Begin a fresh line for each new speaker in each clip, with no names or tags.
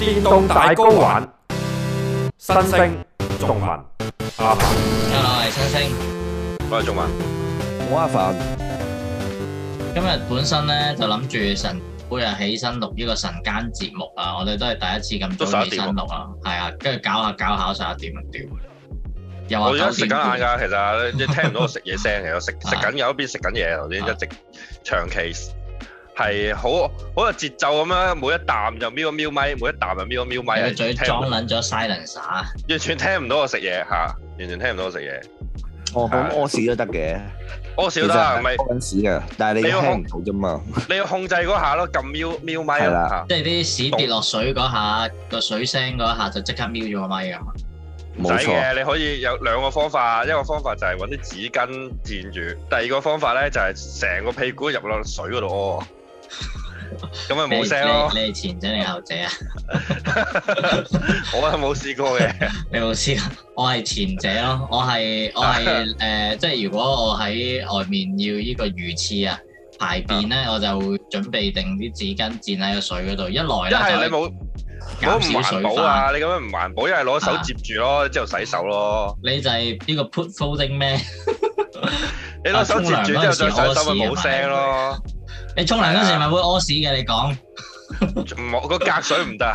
電動大高玩，新星仲
文，Hello，我係新星，
我係仲文，我阿凡。
今日本身咧就諗住晨每日起身錄呢個晨間節目啊，我哋都係第一次咁早起身錄啊，係啊，跟住搞下搞下十一點啊調
啊。我而家食緊晏噶，其實你聽唔到我食嘢聲嘅，我食食緊嘢一邊食緊嘢頭先，一直長期。係好好有節奏咁樣，每一啖就瞄個瞄咪，每一啖就瞄個瞄咪。完全裝撚
咗 silence，
完全聽唔到我食嘢嚇，完全聽唔到我食嘢。
哦，咁屙屎都得嘅？
屙屎都得，唔係
屙屎嘅，但係你要聽唔到啫嘛。
你要控制嗰下咯，撳瞄瞄咪嗰下。即係啲屎跌落水嗰下，個水聲嗰下就即刻瞄咗個咪咁。冇錯嘅，你
可以有兩個方法，一個方法就係揾啲紙巾墊住，第二個方法咧就係成個屁股入落水嗰度屙。咁咪冇聲咯？你
係前者定後者？啊？ 我係冇試過嘅。你冇試過？我係前者咯。我係我係誒、呃，即係如果我喺外面要呢個魚刺啊排便咧，啊、我就會準備定啲紙巾墊喺個水嗰度。一來一係你冇冇唔環保啊？你
咁樣唔環保，一係攞手接住咯，啊、之後洗手咯。
你就係呢個 put folding 咩？
你攞手接住 之後再洗手咪冇聲
咯？ 你沖涼嗰時係咪會屙屎嘅？你講，唔好個隔水唔得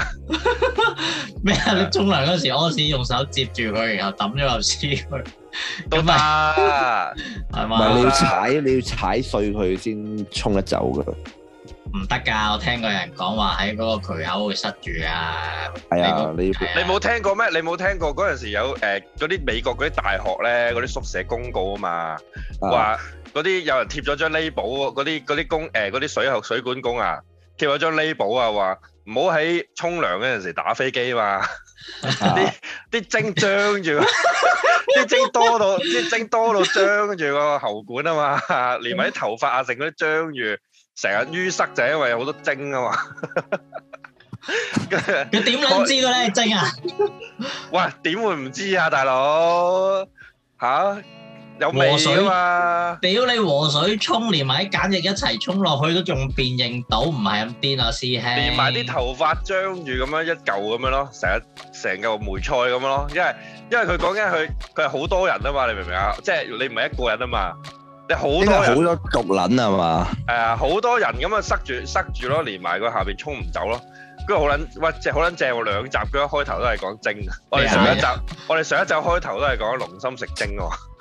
咩？你沖涼嗰時屙屎，用手接住佢，然後抌咗粒屎佢，都得嘛？係嘛？唔係你要踩，
你要踩碎佢先沖得走噶。唔
得㗎，我聽過人講話喺嗰個渠
口會塞住啊。
係啊，你
你冇聽過咩？你冇聽過嗰陣時有誒嗰啲美國嗰啲大學咧嗰啲宿舍公告啊嘛，話。嗰啲有人貼咗張 label，嗰啲嗰啲工，誒嗰啲水喉水管工啊，貼咗張 label 啊，話唔好喺沖涼嗰陣時打飛機啊嘛，啲啲精張住，啲精多到啲精多到張住個喉管啊嘛，連埋啲頭髮啊，剩嗰啲張住，成日淤塞就係因為有好多精啊嘛，佢點樣知道咧精啊？喂！點會唔知啊，大佬吓？和水，
屌你和水沖連埋啲梘液一齊沖落去都仲辨認到？唔係咁癲啊師兄，連埋啲
頭髮張住咁樣一嚿咁樣咯，成日成嚿梅菜咁咯，因為因為佢講緊佢佢係好多人啊嘛，你明唔明啊？即係你唔係一個人啊嘛，你好多人，好
多焗捻啊嘛，
誒，好多人咁啊塞住塞住咯，連埋個下邊沖唔走咯，跟住好捻，喂，即係好捻正我兩集，佢一開頭都係講精啊，我哋上一集我哋上一集開頭都係講龍心食精喎。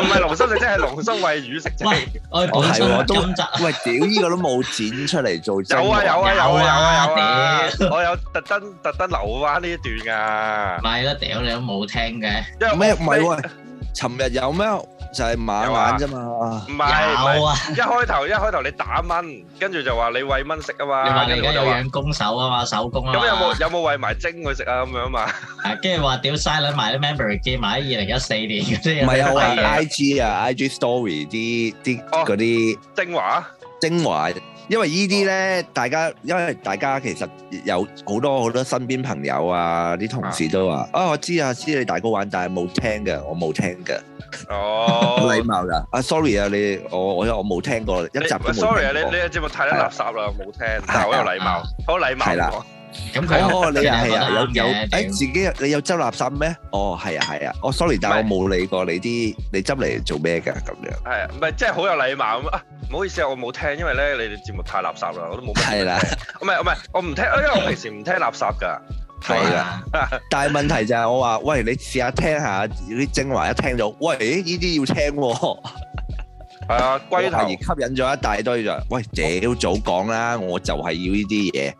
唔係農夫，即係農夫餵魚食啫。我係喎，都咁
雜。喂，屌，呢個都冇剪出嚟做。有啊有啊有啊有啊！
我有特登特登留翻呢一段噶。唔係啦，屌你都冇聽嘅。因為
咩？唔係喎。尋日有咩？就係買玩啫嘛，唔
係，
冇啊，
一開頭一開頭你打蚊，跟住就話你餵蚊食啊
嘛，跟住我就話人工手啊嘛，手工啊嘛，咁有冇有冇餵埋精佢食啊咁樣嘛？跟住話屌嘥卵埋啲 memory 記埋喺二零一四年，即係又係
IG 啊，IG story 啲啲嗰啲精華，精華。因為呢啲咧，哦、大家因為大家其實有好多好多身邊朋友啊，啲同事都話：啊、哦，我知啊，知你大 GO 玩，但係冇聽嘅，我冇聽嘅。
哦，
好禮貌
㗎。啊，sorry 啊，sorry, 你我我我冇聽過你一集過 sorry 啊，你你
嘅節目太垃圾啦，冇聽，但係好有禮貌，好禮貌。係啦、啊。咁佢哦，你啊係啊，有有，誒自己你有執
垃圾咩？哦係啊係啊，我 sorry，但係我冇理過你啲你執嚟做咩噶咁
樣。係啊，唔係即係好有禮貌咁啊！唔好意思啊，我冇聽，因為咧你哋節目太垃圾啦，我都冇。係啦，唔係唔係，我唔聽，因為我平時唔聽垃圾噶。係啊，
但係問題就係我話，喂，你試下聽下啲精華，一聽到喂呢啲要聽，係啊，龜頭吸引咗一大堆人，喂，早講啦，我就係要呢啲嘢。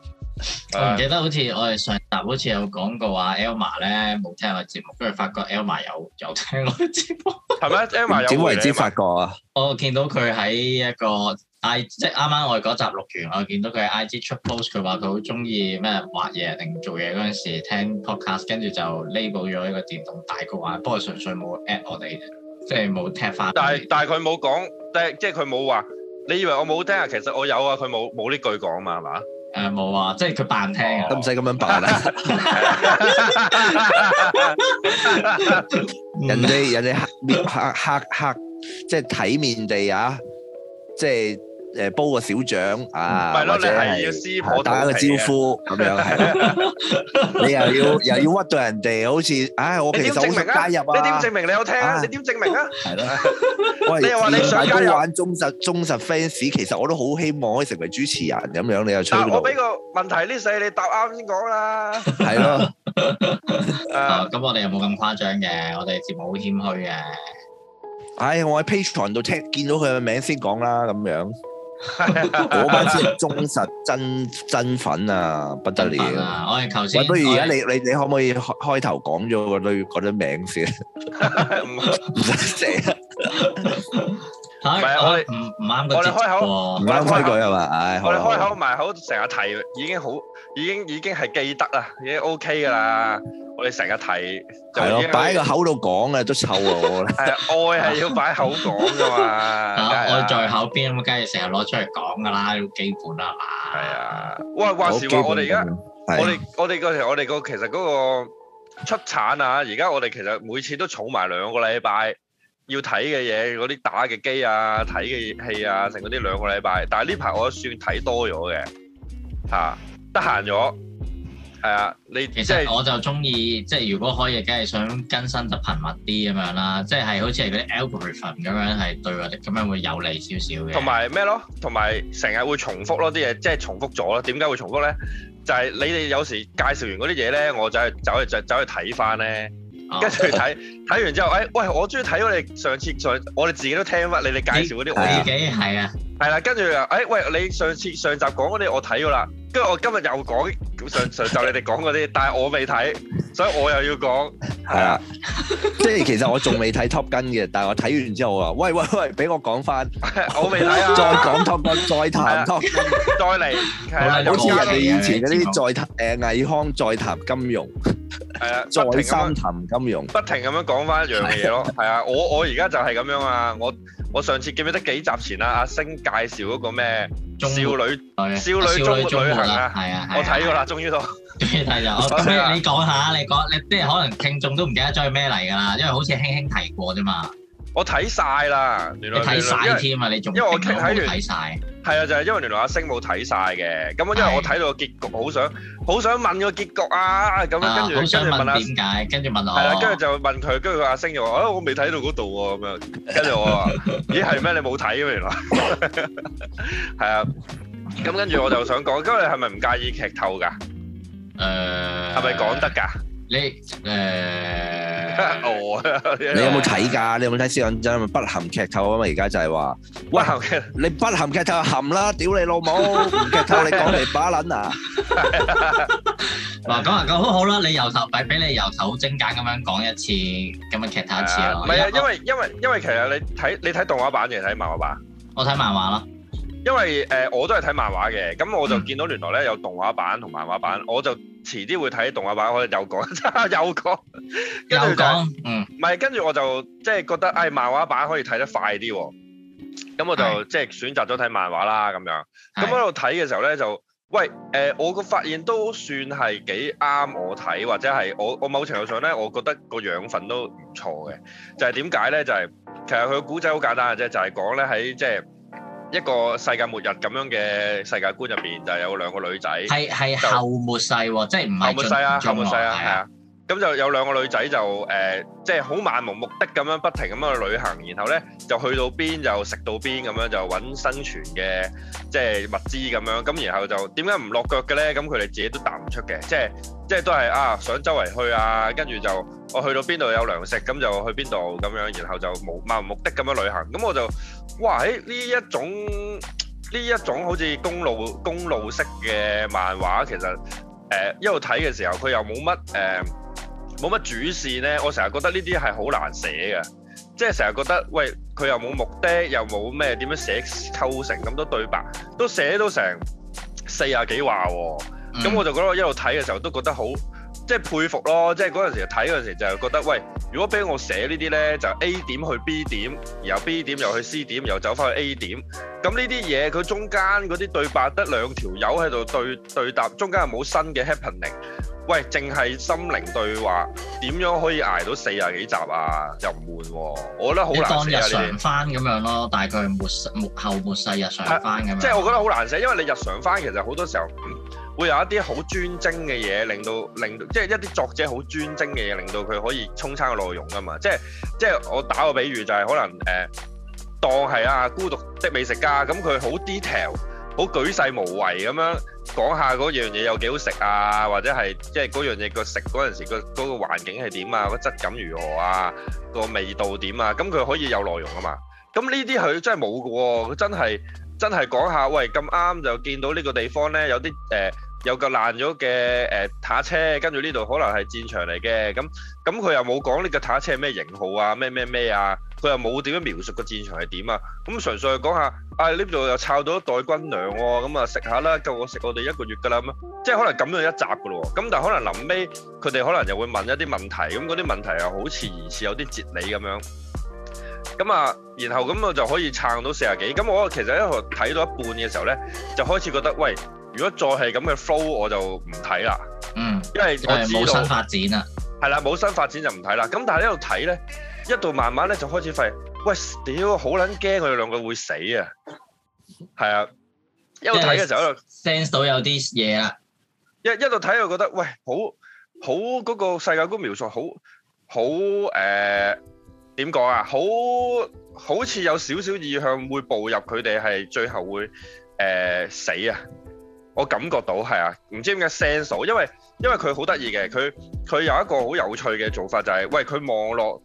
嗯、我唔記
得好似我哋上集好似有講過話、啊、Elma 咧冇聽我節目，跟住發覺 Elma 有有聽我節目係咩？Elma 有點為之發覺啊？我見到佢喺一個 I 即係啱啱我哋嗰集錄完，我見到佢喺 IG 出 post，佢話佢好中意咩畫嘢定做嘢嗰陣時聽 podcast，跟住就 label 咗一個電動大 GO 玩，不過純粹冇 at 我哋，即係冇踢返。但係但
係佢冇講，但係即係佢冇話，你以為我冇聽啊？其實我有啊，佢冇冇呢句講嘛，係嘛？
誒，冇、呃、啊，即係佢扮聽啊，都唔使咁樣扮啦。人哋人哋黑面黑黑，即係體面地啊，即係。誒煲個小獎啊，或者打個招呼咁樣，
你又要又要
屈到人哋，好似唉我其實好加入啊，你點證明你有聽？你
點證明啊？係咯，你又話你想加入
玩忠實忠實 fans，其實我都好希望可以成為主持人咁樣，你又出我
俾個問題呢世你答啱先講啦。係咯，
咁我哋又冇咁誇張嘅，我哋節目
好謙虛嘅。唉，我喺 page 上度聽見到佢嘅名先講啦，咁樣。嗰班真忠實真真粉啊，不得了！我係頭先，喂，不如而家你你你可唔可以開開頭講咗個女啲名先？
唔使謝，係啊！我哋唔唔啱個，我哋開口唔啱規矩係嘛？唉，我哋開口埋口成日提，已經好。已經已經係記得啦，已經 OK 噶啦。我哋成日睇，
係咯，擺喺個口度講嘅都臭啊！係
愛係要擺口講噶嘛？愛在口邊咁，梗係成日攞出嚟講噶啦，要基本啦嘛。係啊，喂，話時話我哋而家，我哋我哋嗰
時，我哋個其實嗰個出產啊，而家我哋其實每次都儲埋兩個禮拜要睇嘅嘢，嗰啲打嘅機啊，睇嘅戲啊，成嗰啲兩個禮拜。但係呢排我算睇多咗嘅，
吓。得閒咗，係啊！你其實我就中意即係，如果可以，梗係想更新就頻密啲咁樣啦。即係好似係嗰啲 algorithm 咁樣係對我哋咁樣會有利少少嘅。同
埋咩咯？同埋成日會重複咯啲嘢，即係重複咗咯。點解會重複咧？就係、是、你哋有時介紹完嗰啲嘢咧，我就係走嚟走走去睇翻咧，跟住睇睇完之後，誒、哎、喂，我中意睇我哋上次上，我哋自己都聽翻你哋介紹嗰
啲，係啊。
係啦，跟住又，哎，喂，你上次上集講嗰啲我睇咗啦。跟住我今日又講上上集你哋講嗰啲，但係我未睇，所以我又要講，
係啊，即係其實我仲未睇 Top Gun 嘅，但係我睇完之後啊，喂喂喂，俾我講翻，我未睇啊，再講 Top Gun，再談 Top
Gun，再嚟。係啊，好似人哋以前嗰啲
再談誒魏康再談金融，係啊，再三談金融，不
停咁樣講翻一樣嘢咯。係啊，我我而家就係咁樣啊，我我上次記唔記得幾集前呀，阿星？介紹嗰個咩少女少女終末旅行啊，係啊，啊我睇過啦，啊啊、終於都終於睇到。你講下，
你講你即係可能聽眾都唔記得咗係咩嚟㗎啦，因為好似輕輕提過啫嘛。
我睇曬啦，原來你睇曬添啊！你仲因為我睇完睇
曬，
係啊，就係因為原來阿星冇睇曬嘅，咁因為我睇到個結局，好想好想問個結局啊！咁樣跟住跟住問下點
解，跟住問我，係啦，跟住
就問佢，跟住阿星就話：誒，我未睇到嗰度喎，咁樣跟住我話：咦，係咩？你冇睇啊？原來係啊！咁跟住我就想講，咁你係咪唔介意劇透㗎？誒，係咪講得㗎？你誒、欸 哦耶，你有冇睇
噶？你有冇睇《小忍者》？咪不含劇透啊嘛！而家就係話，喂，不含你不含劇透就含啦，屌你老母！ 劇透你講嚟
把撚啊！嗱、 啊，講下講好好啦，你由頭比俾你由頭精簡咁樣講一次，咁樣劇透一次咯。唔係啊，
因為、啊、因為因為，因為其實你睇你睇動畫版定睇漫畫版？
我睇漫畫咯。
因為誒、呃，我都係睇漫畫嘅，咁我就見到原來咧，有動畫版同漫畫版，我就遲啲會睇動畫版。我又講，又講，跟住講、就是，嗯，唔係，跟住我就即係覺得，誒、哎，漫畫版可以睇得快啲，咁、哦嗯、我就即係選擇咗睇漫畫啦。咁樣，咁喺度睇嘅時候咧，就喂，誒、呃，我個發現都算係幾啱我睇，或者係我我某程度上咧，我覺得個養分都唔錯嘅。就係點解咧？就係、是、其實佢嘅古仔好簡單嘅啫，就係講咧喺即係。就是一個世界末日咁樣嘅世界觀入面，就係、有兩個女仔，係係後
末世喎，就即係唔係進啊。後末世啊，後末世啊，係啊。
咁就有兩個女仔就誒，即係好漫無目的咁樣不停咁樣去旅行，然後呢就去到邊就食到邊咁樣就揾生存嘅即係物資咁樣，咁然後就點解唔落腳嘅呢？咁佢哋自己都答唔出嘅，即係即係都係啊想周圍去啊，跟住就我去到邊度有糧食，咁就去邊度咁樣，然後就冇漫無目的咁樣旅行。咁我就哇！誒呢一種呢一種好似公路公路式嘅漫畫，其實誒一路睇嘅時候，佢又冇乜誒。冇乜主線呢，我成日覺得呢啲係好難寫嘅，即係成日覺得，喂，佢又冇目的，又冇咩點樣寫構成咁多對白，都寫到成四廿幾話喎、哦，咁、嗯、我就覺得我一路睇嘅時候都覺得好，即係佩服咯，即係嗰陣時睇嗰陣時就係覺得，喂，如果俾我寫呢啲呢，就 A 點去 B 點，然後 B 點又去 C 點，又走翻去 A 點，咁呢啲嘢佢中間嗰啲對白得兩條友喺度對對答，中間又冇新嘅 happening。喂，淨係心靈對話，點樣可以捱到四十幾集啊？又唔悶、啊，我覺得好難寫你、啊、當日
常番咁樣咯，大概係末世、末後末世日常番咁、啊、即
係我覺得好難寫，因為你日常番其實好多時候、嗯、會有一啲好專精嘅嘢，令到令到即係一啲作者好專精嘅嘢，令到佢可以充撐個內容噶嘛。即係即係我打個比喻就係、是、可能誒、呃，當係啊孤獨的美食家咁，佢好 detail。好鉅細無遺咁樣講下嗰樣嘢有幾好食啊，或者係即係嗰樣嘢個食嗰陣時個嗰個環境係點啊，個質感如何啊，個味道點啊，咁佢可以有內容啊嘛。咁呢啲佢真係冇嘅喎，佢真係真係講下，喂咁啱就見到呢個地方呢，有啲誒、呃、有嚿爛咗嘅誒坦克車，跟住呢度可能係戰場嚟嘅，咁咁佢又冇講呢個坦克車係咩型號啊，咩咩咩啊。佢又冇點樣描述個戰場係點啊？咁純粹講下，啊呢度又摷到一袋軍糧喎，咁啊食下啦，夠我食我哋一個月㗎啦咁啊！即係可能咁樣一集㗎咯。咁但係可能臨尾佢哋可能又會問一啲問題，咁嗰啲問題又好似疑似有啲哲理咁樣。咁啊，然後咁我就可以撐到四十幾。咁我其實一路睇到一半嘅時候咧，就開始覺得，喂，如果再係咁嘅 flow，我就唔睇啦。
嗯，因為我知道冇新發展啊。
係啦，冇新發展就唔睇啦。咁但係呢度睇咧。一度慢慢咧就開始發現，喂，屌，好撚驚，佢哋兩個會死啊！係啊，
一路睇嘅時候一路 sense 到有啲嘢啊，
一一路睇又覺得，喂，好好嗰個世界觀描述好，好誒點講啊，好好似有少少意向會步入佢哋係最後會誒死啊！我感覺到係啊，唔知點解 sense 到，因為。因為佢好得意嘅，佢佢有一個好有趣嘅做法就係，喂，佢望落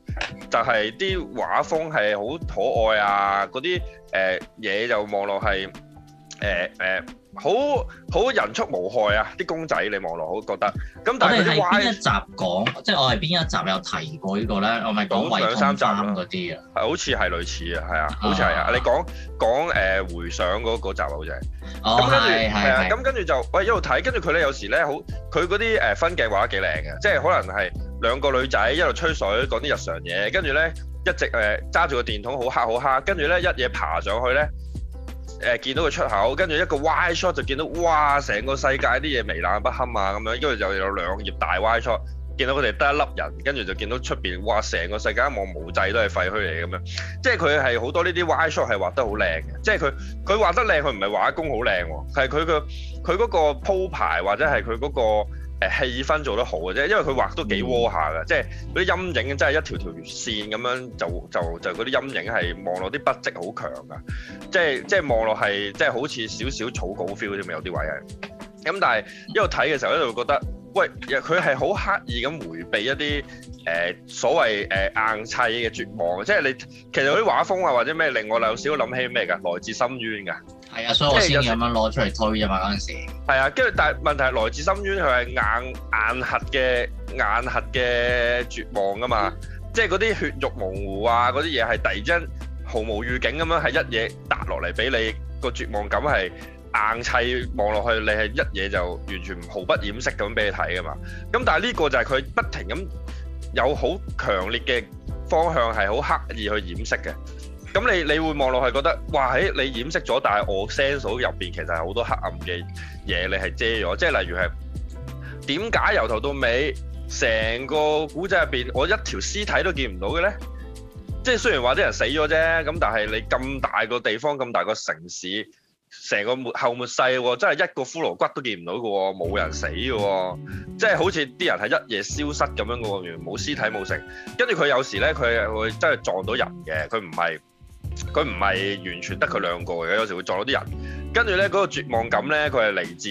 就係啲畫風係好可愛啊，嗰啲誒嘢就望落係誒誒。呃呃好好人畜無害啊！啲公仔你望落好覺得。咁但係啲歪。我係邊一集
講？即係我係邊一集有提過個呢個咧？我咪講兩三集
啲些啊，啊好似係類似啊，係啊，好似係啊。你講講誒回想嗰集啊，好似係。咁跟住，係啊，咁跟住就喂一路睇，跟住佢咧有時咧好，佢嗰啲誒分鏡畫幾靚嘅，即係可能係兩個女仔一路吹水講啲日常嘢，跟住咧一直誒揸住個電筒好黑好黑，跟住咧一嘢爬上去咧。誒見到個出口，跟住一個 wide shot 就見到哇，成個世界啲嘢糜爛不堪啊咁樣，跟住又有兩頁大 wide shot，見到佢哋得一粒人，跟住就見到出邊哇，成個世界一望無際都係廢墟嚟咁樣，即係佢係好多呢啲 wide shot 係畫得好靚嘅，即係佢佢畫得靚，佢唔係畫工好靚喎，係佢個佢嗰個鋪排或者係佢嗰個。誒氣氛做得好嘅啫，因為佢畫都幾窩下嘅，嗯、即係嗰啲陰影真係一條條線咁樣，就就就嗰啲陰影係望落啲筆跡好強嘅，即係即係望落係即係好似少少草稿 feel 啫嘛，有啲位係。咁但係一路睇嘅時候一路覺得，喂，佢係好刻意咁迴避一啲誒、呃、所謂誒、呃、硬砌嘅絕望即係你其實嗰啲畫風啊或者咩令我有少少諗起咩㗎，來自深淵㗎。
係啊，所以我先咁樣攞出嚟推啊嘛，嗰陣時。係啊，
跟住但係問題係來自深淵，佢係硬硬核嘅硬核嘅絕望㗎嘛，即係嗰啲血肉模糊啊，嗰啲嘢係突然之間毫無預警咁樣係一嘢撻落嚟俾你個絕望感係硬砌望落去，你係一嘢就完全毫不掩飾咁俾你睇㗎嘛。咁但係呢個就係佢不停咁有好強烈嘅方向係好刻意去掩飾嘅。咁你你會望落去覺得，哇！喺你掩飾咗，但係我 sense 到入邊其實係好多黑暗嘅嘢，你係遮咗。即係例如係點解由頭到尾，成個古仔入邊我一條屍體都見唔到嘅咧？即係雖然話啲人死咗啫，咁但係你咁大個地方，咁大個城市，成個末後末世喎，真係一個骷髏骨都見唔到嘅喎，冇人死嘅喎，即係好似啲人係一夜消失咁樣嘅喎，冇屍體冇剩。跟住佢有時咧，佢係會真係撞到人嘅，佢唔係。佢唔係完全得佢兩個嘅，有時會撞到啲人。跟住呢嗰、嗰個絕望感呢，佢係嚟自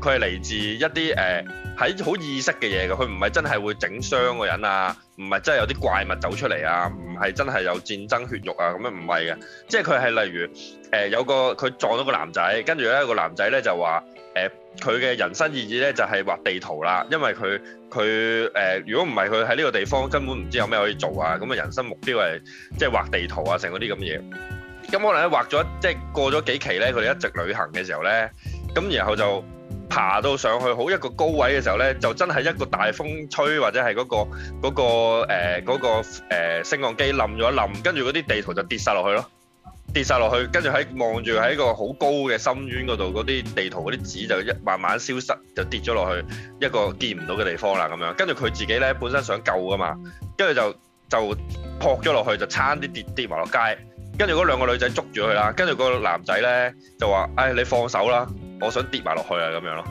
佢係嚟自一啲誒喺好意識嘅嘢㗎。佢唔係真係會整傷個人啊，唔係真係有啲怪物走出嚟啊，唔係真係有戰爭血肉啊咁樣，唔係嘅。即係佢係例如誒、呃、有個佢撞到個男仔，跟住呢個男仔呢就話。誒佢嘅人生意義咧就係、是、畫地圖啦，因為佢佢誒如果唔係佢喺呢個地方根本唔知有咩可以做啊，咁嘅人生目標係即係畫地圖啊，成嗰啲咁嘅嘢。咁、嗯、可能咧畫咗即係過咗幾期咧，佢一直旅行嘅時候咧，咁然後就爬到上去好一個高位嘅時候咧，就真係一個大風吹或者係嗰、那個嗰、那個誒、呃那個呃呃、升降機冧咗一冧，跟住嗰啲地圖就跌曬落去咯。跌曬落去，跟住喺望住喺個好高嘅深淵嗰度，嗰啲地圖嗰啲紙就一慢慢消失，就跌咗落去一個見唔到嘅地方啦咁樣。跟住佢自己咧本身想救噶嘛，跟住就就撲咗落去，就差啲跌跌埋落街。跟住嗰兩個女仔捉住佢啦，跟住個男仔咧就話：唉，你放手啦，我想跌埋落去啊咁樣咯。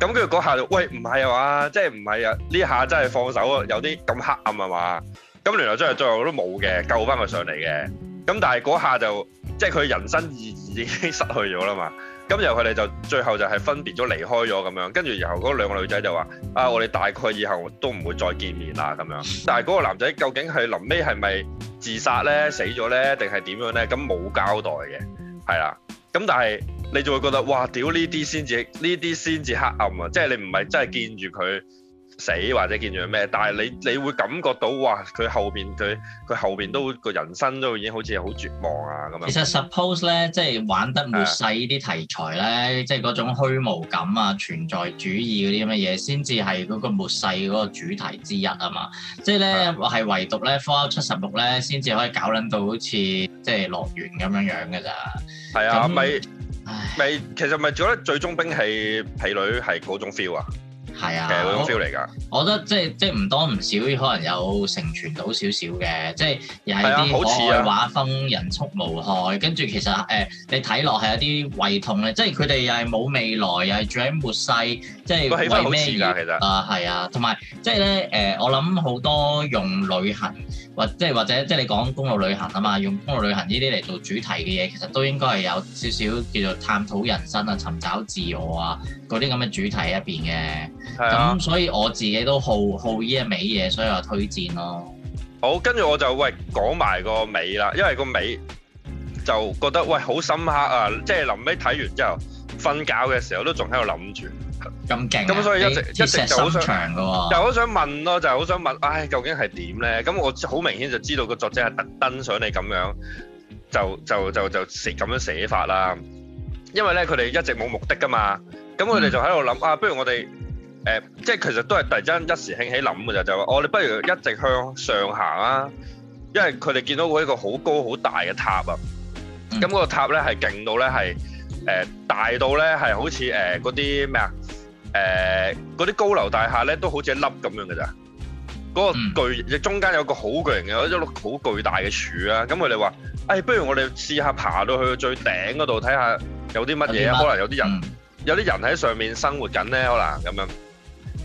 咁跟住嗰下就喂，唔係啊嘛，即係唔係啊？呢下真係放手啊，有啲咁黑暗啊嘛。咁原來真係最後都冇嘅，救翻佢上嚟嘅。咁但係嗰下就。即係佢人生意義已經失去咗啦嘛，咁然後佢哋就最後就係分別咗離開咗咁樣，跟住然後嗰兩個女仔就話：啊，我哋大概以後都唔會再見面啦咁樣。但係嗰個男仔究竟係臨尾係咪自殺呢？死咗呢？定係點樣呢？咁冇交代嘅，係啦。咁但係你就會覺得：哇，屌呢啲先至，呢啲先至黑暗啊！即係你唔係真係見住佢死或者見咗咩？但係你你會感覺到哇，佢後邊佢佢後邊都個人生都已經好似好絕望啊咁樣。其實
suppose 咧，即係玩得末世啲題材咧，即係嗰種虛無感啊、存在主義嗰啲咁嘅嘢，先至係嗰個末世嗰個主題之一啊嘛。即係咧，係是的 唯獨咧 Fallout 76咧，先至可以搞撚到好似即係樂園咁樣樣嘅咋。
係啊的，咪咪那唉 其實咪覺得最終兵器彼女係嗰種 feel 啊？係啊，其實嗰種 feel
嚟㗎。我覺得即係即係唔多唔少，可能有成全到少少嘅，即係又係啲可愛話、啊好啊、畫風，人畜無害。跟住其實誒、呃，你睇落係有啲胃痛咧，即係佢哋又係冇未來，又係仲喺末世，即係為咩而啊？係啊，同埋即係咧誒，我諗好多用旅行。或即係或者即係你講公路旅行啊嘛，用公路旅行呢啲嚟做主題嘅嘢，其實都應該係有少少叫做探討人生啊、尋找自我啊嗰啲咁嘅主題喺入邊嘅。咁、啊、所以我自己都好好呢一味嘢，所以話推薦咯。
好，跟住我就喂講埋個尾啦，因為個尾就覺得喂好深刻啊，即係臨尾睇完之後。瞓覺嘅時候都仲喺度諗住
咁勁，咁所以一直一直就好想，又
好想問咯，就好想問，唉，究竟係點咧？咁我好明顯就知道個作者係特登想你咁樣，就就就就寫咁樣寫法啦。因為咧，佢哋一直冇目的噶嘛，咁佢哋就喺度諗啊，不如我哋誒，即係其實都係突然間一時興起諗嘅就就話，我哋不如一直向上行啦，因為佢哋見到有一個好高好大嘅塔啊，咁個塔咧係勁到咧係。誒，大到咧係好似，誒嗰啲咩啊？誒嗰啲高樓大廈咧都好似一粒咁樣嘅咋？嗰個巨，中間有個好巨型嘅一粒好巨大嘅柱啊！咁佢哋話：誒，不如我哋試下爬到去最頂嗰度睇下有啲乜嘢啊？可能有啲人，有啲人喺上面生活緊咧，可能咁樣。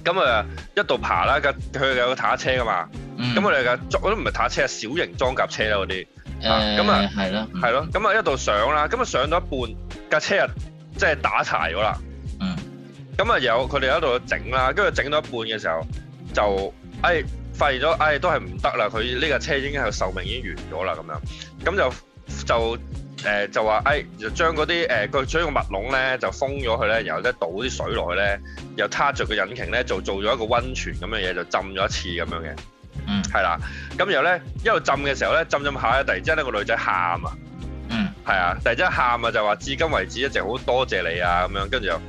咁啊，一度爬啦，佢，佢有個塔車噶嘛。咁我哋架都唔係塔車，係小型裝甲車啦嗰啲。誒，係咯係咯。咁啊，一度上啦，咁啊上到一半。架車啊，即係打柴咗啦。嗯。咁啊有佢哋喺度整啦，跟住整到一半嘅時候，就哎發現咗唉、哎，都係唔得啦，佢呢架車已經係壽命已經完咗啦咁樣。咁就就誒、呃、就話哎就將嗰啲誒個將個物籠咧就封咗佢咧，然後咧倒啲水落去咧，又撻著個引擎咧，就做咗一個溫泉咁嘅嘢，就浸咗一次咁樣嘅。嗯。係啦，咁然後咧一路浸嘅時候咧，浸浸下咧，突然之間呢個女仔喊啊！係啊，突然之間喊啊，就話至今為止一直好多謝你啊咁樣，跟住又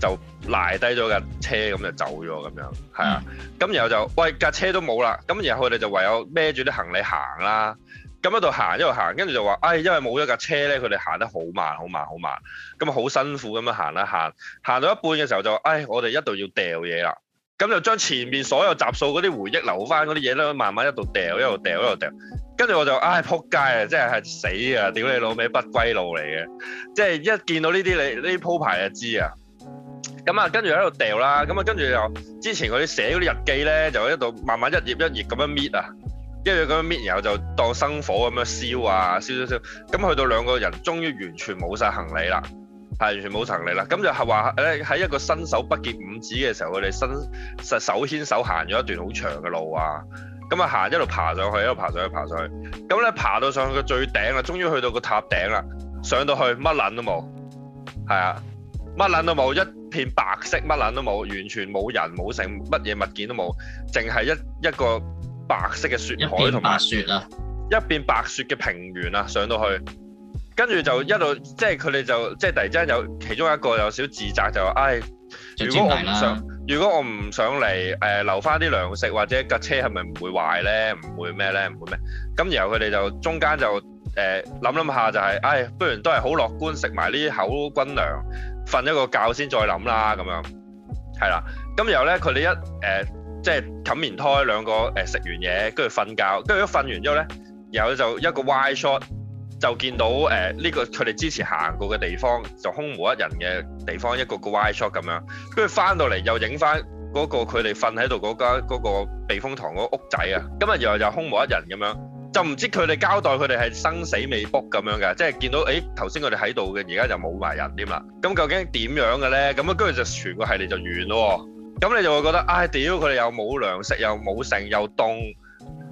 就賴低咗架車咁就走咗咁樣，係啊，咁、嗯、然後就喂，架車都冇啦，咁然後佢哋就唯有孭住啲行李行啦，咁一路行一路行，跟住就話，唉、哎，因為冇咗架車咧，佢哋行得好慢好慢好慢，咁啊好辛苦咁樣行啦行，行到一半嘅時候就，唉、哎，我哋一路要掉嘢啦，咁就將前面所有集數嗰啲回憶留翻嗰啲嘢咧，慢慢一路掉一路掉一路掉。一跟住我就唉、哎，仆街啊！真係死啊！屌你老味，不歸路嚟嘅。即係一見到呢啲，你呢啲鋪排就知啊。咁、嗯、啊，跟住喺度掉啦。咁啊，跟住又之前佢寫嗰啲日記咧，就喺度慢慢一頁一頁咁樣搣啊，跟住咁樣搣，然後就當生火咁樣燒啊，燒燒燒。咁去、啊啊啊、到兩個人終於完全冇晒行李啦，係完全冇行李啦。咁、嗯、就係話咧，喺一個伸手不見五指嘅時候，佢哋伸實手牽手行咗一段好長嘅路啊。咁啊行，一路爬上去，一路爬上去，爬上去。咁咧爬到上去個最頂啦，終於去到個塔頂啦。上到去乜撚都冇，係啊，乜撚都冇，一片白色，乜撚都冇，完全冇人冇成乜嘢物件都冇，淨係一一個白色嘅雪海同埋雪啦，一片白雪嘅平原啦，上到去。跟住就一路，即係佢哋就即係突然之間有其中一個有少少自責就話：唉，
如果我唔上。
如果我唔上嚟，誒、呃、留翻啲糧食或者架車係咪唔會壞咧？唔會咩咧？唔會咩？咁然後佢哋就中間就誒諗諗下就係、是，唉、哎，不如都係好樂觀，食埋呢口軍糧，瞓一個覺先再諗啦咁樣，係啦。咁然後咧，佢哋一誒、呃、即係冚棉胎兩個誒食完嘢，跟住瞓覺，跟住一瞓完之後咧，然後就一個 wide shot。就見到誒呢個佢哋之前行過嘅地方，就空無一人嘅地方一個個 wide shot 咁樣，跟住翻到嚟又影翻嗰個佢哋瞓喺度嗰間嗰個避風塘嗰屋仔啊，咁啊然後又空無一人咁樣，就唔知佢哋交代佢哋係生死未卜咁樣嘅，即係見到誒頭先佢哋喺度嘅，而家就冇埋人添啦。咁究竟點樣嘅咧？咁啊跟住就全個系列就完咯。咁你就會覺得唉點解佢哋又冇糧食，又冇食，又凍。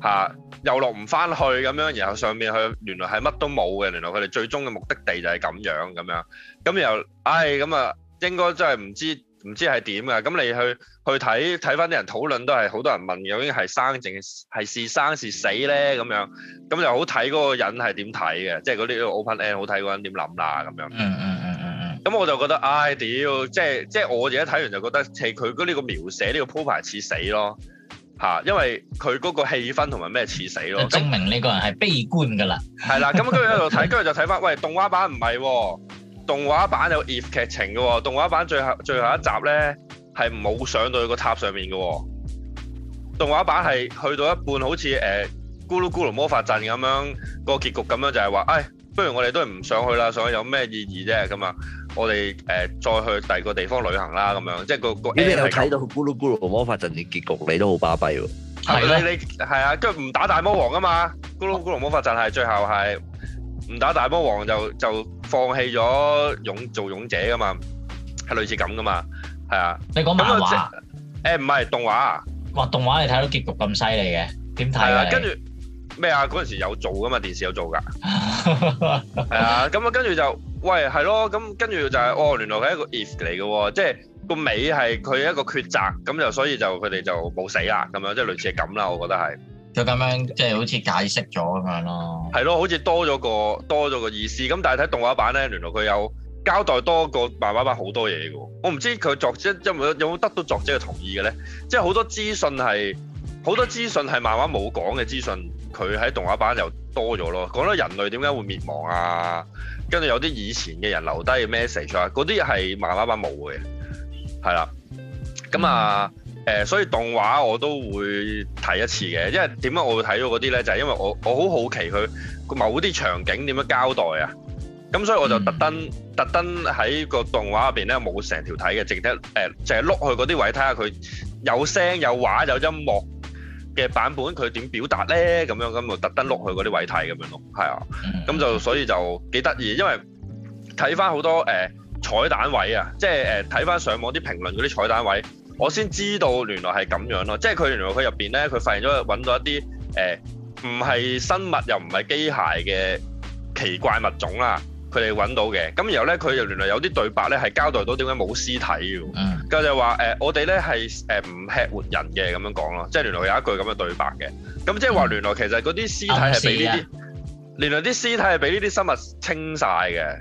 嚇！又落唔翻去咁樣，然後上面，佢原來係乜都冇嘅，原來佢哋最終嘅目的地就係咁樣咁樣。咁又，唉，咁、哎、啊，應該真係唔知唔知係點噶。咁你去去睇睇翻啲人討論都係好多人問，究竟係生定係是生，是，生是死咧咁樣。咁又好睇嗰個人係點睇嘅，即係嗰啲 open end 好睇嗰人點諗啦咁樣。嗯咁、mm hmm. 咁我就覺得，唉、哎，屌，即係即係我而家睇完就覺得，係佢嗰呢個描寫呢、這個鋪排似死咯。嚇，因為佢嗰個氣氛同埋咩似死咯，證
明呢個人係悲觀噶啦。係 啦，咁跟住喺度睇，
跟住就睇翻，喂，動畫版唔係喎，動畫版有 if 劇情嘅喎、哦，動畫版最後最後一集咧係冇上到去個塔上面嘅喎、哦，動畫版係去到一半好似誒、呃、咕嚕咕嚕魔法陣咁樣、那個結局咁樣就係話，誒、哎，不如我哋都係唔上去啦，上去有咩意義啫咁啊！我哋誒再去第二個地方旅行啦，咁樣即係個個。你哋又睇到
咕嚕咕嚕魔法陣嘅結局，你都好巴閉喎。
係啦，你係啊，跟住唔打大魔王啊嘛。咕嚕咕嚕魔法陣係最後係唔打大魔王就就放棄咗勇做勇者啊嘛。係類似咁噶嘛。係啊，你講咩話？
誒，唔係動畫。哇！動畫你睇到結局咁犀利嘅，點睇啊？係啊，跟住
咩啊？嗰陣時有做噶嘛？電視有做噶。係啊，咁啊，跟住就。喂，係咯，咁跟住就係，哦，原來係一個 if 嚟嘅喎，即係個尾係佢一個抉擇，咁就所以就佢哋就冇死啦，咁樣即係類似係咁啦，我覺得係。
就咁樣即係好似解釋咗咁樣咯。
係咯，好似多咗個多咗個意思，咁但係睇動畫版咧，原來佢有交代多過漫畫版好多嘢嘅。我唔知佢作者有冇有冇得到作者嘅同意嘅咧？即係好多資訊係好多資訊係漫畫冇講嘅資訊，佢喺動畫版又多咗咯。講到人類點解會滅亡啊？跟住有啲以前嘅人留低嘅 message 啊，嗰啲係漫畫版冇嘅，係啦。咁啊，誒，所以動畫我都會睇一次嘅，因為點解我會睇到嗰啲咧，就係因為我我好好奇佢某啲場景點樣交代啊。咁所以我就特登特登喺個動畫入邊咧冇成條睇嘅，淨得誒淨係碌去嗰啲位睇下佢有聲有畫有音樂。嘅版本佢點表達呢？咁樣咁、嗯、就特登碌去嗰啲位睇咁樣咯，係啊，咁就所以就幾得意，因為睇翻好多誒、呃、彩蛋位啊，即係誒睇翻上網啲評論嗰啲彩蛋位，我先知道原來係咁樣咯，即係佢原來佢入邊呢，佢發現咗揾到一啲誒唔係生物又唔係機械嘅奇怪物種啦。佢哋揾到嘅，咁然後咧，佢就原來有啲對白咧係交代到點解冇屍體嘅，嗯、佢就話、呃、我哋咧係誒唔吃活人嘅咁樣講咯，即係原來有一句咁嘅對白嘅，咁、嗯、即係話原來其實嗰啲屍體係俾呢啲，啊、原來啲屍體係俾呢啲生物清晒嘅，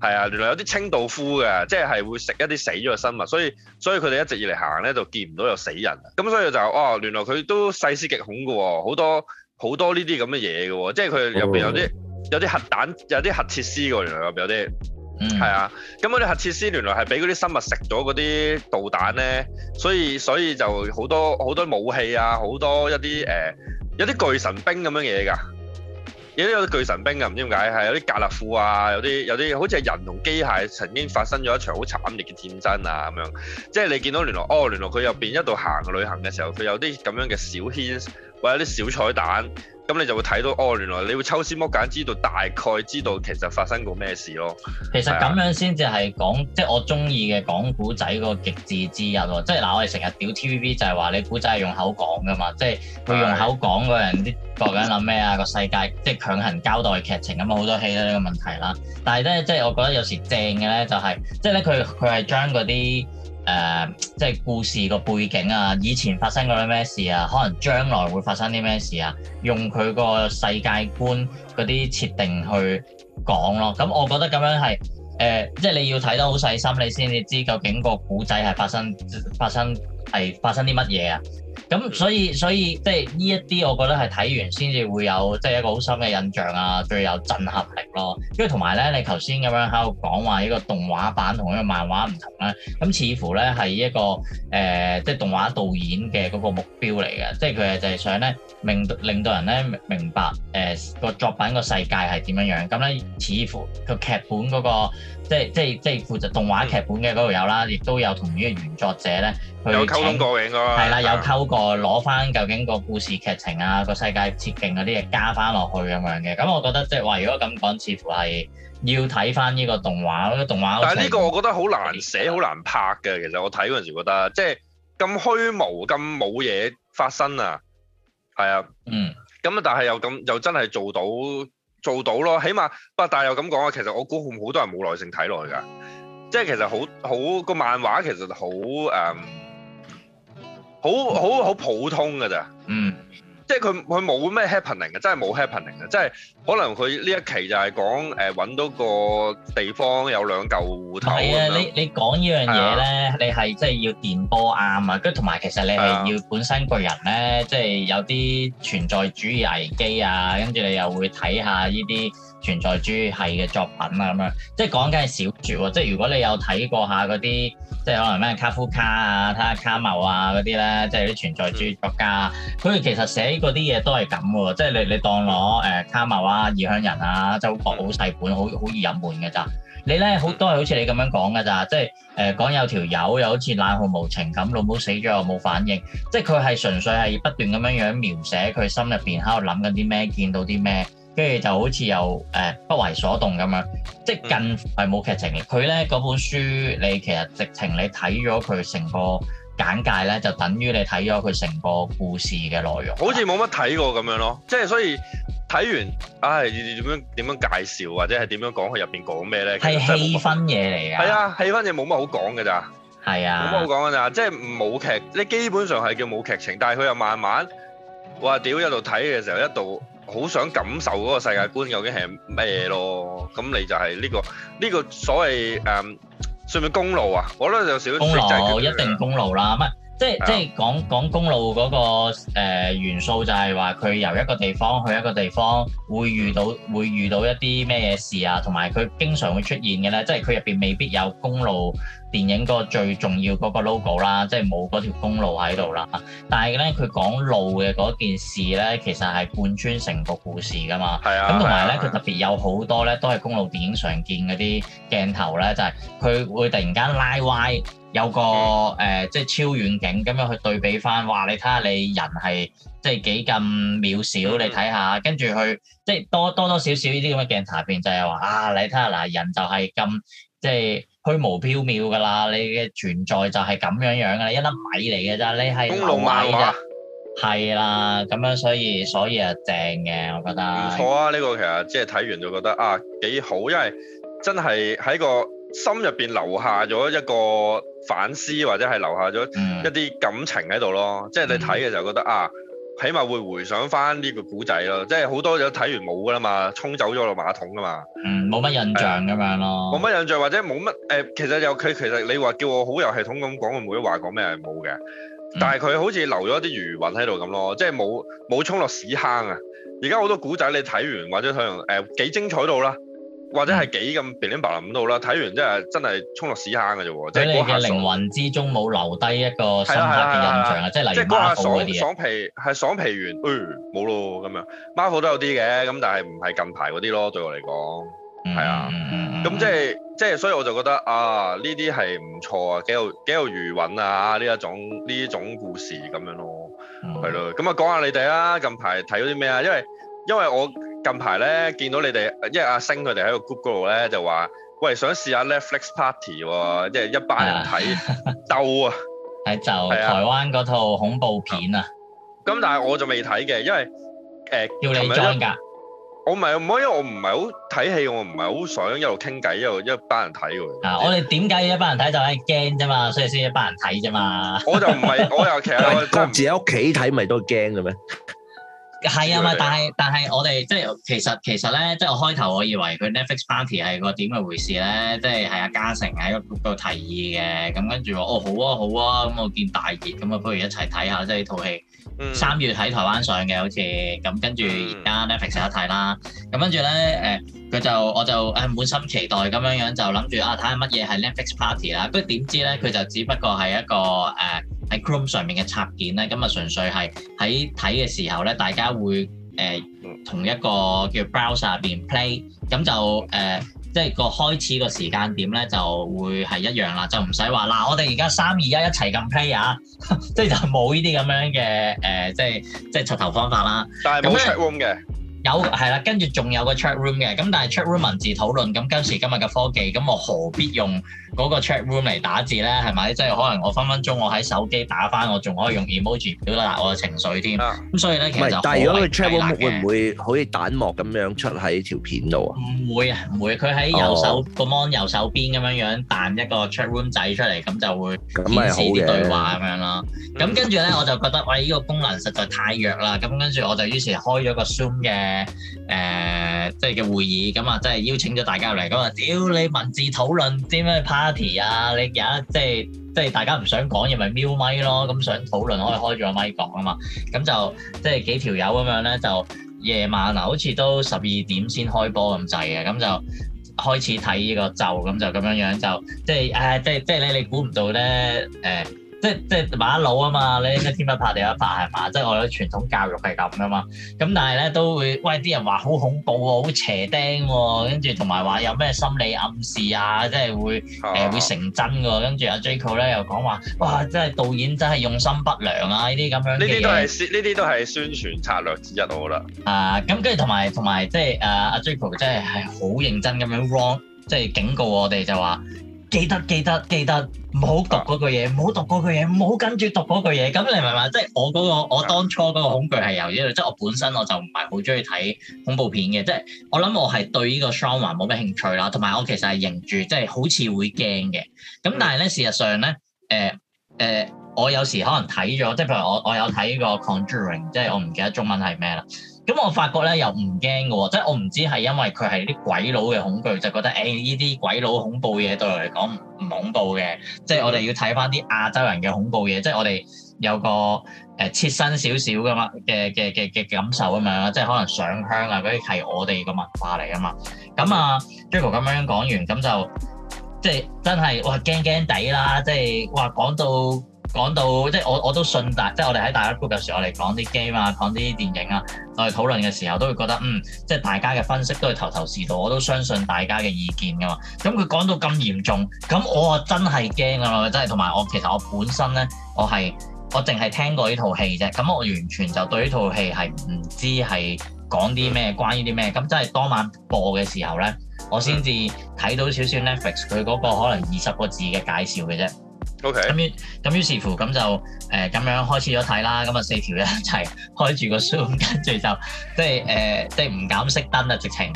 係啊，原來有啲清道夫嘅，即係會食一啲死咗嘅生物，所以所以佢哋一直以嚟行咧就見唔到有死人，咁所以就哦，原來佢都細思極恐嘅喎，好多好多呢啲咁嘅嘢嘅喎，即係佢入邊有啲、嗯。有啲核彈，有啲核設施喎，原來入邊有啲，係啊、嗯。咁嗰啲核設施原來係俾嗰啲生物食咗嗰啲導彈咧，所以所以就好多好多武器啊，好多一啲誒、呃，有啲巨神兵咁樣嘢㗎，有啲有啲巨神兵㗎，唔知點解係有啲格納庫啊，有啲有啲好似係人同機械曾經發生咗一場好慘烈嘅戰爭啊咁樣。即係你見到原來，哦，原來佢入邊一度行旅行嘅時候，佢有啲咁樣嘅小軒，或者啲小彩蛋。咁你就會睇到哦，原來你會抽絲剝繭，知道大概知道其實發生過咩事咯。其實咁
樣先至係講，的即係我中意嘅講古仔個極致之一喎。即係嗱，我哋成日屌 TVB 就係話你古仔係用口講噶嘛，即係佢、嗯、用口講嗰個人啲究竟諗咩啊個世界即係強行交代劇情咁啊，好多戲呢、這個問題啦。但係咧，即係我覺得有時正嘅咧就係、是、即係咧佢佢係將嗰啲。誒、呃，即係故事個背景啊，以前發生過啲咩事啊，可能將來會發生啲咩事啊，用佢個世界觀嗰啲設定去講咯。咁我覺得咁樣係誒、呃，即係你要睇得好細心，你先至知究竟個古仔係發生發生。發生係發生啲乜嘢啊？咁所以所以即係呢一啲，我覺得係睇完先至會有即係一個好深嘅印象啊，最有震撼力咯。因為同埋咧，你頭先咁樣喺度講話呢個動畫版同呢個漫畫唔同啦。咁似乎咧係一個誒、呃，即係動畫導演嘅嗰個目標嚟嘅，即係佢係就係想咧令令到人咧明白誒個、呃、作品個世界係點樣樣。咁咧似乎個劇本嗰、那個。即係即係即係負責動畫劇本嘅嗰度有啦，亦都、嗯、有同呢個原作者咧有溝通過嘅，
應該係啦，有溝
過攞翻究竟個故事劇情啊、個、啊、世界設定嗰啲嘢加翻落去咁樣嘅。咁我覺得即係話，如果咁講，似乎係要睇翻呢個動畫，動畫。但係呢個
我覺得好難寫、好的難拍嘅。其實我睇嗰陣時覺得，即係咁虛無、咁冇嘢發生啊。係啊，嗯。咁啊，但係又咁又真係做到。做到咯，起碼不，但又咁講啊。其實我估好多人冇耐性睇落去㗎，即係其實好好個漫畫其實好誒，好好好普通㗎咋，嗯。即係佢佢冇咩 happening 嘅，真係冇 happening 嘅，即係可能佢呢一期就係講誒揾、呃、到個地方有兩嚿芋頭咁樣。你你
講呢樣嘢咧，你係即係要電波啱啊，跟住同埋其實你係要本身個人咧，即係有啲存在主義危機啊，跟住你又會睇下呢啲。存在主義係嘅作品啊，咁樣即係講緊係小説喎。即係如果你有睇過下嗰啲，即係可能咩卡夫卡，看看卡啊、睇下卡繆啊嗰啲咧，即係啲存在主義作家，佢哋其實寫嗰啲嘢都係咁嘅喎。即係你你當攞誒、呃、卡繆啊、異鄉人啊，周係好薄細本，好好易入門嘅咋。你咧好多係好似你咁樣講嘅咋，即係誒、呃、講有條友又好似冷酷無情咁，老母死咗又冇反應。即係佢係純粹係不斷咁樣樣描寫佢心入邊喺度諗緊啲咩，見到啲咩。跟住就好似又誒、呃、不為所動咁樣，即係近乎係冇劇情嘅。佢咧嗰本書，你其實直情你睇咗佢成個簡介咧，就等於你睇咗佢成個故事嘅內容。好
似冇乜睇過咁樣咯，即係所以睇完，唉、哎、你點樣點樣介紹或者係點樣講佢入邊講咩咧？係氣氛嘢嚟嘅，係啊，啊，氣氛嘢冇乜好講嘅咋，
係啊，冇乜好
講嘅咋，即係冇劇，你基本上係叫冇劇情，但係佢又慢慢，哇屌，一路睇嘅時候一路。好想感受嗰個世界觀究竟係咩咯？咁、嗯、你就係呢、呢個呢、呢個所謂誒，算唔算公路啊？我覺得有少少公路，定一定
公路啦。唔即係即係講講公路嗰個、呃、元素就，就係話佢由一個地方去一個地方，會遇到、嗯、會遇到一啲咩嘢事啊，同埋佢經常會出現嘅咧，即係佢入邊未必有公路電影個最重要嗰個 logo 啦，即係冇嗰條公路喺度啦。但係咧，佢講路嘅嗰件事咧，其實係貫穿成個故事㗎嘛。係是啊，咁同埋咧，佢特別有好多咧，都係公路電影常見嗰啲鏡頭咧，就係、是、佢會突然間拉歪，有個誒、呃，即係超遠景咁樣去對比返，話你睇下你人係即係幾咁渺小，你睇下。跟住佢即係多，多多多少少呢啲咁嘅鏡頭入邊，就係、是、話啊，你睇下嗱，人就係咁即係。虛無縹緲㗎啦，你嘅存在就係咁樣樣㗎，一粒米嚟嘅咋，你係流米啫，公路漫畫，係啦，咁樣所以所以係正嘅，我覺得。唔錯
啊，呢、呢個其實即係睇完就覺得啊幾好，因為真係喺個心入邊留下咗一個反思，或者係留下咗一啲感情喺度咯。即係、嗯、你睇嘅時候覺得啊。起碼會回想翻呢個古仔咯，即係好多有睇完冇㗎啦嘛，沖走咗落馬桶㗎嘛，嗯，
冇乜印
象咁樣咯，冇乜、呃、印象或者冇乜誒，其實有佢其實你話叫我好有系統咁講佢每一話講咩係冇嘅，但係佢好似留咗啲餘韻喺度咁咯，即係冇冇沖落屎坑啊！而家好多古仔你睇完或者睇完誒、呃、幾精彩到啦～或者係幾咁遍地白林咁好啦，睇完真係真係衝落屎坑嘅啫喎。喺你嘅靈
魂之中冇留低一個深刻嘅印象啊，即係例如即係下爽爽
皮係爽皮完，嗯、哎，冇咯咁樣。Marvel 都有啲嘅，咁但係唔係近排嗰啲咯，對我嚟講，係、嗯、啊。咁即係即係，所以我就覺得啊，呢啲係唔錯啊，幾有幾有餘韻啊呢一種呢種故事咁樣咯，係咯、嗯。咁啊，就講下你哋啦。近排睇咗啲咩啊？因為因為我。近排咧見到你哋，因為阿星佢哋喺個 Google 度咧就話，喂，想試下 Netflix Party 喎，即係一班人睇咒啊，
係就台灣嗰套恐怖片啊。
咁但係我就未睇嘅，因為誒叫你裝㗎，我唔係唔可以，我唔係好睇戲，我唔係好想一路傾偈一路一班人睇㗎。啊，我
哋點解要一班人睇就係驚啫嘛，所以先一班人睇啫嘛。
我就唔係，我又其
實我自己屋企睇咪都驚嘅咩？
係啊，咪但係但係我哋即係其實其實咧，即係我開頭我以為佢 Netflix Party 係個點嘅回事咧，即係係阿嘉誠喺度提議嘅，咁跟住話哦好啊好啊，咁啊，我見大熱，咁啊不如一齊睇下即係套戲。三月喺台灣上嘅好似，咁跟住而家 Netflix 有得睇啦。咁跟住咧，誒、呃、佢就我就誒、啊、滿心期待咁樣樣，就諗住啊睇下乜嘢係 Netflix Party 啦。不過點知咧，佢就只不過係一個誒喺、呃、Chrome 上面嘅插件咧，咁啊純粹係喺睇嘅時候咧，大家會誒、呃、同一個叫 browser 入邊 play，咁就誒。呃即係個開始個時間點咧，就會係一樣啦，就唔使話嗱，我哋而家三二一一齊撳 Play 啊， 即係就冇呢啲咁樣嘅誒，即係即係出頭方法啦。但係冇那 check room 嘅。有係啦，跟住仲有個 chat room 嘅，咁但係 chat room 文字討論，咁今時今日嘅科技，咁我何必用嗰個 chat room 嚟打字咧？係咪？即係可能我分分鐘我喺手機打返，我仲可以用 emoji 表達我嘅情緒添。咁所以咧，其實但係如果佢 chat room 會唔
會好似彈幕咁樣出喺條片度啊？
唔會，唔會。佢喺右手、哦、個 mon 右手邊咁樣樣彈一個 chat room 仔出嚟，咁就會顯示啲對話咁樣啦。咁跟住咧，我就覺得喂呢、哎呢個功能實在太弱啦。咁跟住我就於是開咗個 zoom 嘅。誒誒、呃，即係嘅會議，咁啊，即係邀請咗大家入嚟，咁啊，只要你文字討論啲咩 party 啊，你有一即係即係大家唔想講嘢，咪 mute 咪咯，咁想討論可以開咗咪講啊嘛，咁就即係幾條友咁樣咧，就夜晚啊，好似都十二點先開波咁滯嘅，咁就開始睇呢個咒，咁就咁樣樣就即係誒、呃，即係即係咧，你估唔到咧誒。呃即即馬佬啊嘛，你天不怕地不怕係嘛？即我覺得傳統教育係咁噶嘛。咁但係咧都會，喂啲人話好恐怖喎，好邪釘喎、啊，跟住同埋話有咩心理暗示啊，即係會誒、啊、會成真喎、啊。跟住阿 Jaco 咧又講話，哇！即係導演真係用心不良啊，呢啲咁樣。呢啲都係
宣呢啲都係宣傳策略之一，我覺
得。啊，咁跟住同埋同埋即係誒阿 Jaco 真係係好認真咁樣 warn 即係警告我哋就話。記得記得記得，唔好讀嗰句嘢，唔好讀句嘢，唔好跟住讀嗰句嘢。咁你明唔明？即係我嗰、嗰個我當初嗰個恐懼係由呢度，即係我本身我就唔係好中意睇恐怖片嘅。即係我諗我係對呢個喪還冇咩興趣啦。同埋我其實係認住，即係好似會驚嘅。咁但係咧，事實上咧，誒、呃、誒、呃，我有時可能睇咗，即係譬如我有、這個、我有睇呢個 Conjuring，即係我唔記得中文係咩啦。咁我發覺咧，又唔驚嘅喎，即係我唔知係因為佢係啲鬼佬嘅恐懼，就覺得誒呢啲鬼佬恐怖嘢對我嚟講唔恐怖嘅，即係我哋要睇翻啲亞洲人嘅恐怖嘢、嗯呃，即係我哋有個誒切身少少嘅嘛嘅嘅嘅嘅感受咁樣啦，即係可能上香啊嗰啲係我哋嘅文化嚟啊嘛。咁啊，Jaco 咁樣講完咁就即係真係哇驚驚地啦，即係話講到。講到即係我我都信大，即係我哋喺大家 group 嘅時候，我哋講啲 game 啊，講啲電影啊，我哋討論嘅時候都會覺得嗯，即係大家嘅分析都係頭頭是道，我都相信大家嘅意見噶嘛。咁佢講到咁嚴重，咁我啊真係驚噶咯，真係同埋我其實我本身咧，我係我淨係聽過呢套戲啫。咁我完全就對呢套戲係唔知係講啲咩，關於啲咩。咁真係當晚播嘅時候咧，我先至睇到少少 Netflix 佢嗰個可能二十個字嘅介紹嘅啫。OK，咁於是乎咁就誒咁、呃、樣開始咗睇啦，咁啊四條一齊開住個 show， 跟住就即係誒即係唔敢熄燈啊，直情。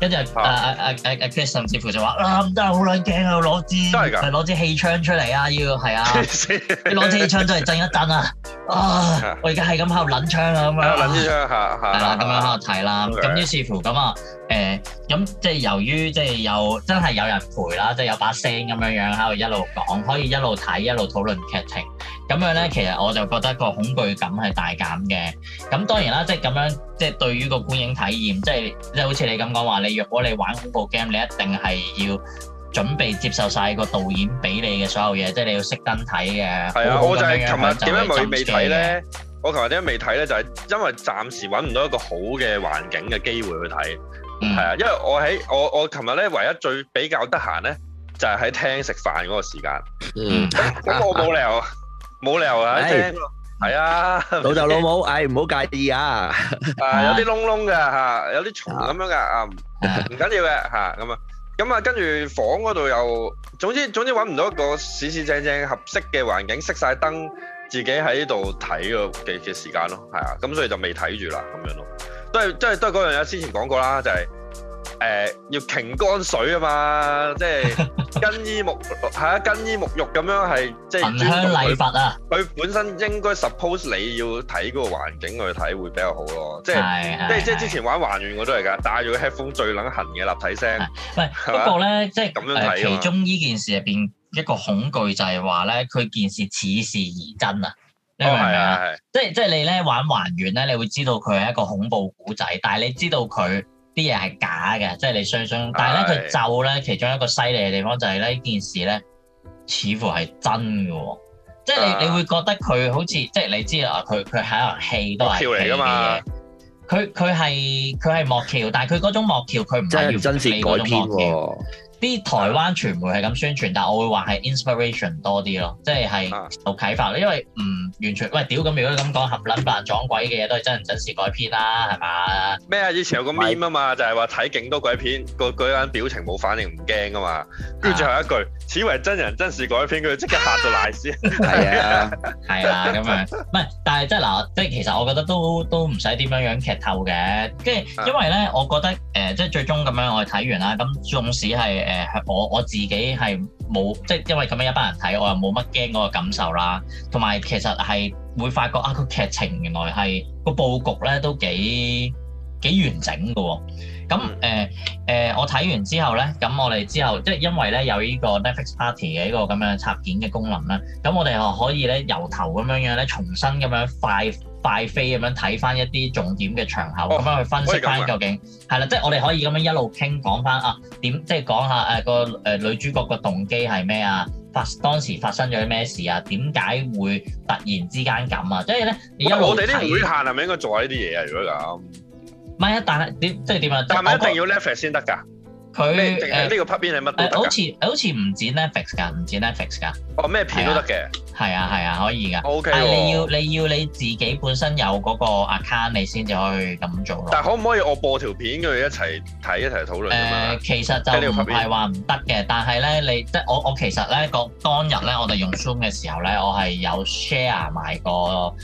跟住誒誒誒誒佢甚至乎就話啊真係好撚驚啊！攞支係攞支氣槍出嚟啊！要係啊，攞支氣槍出嚟震一震啊！啊！我而家係咁喺度撚槍啊咁樣，撚槍嚇嚇，係啦咁樣喺度睇啦。咁於是乎咁啊誒咁即係由於即係有真係有人陪啦，即係有把聲咁樣樣喺度一路講，可以一路睇一路討論劇情。咁樣咧，其實我就覺得個恐懼感係大減嘅。咁當然啦，即係咁樣，即係對於個觀影體驗，即係即係好似你咁講話，你若果你玩恐怖 game，你一定係要準備接受晒個導演俾你嘅所有嘢，即係你要熄燈睇嘅，係啊，我就係琴日點解未睇咧？
我琴日點解未睇咧？就係因為暫時揾唔到一個好嘅環境嘅機會去睇，係啊，嗯，因為我喺我我琴日咧唯一最比較得閒咧，就係喺廳食飯嗰個時間。嗯，咁我冇理由 冇理由啊！係，係啊，老豆老母，
哎，唔好介意啊。
啊，有啲窿窿嘅吓，有啲蟲咁樣嘅，啊唔唔緊要嘅吓，咁啊，咁啊，跟住房嗰度又，總之總之揾唔到一個四四正正合適嘅環境，熄晒燈，自己喺度睇嘅嘅時間咯，係啊，咁所以就未睇住啦，咁樣咯，都係都係都係嗰樣嘢，之前講過啦，就係。誒，要擎乾水啊嘛，即係更衣沐係啊，更衣沐浴咁樣係，即係焚香禮佛啊。佢本身應該 suppose 你要睇嗰個環境去睇會比較好咯，即係即係即係之前玩還原我都係噶，戴住個 headphone 最撚痕嘅立體聲。唔係，不過咧
即係咁樣睇，其中呢件事入邊一個恐懼就係話咧，佢件事似是而真啊。哦，係係係。即係即係你咧玩還原咧，你會知道佢係一個恐怖古仔，但係你知道佢。啲嘢係假嘅，即係你相信。但係咧，佢咒咧，其中一個犀利嘅地方就係咧，呢件事咧，似乎係真嘅。
哦，即係你
你會覺得佢好似，即係你知啊，佢佢可能戲都係橋嚟㗎嘛。佢佢係佢係幕橋，但係佢嗰種幕橋佢唔係真事改編喎。哦。啲台灣傳媒係咁宣傳，但我會話係 inspiration 多啲咯，即係係有啟發咯。因為唔完全喂屌咁，如果咁講，合撚扮撞鬼嘅嘢都係真人真事改編啦、啊，係嘛？
咩啊？以前有個 meme 啊嘛，就係話睇勁多鬼片，個陣表情冇反應唔驚、嗯、啊嘛。跟、啊、住、啊啊啊啊、最後一句，此為真人真事改編，佢即刻嚇到瀨屎。
係啊，係啊，咁、 啊啊啊、樣。唔係，但係即係嗱，即係其實我覺得都都唔使點樣樣劇透嘅。跟住因為咧，我覺得誒，即係最終咁樣我睇完啦。咁縱使係誒，我我自己係冇即係因為咁樣一班人睇，我又冇乜驚嗰個感受啦。同埋其實係會發覺啊，個劇情原來係個佈局咧都幾幾完整噶喎。咁誒誒，我睇完之後咧，咁我哋之後即係因為咧有呢個 Netflix Party 嘅依個咁樣插件嘅功能啦，咁我哋又可以咧由頭咁樣樣咧重新咁樣快。快飛咁樣睇翻一啲重點嘅場口，咁、哦、樣去分析翻究竟係啦，即係、就是、我哋可以咁樣一路傾講翻啊點，即係講下誒個誒女主角個動機係咩啊？發當時發生咗啲咩事啊？點解會突然之間咁啊？即係咧，你一路我哋都唔限
係咪應該做下呢啲嘢啊？如果咁，
唔係啊，但係點即係點啊？但係唔一定
要 left it 先得㗎。
佢呢、呃、個
part 係乜？誒、呃、好似
好似唔剪 Netflix 㗎，唔剪 Netflix 㗎。哦，
咩片都得嘅。
係啊，係啊，啊，可以㗎。O、okay、K、哦。你要你要你自己本身有嗰個 account，你先至可以咁做咯。但
係可唔可以我播條片佢一齊睇一齊討論？誒、呃，其實就唔係
話唔得嘅，但係咧你即係我我其實咧個當日咧我哋用 Zoom 嘅時候咧，我係有 share 埋個。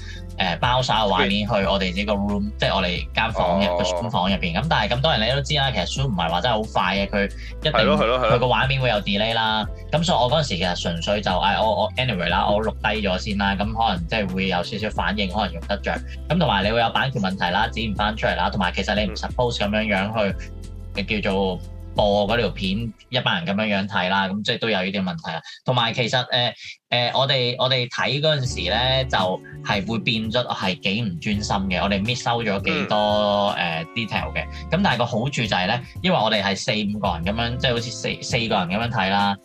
誒包晒個畫面去我哋呢個 room，哦、即係我哋間房入個房入邊。咁但係咁多人你都知啦，其實 Zoom 唔係話真係好快嘅，佢一定佢個畫面會有 delay 啦。咁所以我嗰陣時其實純粹就誒我我 anyway 啦，我，我，anyway，我錄低咗先啦。咁可能即係會有少少反應，可能用得着。咁同埋你會有版權問題啦，剪唔翻出嚟啦。同埋其實你唔 suppose 咁樣樣去嘅、嗯、叫做。播嗰條片一班人咁樣樣睇啦，咁即係都有呢啲問題啦。同埋其實誒誒、呃呃，我哋我哋睇嗰陣時咧，就係會變咗係幾唔專心嘅，我哋 miss 咗幾多誒 detail 嘅。咁、呃、但係個好處就係咧，因為我哋係四五個人咁樣，即係好似四四個人咁樣睇啦。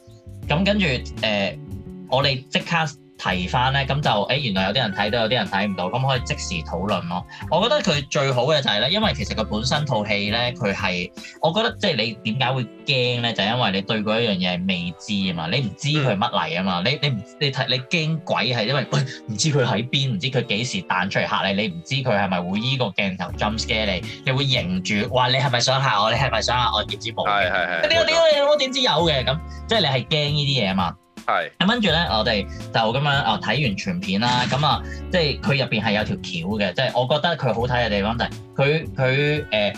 咁跟住誒，我哋即刻，提翻咧，咁就誒、欸，原來有啲人睇到，有啲人睇唔到，咁可以即時討論咯。我覺得佢最好嘅就係、是、咧，因為其實佢本身套戲咧，佢係我覺得即係你點解會驚咧？就因為你對嗰一樣嘢係未知啊嘛，你唔知佢係乜嚟啊嘛，你你你睇你驚鬼係因為喂唔、欸、知佢喺邊，唔知佢幾時彈出嚟嚇你，你唔知佢係咪會依個鏡頭 jump scare 你，你會迎住嘩，你係咪想嚇我？你係咪想嚇我接接報？係係係。點啊點啊！我點知有嘅咁，即係你係驚呢啲嘢啊嘛。係，咁跟住咧，我哋就咁樣啊，睇完全片啦，咁、嗯、啊，即係佢入邊係有條橋嘅，即係我覺得佢好睇嘅地方就係佢佢誒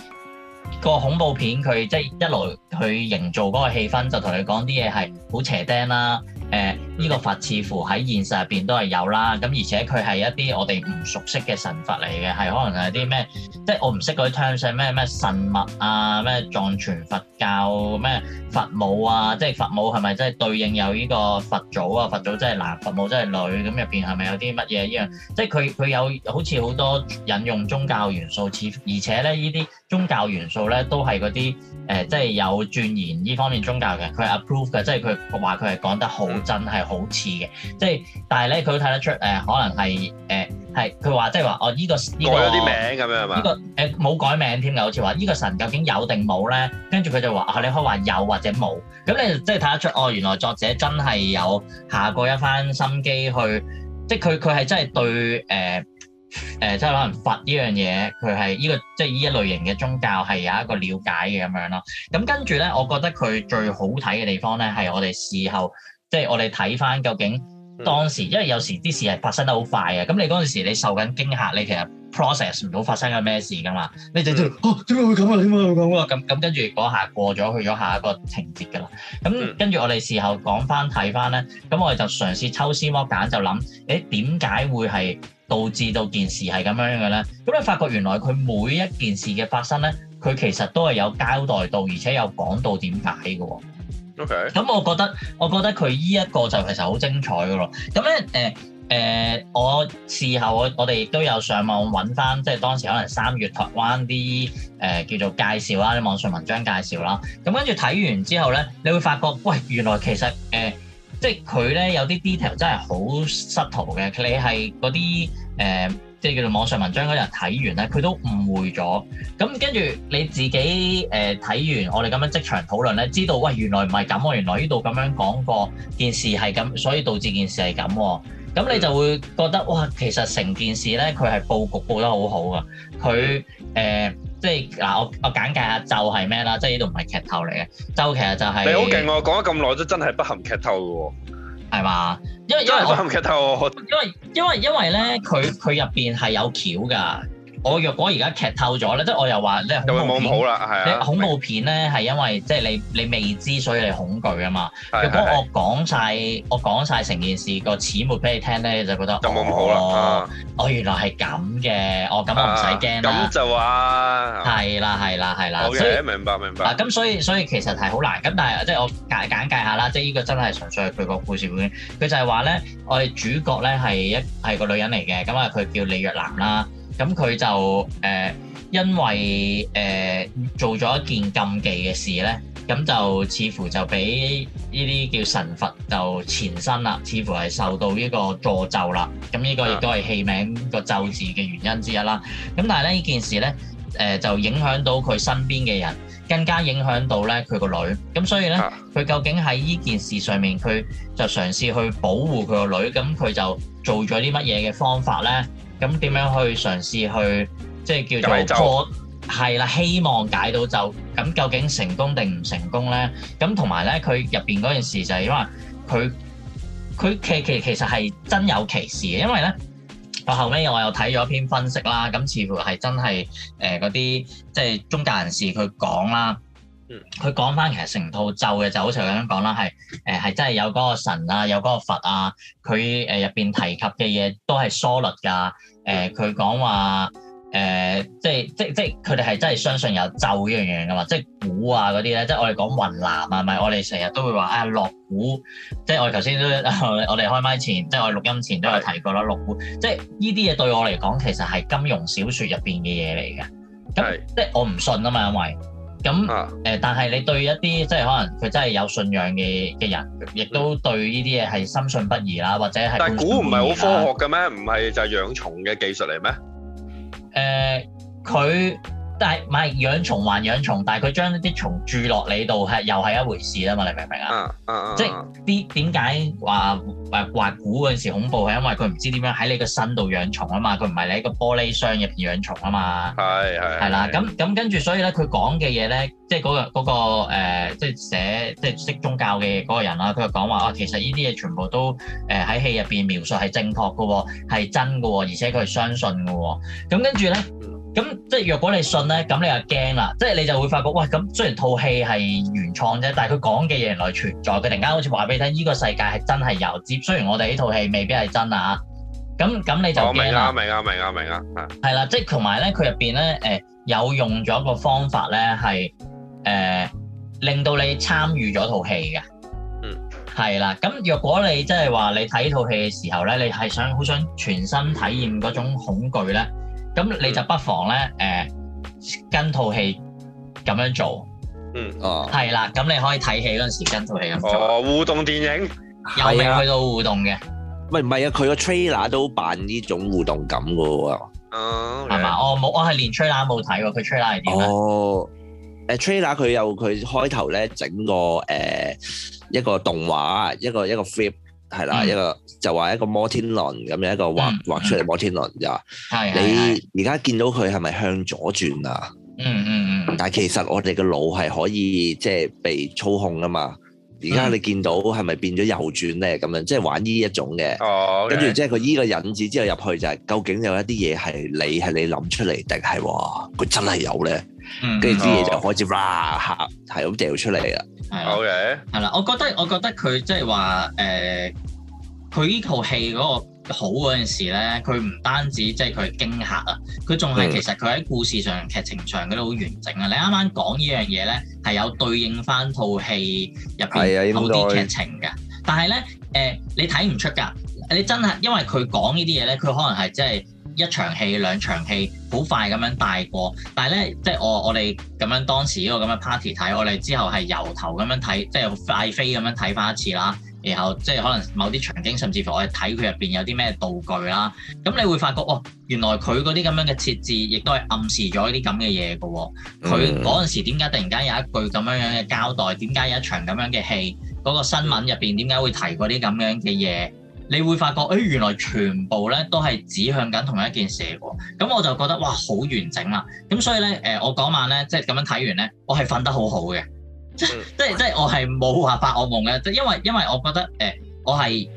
個恐怖片，佢即係一路去營造嗰個氣氛，就同你講啲嘢係好邪釘啦。誒呢、呃這個佛似乎喺現實入邊都係有啦，咁而且佢係一啲我哋唔熟悉嘅神佛嚟嘅，係可能係啲咩，即係我唔識嗰啲詞咩咩神物啊，咩藏傳佛教咩佛母啊，即係佛母係咪即係對應有呢個佛祖啊？佛祖即係男，佛母即係女，咁入邊係咪有啲乜嘢呢樣？即係佢佢有好似好多引用宗教元素，且而且咧呢啲。宗教元素咧都係嗰啲誒，即係有鑽研呢方面宗教嘅，佢係 approve 嘅，即係佢話佢係講得好真係好似嘅，即係但係咧佢都睇得出誒、呃，可能係誒係佢話即係話哦，呢、這個呢、這個有啲名咁樣啊嘛，呢、這個誒冇、呃、改名添嘅，好似話呢個神究竟有定冇咧？跟住佢就話啊，你可以話有或者冇，咁你即係睇得出哦，原來作者真係有下過一番心機去，即係佢佢係真係對誒。呃誒，即係可能佛呢樣嘢，佢係呢個即係呢一類型嘅宗教係有一個了解嘅咁樣咯。咁跟住咧，我覺得佢最好睇嘅地方咧，係我哋事後，即係我哋睇翻究竟當時，因為有時啲事係發生得好快嘅。咁你嗰陣時你受緊驚嚇，你其實～process 唔到發生緊咩事噶嘛？嗯、你直接：「哦，點解會咁啊？點解會咁啊？咁咁、啊啊、跟住嗰下過咗去咗下一個情節噶啦。咁、嗯、跟住我哋事後講翻睇翻咧，咁我哋就嘗試抽絲剝繭，就諗誒點解會係導致到件事係咁樣嘅咧？咁你發覺原來佢每一件事嘅發生咧，佢其實都係有交代到，而且有講到點解嘅喎。O K。咁我覺得我覺得佢依一個就其實好精彩噶咯。咁咧誒。呃誒、呃，我事後我我哋都有上網揾翻，即係當時可能三月台灣啲誒、呃、叫做介紹啦，啲網上文章介紹啦。咁跟住睇完之後咧，你會發覺，喂，原來其實誒、呃，即係佢咧有啲 detail 真係好失圖嘅。你係嗰啲誒，即係叫做網上文章嗰啲人睇完咧，佢都誤會咗。咁跟住你自己誒睇、呃、完，我哋咁樣即場討論咧，知道，喂，原來唔係咁喎。原來呢度咁樣講過件事係咁，所以導致件事係咁喎。咁你就會覺得哇，其實成件事咧，佢係佈局佈得好好啊！佢誒、呃，即係嗱，我我簡介下就係咩啦，即係呢度唔係劇透嚟嘅，就其實就係、是、你好勁喎，
我講咗咁耐都真係不含劇透嘅喎，係嘛？真係不含劇透，
因為因為、哦、因為咧，佢佢入邊係有橋㗎。我若果而家劇透咗咧，即係我又話咧恐、啊啊、恐怖片咧，恐怖片咧係因為即係、就是、你你未知，所以你恐懼啊嘛。若果我講晒，我講晒成件事個始末俾你聽咧，你就覺得有冇咁好啦、啊？哦啊、我原來係咁嘅，我咁我唔使驚啦。咁、啊、就話係啦，係啦，係啦。所以明白明白啊。咁所以所以其實係好難咁，但係即係我簡簡介下啦。即係呢個真係純粹係佢個故事背景。佢就係話咧，我哋主角咧係一係個女人嚟嘅，咁啊佢叫李若男啦。咁佢就誒、呃，因為誒、呃、做咗一件禁忌嘅事咧，咁就似乎就俾呢啲叫神佛就纏身啦，似乎係受到呢個詛咒啦。咁呢個亦都係戲名個咒字嘅原因之一啦。咁但係咧呢件事咧，誒、呃，就影響到佢身邊嘅人，更加影響到咧佢個女。咁所以咧，佢究竟喺呢件事上面，佢就嘗試去保護佢個女，咁佢就做咗啲乜嘢嘅方法咧？咁點樣去嘗試去即係叫做破係啦，希望解到咒。咁究竟成功定唔成功咧？咁同埋咧，佢入邊嗰件事就係、是、因為佢佢其其其實係真有其事嘅，因為咧我後尾我又睇咗篇分析啦，咁似乎係真係誒嗰啲即係中介人士佢講啦。佢講翻其實成套咒嘅就好似我咁樣講啦，係誒係真係有嗰個神啊，有嗰個佛啊，佢誒入邊提及嘅嘢都係疏律噶，誒佢講話誒即係即即係佢哋係真係相信有咒依樣嘢噶嘛，即係蠱啊嗰啲咧，即係我哋講雲南啊，係咪我哋成日都會話啊、哎、落蠱，即係我哋頭先都 我哋開麥前，即係我哋錄音前都有提過啦，落蠱，即係呢啲嘢對我嚟講其實係金庸小説入邊嘅嘢嚟嘅，咁即係我唔信啊嘛，因為。咁誒，但係你對一啲即係可能佢真係有信仰嘅嘅人，亦都對呢啲嘢係深信不疑啦，或者係。但係估唔係好科
學嘅咩？唔係就係養蟲嘅技術嚟咩？
誒，佢。但係唔係養蟲還養蟲？但係佢將啲蟲住落你度係又係一回事啊嘛！你明唔明啊？嗯嗯
嗯。即係
啲點解話話刮骨嗰陣時恐怖係因為佢唔知點樣喺你個身度養蟲啊嘛？佢唔係你喺個玻璃箱入邊養蟲啊嘛。係係。
係啦，咁
咁跟住所以咧，佢講嘅嘢咧，即係嗰個嗰個誒，即係寫即係識宗教嘅嗰個人啦，佢就講話哦，其實呢啲嘢全部都誒喺戲入邊描述係正確嘅喎，係真嘅喎，而且佢係相信嘅喎。咁跟住咧。咁即係若果你信咧，咁你又驚啦！即係你就會發覺，喂，咁雖然套戲係原創啫，但係佢講嘅嘢原來存在，佢突然間好似話俾你聽，呢、這個世界係真係有接。只雖然我哋呢套戲未必係真啊，咁咁你就明啦，
明啊，明啊，明啊，係。
係啦，即係同埋咧，佢入邊咧，誒、呃、有用咗個方法咧，係誒、呃、令到你參與咗套戲嘅。嗯。係啦，咁若果你即係話你睇套戲嘅時候咧，你係想好想全身體驗嗰種恐懼咧？咁你就不妨咧，誒、呃、跟套戲咁樣做。嗯，
哦，係啦，
咁你可以睇戲嗰陣時跟套戲咁做。哦，互動電影又係去到互動嘅。唔係唔係啊，佢
個、啊、trailer 都扮呢種互動感嘅喎。哦，係、
okay、嘛？我冇，我係連 trailer 冇睇過喎。佢 trailer 係
點哦，誒 trailer 佢又，佢開頭咧整個誒一個動畫一個一個 flip。係啦，一個、嗯、就話一個摩天輪咁樣一個畫畫出嚟摩天輪呀。嗯、你而家見到佢係咪向左轉啊？嗯嗯嗯。但係其實我哋嘅腦係可以即係、就是、被操控㗎嘛。而家你見到係咪變咗右轉咧？咁樣即係玩呢一種嘅，跟住即係佢依個引子之後入去就係，究竟有一啲嘢係你係你諗出嚟，定係佢真係有咧？跟住啲嘢就開始哇嚇，係咁掉出嚟啦。
OK，係啦，我覺得我覺得佢即係話誒，佢依套戲嗰個。好嗰陣時咧，佢唔單止即係佢驚嚇啊，佢仲係其實佢喺故事上，劇情上佢都好完整啊！你啱啱講呢樣嘢咧，係有對應翻套戲入邊某啲劇情嘅，但係咧誒，你睇唔出㗎，你真係因為佢講呢啲嘢咧，佢可能係即係一場戲兩場戲，好快咁樣帶過，但係咧即係我我哋咁樣當時呢個咁嘅 party 睇，我哋之後係由頭咁樣睇，即係快飛咁樣睇翻一次啦。然後即係可能某啲場景，甚至乎我哋睇佢入邊有啲咩道具啦。咁你會發覺哦，原來佢嗰啲咁樣嘅設置，亦都係暗示咗啲咁嘅嘢嘅喎。佢嗰陣時點解突然間有一句咁樣樣嘅交代？點解有一場咁樣嘅戲？嗰個新聞入邊點解會提嗰啲咁樣嘅嘢？你會發覺誒，原來全部咧都係指向緊同一件事嘅喎。咁我就覺得哇，好完整啦。咁所以咧，誒我嗰晚咧即係咁樣睇完咧，我係瞓得好好嘅。即係即係我係冇話發惡夢嘅，即因為因為我覺得誒、呃、我係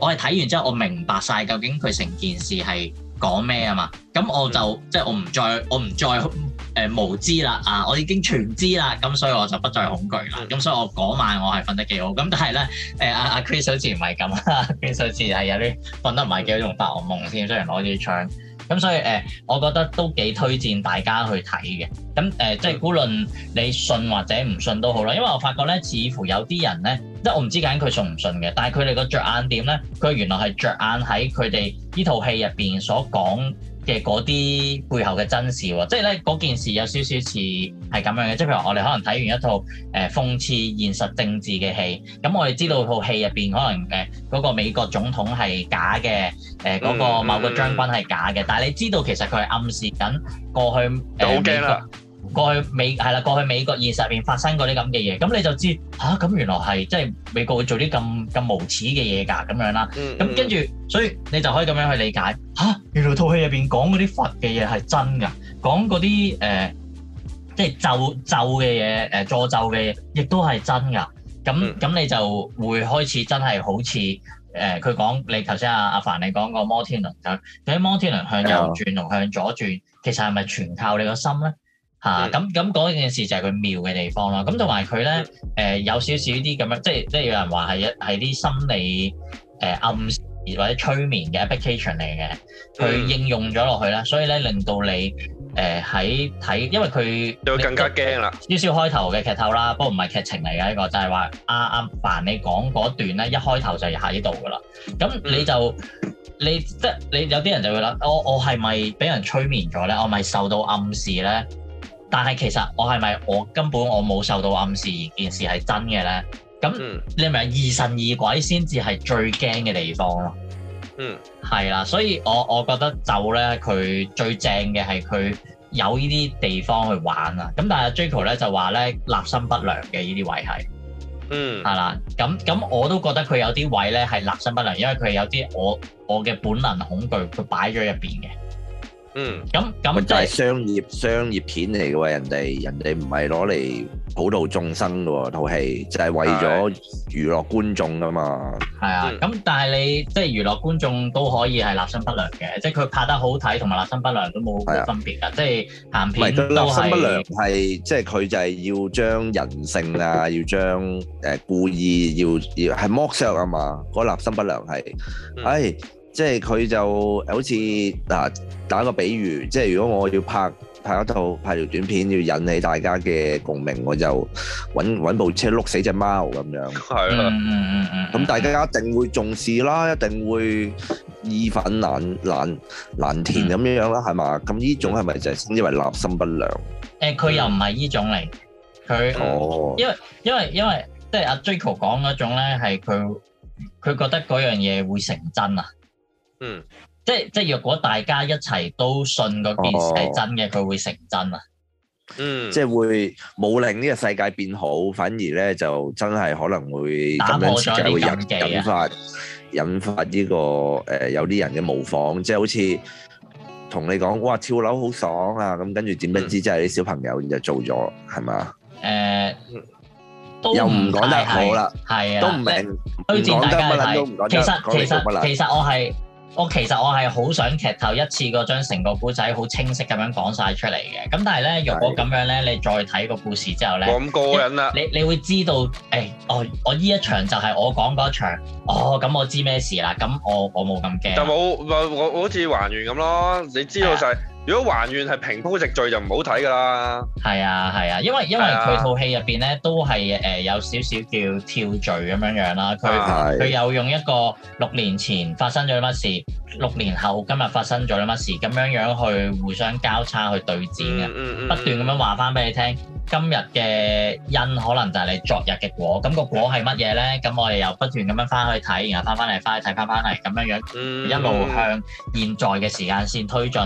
我係睇完之後我明白晒究竟佢成件事係講咩啊嘛，咁我就、嗯、即係我唔再我唔再誒、呃、無知啦啊，我已經全知啦，咁所以我就不再恐懼啦，咁、嗯、所以我嗰晚我係瞓得幾好，咁但係咧誒，阿阿 Chris 好似唔係咁啊，Chris 好似係有啲瞓得唔係幾好，仲發惡夢添，雖然攞住槍。咁所以誒、呃，我覺得都幾推薦大家去睇嘅。咁誒、呃，即係估論你信或者唔信都好啦。因為我發覺咧，似乎有啲人咧，即係我唔知究竟佢信唔信嘅，但係佢哋個着眼點咧，佢原來係着眼喺佢哋呢套戲入邊所講。嘅嗰啲背後嘅真事喎，即係咧，嗰件事有少少似係咁樣嘅，即係譬如我哋可能睇完一套誒諷刺現實政治嘅戲，咁我哋知道套戲入邊可能誒嗰個美國總統係假嘅，誒嗰個某個將軍係假嘅，但係你知道其實佢係暗示緊過去好驚啦。過去美係啦，過去美國現實入邊發生過啲咁嘅嘢，咁你就知吓，咁原來係即係美國會做啲咁咁無恥嘅嘢㗎，咁樣啦。咁跟住，所以你就可以咁樣去理解吓，原來套戲入邊講嗰啲佛嘅嘢係真㗎，講嗰啲誒即係咒咒嘅嘢，誒助咒嘅嘢，亦都係真㗎。咁咁你就會開始真係好似誒佢講，你頭先阿阿凡你講個摩天輪向，嗰啲摩天輪向右轉同向左轉，其實係咪全靠你個心咧？嚇，咁咁嗰件事就係佢妙嘅地方咯。咁同埋佢咧，誒、呃、有少少啲咁樣，即係即係有人話係一係啲心理誒、呃、暗示，或者催眠嘅 application 嚟嘅，佢應用咗落去啦，所以咧令到你誒喺睇，因為佢會更加驚啦。要少開頭嘅劇透啦，不過唔係劇情嚟嘅，呢個就係話啱啱扮你講嗰段咧，一開頭就喺度噶啦。咁你就、嗯、你即係你有啲人就會諗，我我係咪俾人催眠咗咧？我咪受到暗示咧？但係其實我係咪我根本我冇受到暗示，件事係真嘅呢？咁、嗯、你咪疑神疑鬼先至係最驚嘅地方咯。嗯，係啦，所以我我覺得就呢，佢最正嘅係佢有呢啲地方去玩啊。咁但係 Jaco 咧就話呢，立心不良嘅呢啲位係，嗯係啦。咁咁我都覺得佢有啲位呢係立心不良，因為佢有啲我我嘅本能恐懼佢擺咗入邊嘅。嗯，咁咁就係
商業、嗯、商業片嚟嘅喎，人哋人哋唔係攞嚟普渡眾生嘅喎，套戲就係、是、為咗娛樂觀眾㗎嘛。係啊，
咁、嗯、但係你即係娛樂觀眾都可以係立心不良嘅，即係佢拍得好睇同埋立心不良都冇分別㗎，即係鹹片立心不良
係即係佢就係要將人性啊，要將誒、呃、故意要要係剝削啊嘛，嗰立心不良係，哎、嗯。即係佢就好似嗱打個比喻，即係如果我要拍拍一套拍條短片，要引起大家嘅共鳴，我就揾揾部車碌死隻貓咁樣，
係啊，嗯嗯嗯嗯，
咁大家一定會重視啦，一定會義憤難難難填咁樣樣啦，係嘛？咁呢種係咪就先以為立心不良？
誒，佢又唔係呢種嚟，
佢，因為
因為因為即係阿 Jaco 講嗰種咧，係佢佢覺得嗰樣嘢會成真啊。嗯，即係即係，若果大家一齊都信嗰件事係真嘅，佢、哦、會成真啊？嗯，
即係會冇令呢個世界變好，反而咧就真係可能會咁樣就引引發引發呢、這個誒、呃、有啲人嘅模仿，即係好似同你講哇跳樓好爽啊！咁跟住點不知即係啲小朋友然就做咗係咪？
誒，又唔講得好啦，係啊，都唔、呃、明，推薦大家睇。其實其實其實我係。我其實我係好想劇透一次過，將成個故仔好清晰咁樣講晒出嚟嘅。咁但係咧，若果咁樣咧，你再睇個故事之後咧，我咁過癮啦！你你會知道，誒、哎哦，我我呢一場就係我講嗰一場，哦，咁我知咩事啦，咁我我冇咁驚。就
冇，我好似還原咁咯，你知道就係。Uh, 如果還原係平鋪直敍就唔好睇㗎啦。
係啊，係啊，因為因為佢套戲入邊咧都係誒、呃、有少少叫跳敍咁樣樣啦。佢佢係、啊、有用一個六年前發生咗乜事，六年後今日發生咗乜事咁樣樣去互相交叉去對戰嘅，嗯嗯嗯不斷咁樣話翻俾你聽。今日嘅因可能就係你昨日嘅果，咁個果係乜嘢咧？咁我哋又不斷咁樣翻去睇，然後翻翻嚟，翻去睇翻翻嚟，咁樣樣一路向現在嘅時間線推進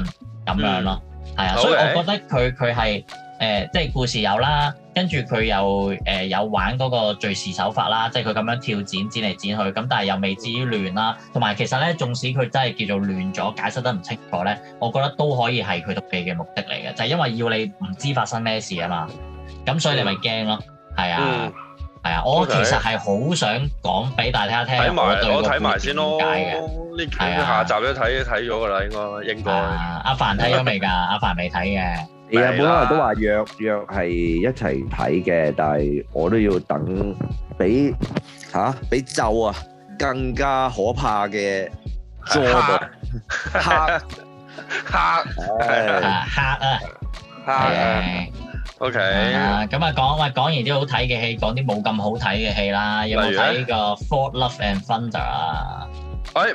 咁樣咯。係啊，所以我覺得佢佢係誒即係故事有啦，跟住佢又誒有、呃、玩嗰個敍事手法啦，即係佢咁樣跳剪剪嚟剪去，咁但係又未至於亂啦。同埋其實咧，縱使佢真係叫做亂咗，解釋得唔清楚咧，我覺得都可以係佢嘅目的嚟嘅，就係、是、因為要你唔知發生咩事啊嘛。咁所以你咪驚咯，係啊，係啊，我其實係好想講俾大家聽，睇埋，我睇埋先咯，係啊，
下集都睇睇咗㗎啦，應該應該。
阿凡睇咗未㗎？阿凡未睇嘅。係啊，本來都
話約約係一齊睇嘅，但係我都要等比嚇比咒啊更加可怕嘅。嚇
嚇係
嚇嚇。O K，咁啊講，喂，講完啲好睇嘅戲，講啲冇咁好睇嘅戲啦。有冇睇呢個《Thor: Love and Thunder》？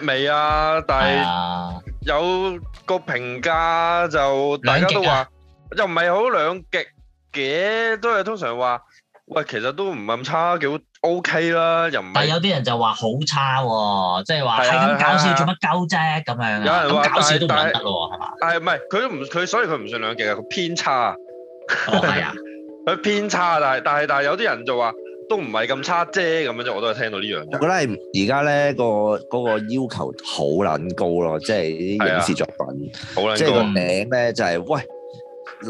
誒，未啊，但係有個評價就大家都話，又唔係好兩極嘅，都係通常話，喂，其實都唔係咁差，幾好 O K 啦，又唔係。但係有啲人就
話好差，即係話係咁搞笑做乜鳩啫咁樣啊？咁搞笑都唔得咯，係嘛？
係唔係？佢唔佢，所以佢唔算兩極啊，佢偏差啊。係、哦、啊，佢 偏差，但係但係但係有啲人就話都唔係咁差啫，咁樣啫，我都係聽到呢樣。
我覺得而家咧個、嗰個要求好撚高咯，即係啲影視作品，
啊、即係個名咧
就係、是、喂，
啊、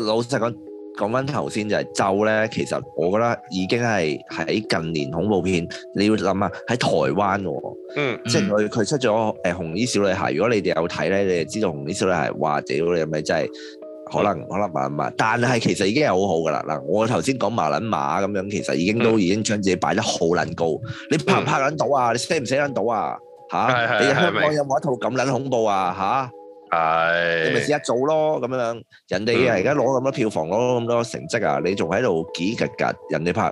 老
實講講翻頭先就係咒咧，其實我覺得已經係喺近年恐怖片，你要諗下喺台灣、嗯，嗯，即係佢佢出咗誒《紅衣小女孩，如果你哋有睇咧，你就知道《紅衣小女孩、就是》，哇，屌你咪真係！可能可能麻撚麻，但係其實已經係好好噶啦，嗱，我頭先講麻撚麻咁樣，其實已經都已經將自己擺得好撚高，你拍唔拍撚到啊？你寫唔寫撚到啊？嚇？你香港有冇一套咁撚恐怖啊？嚇？係。你咪試下做咯咁樣，人哋而家攞咁多票房，攞咁多成績啊，你仲喺度幾格格？人哋拍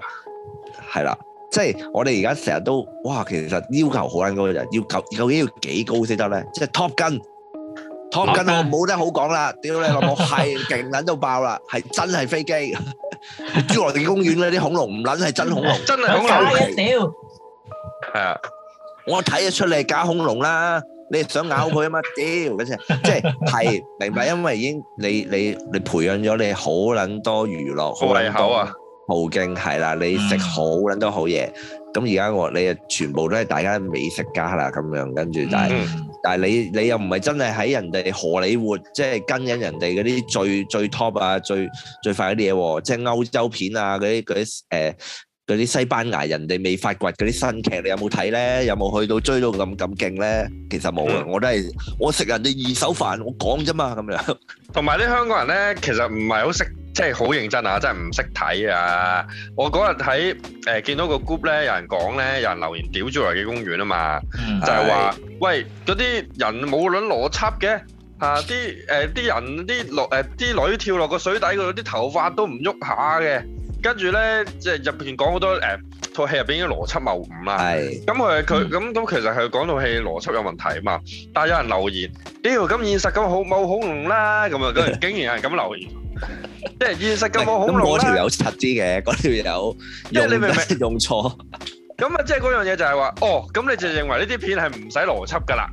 係啦，即係我哋而家成日都哇，其實要求好撚高嘅人，要究究竟要幾高先得咧？即係 Top Gun。我唔跟，我冇得好講啦。屌你老母，係勁撚到爆啦，係真係飛機。侏羅紀公園嗰啲恐龍唔撚係真恐龍，真係假嘢屌。係啊，我睇得出你假恐龍啦。你係想咬佢啊嘛？屌，即係即係係唔係？因為已經你你你培養咗你好撚多娛樂，好撚多途徑係啦。你食好撚多好嘢。咁而家我你啊，全部都係大家美食家啦，咁樣，跟住但係、mm hmm. 但係你你又唔係真係喺人哋荷里活，即係跟緊人哋嗰啲最最 top 啊最最快嗰啲嘢喎，即係歐洲片啊嗰啲嗰啲誒。嗰啲西班牙人哋未發掘嗰啲新劇，你有冇睇咧？有冇去到追到咁咁勁咧？其實冇啊，我都係
我食人哋二手飯，我講啫嘛咁樣。同埋啲香港人咧，其實唔係好識，即係好認真啊，真係唔識睇啊！我嗰日喺誒，見到個 group 咧，有人講咧，有人留言屌侏羅紀公園啊嘛，就係話喂嗰啲人冇撚邏輯嘅吓，啲誒啲人啲女誒啲女跳落個水底嗰度，啲頭髮都唔喐下嘅。跟住咧，即係入邊講好多誒，套戲入邊啲邏輯謬誤啊。係。咁佢佢咁咁，其實係講套戲邏輯有問題啊嘛。但係有人留言，屌咁現實咁冇恐龍啦，咁啊，竟然係咁留言，
即係現實咁冇恐龍啦。咁我條友執啲嘅，嗰條友，即係你明唔明用錯？
咁啊，即係嗰樣嘢就係話，哦，咁你就認為呢啲片係唔使邏輯噶啦？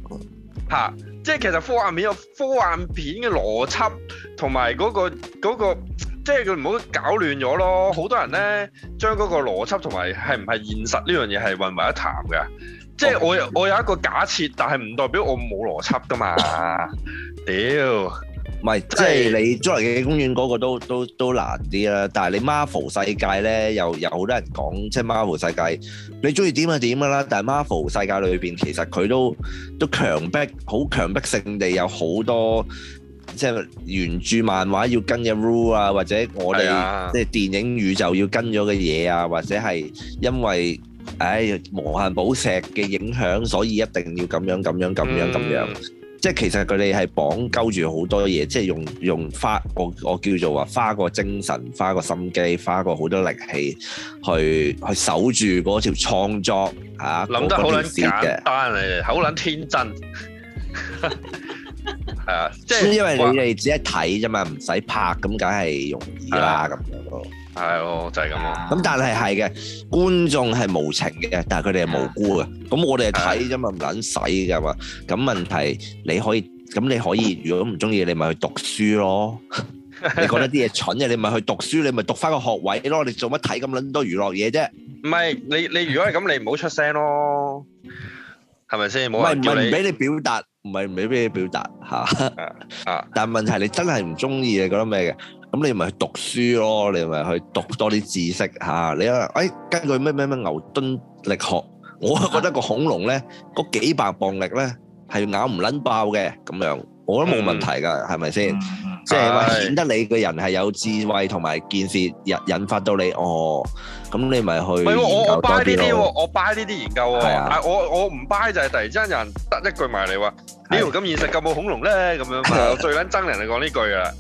嚇，即係其實科幻片有科幻片嘅邏輯同埋嗰個嗰個。即係佢唔好搞亂咗咯，好多人咧將嗰個邏輯同埋係唔係現實呢樣嘢係混為一談嘅。即係我有、oh. 我有一個假設，但係唔代表我冇邏輯噶嘛。屌，唔係即係你侏羅紀公園嗰個都
都都難啲啦。但係你 Marvel 世界咧，又有好多人講，即係 Marvel 世界你中意點就點㗎啦。但係 Marvel 世界裏邊其實佢都都強迫好強迫性地有好多。即係原著漫畫要跟嘅 rule 啊，或者我哋即係電影宇宙要跟咗嘅嘢啊，或者係因為誒、哎、無限寶石嘅影響，所以一定要咁樣咁樣咁樣咁樣。樣樣樣嗯、即係其實佢哋係綁鳩住好多嘢，即係用用花我我叫做話花個精神、花個心機、花個好多力氣去去守住嗰條創作嚇。諗、啊、得好撚、啊那個、簡
單嚟，你哋好撚天真。 係啊，即係因為你哋
只係睇啫嘛，唔使拍咁，梗係容易啦咁樣咯。係咯，就係咁咯。咁但係係嘅，觀眾係無情嘅，但係佢哋係無辜嘅。咁我哋係睇啫嘛，唔撚使噶嘛。咁問題你可以，咁你可以，如果唔中意你咪去讀書咯。
你覺得
啲嘢蠢嘅，你咪去讀書，你咪讀翻個學位咯。你做乜睇咁撚多娛樂嘢啫？
唔係你你如果係咁，你唔好出聲咯，係咪先？唔係唔俾你表達。唔係唔俾咩表達
吓，但係問題係你真係唔中意你覺得咩嘅，咁你咪去讀書咯，你咪去讀多啲知識吓。你話，誒，根據咩咩咩牛頓力學，我覺得個恐龍咧，嗰幾百磅力咧，係咬唔撚爆嘅，咁樣我都冇問題噶，係咪先？即係話顯得你個人係有智慧同埋見識，引引發到你哦。咁你咪去研究多啲咯。唔係我我 buy 呢啲，我
buy 呢啲研究。係啊。啊我我唔 buy 就係突然之間有人得一句埋嚟話，呢條咁現實咁冇恐龍咧，咁樣嘛。我最捻憎人就講呢句噶啦。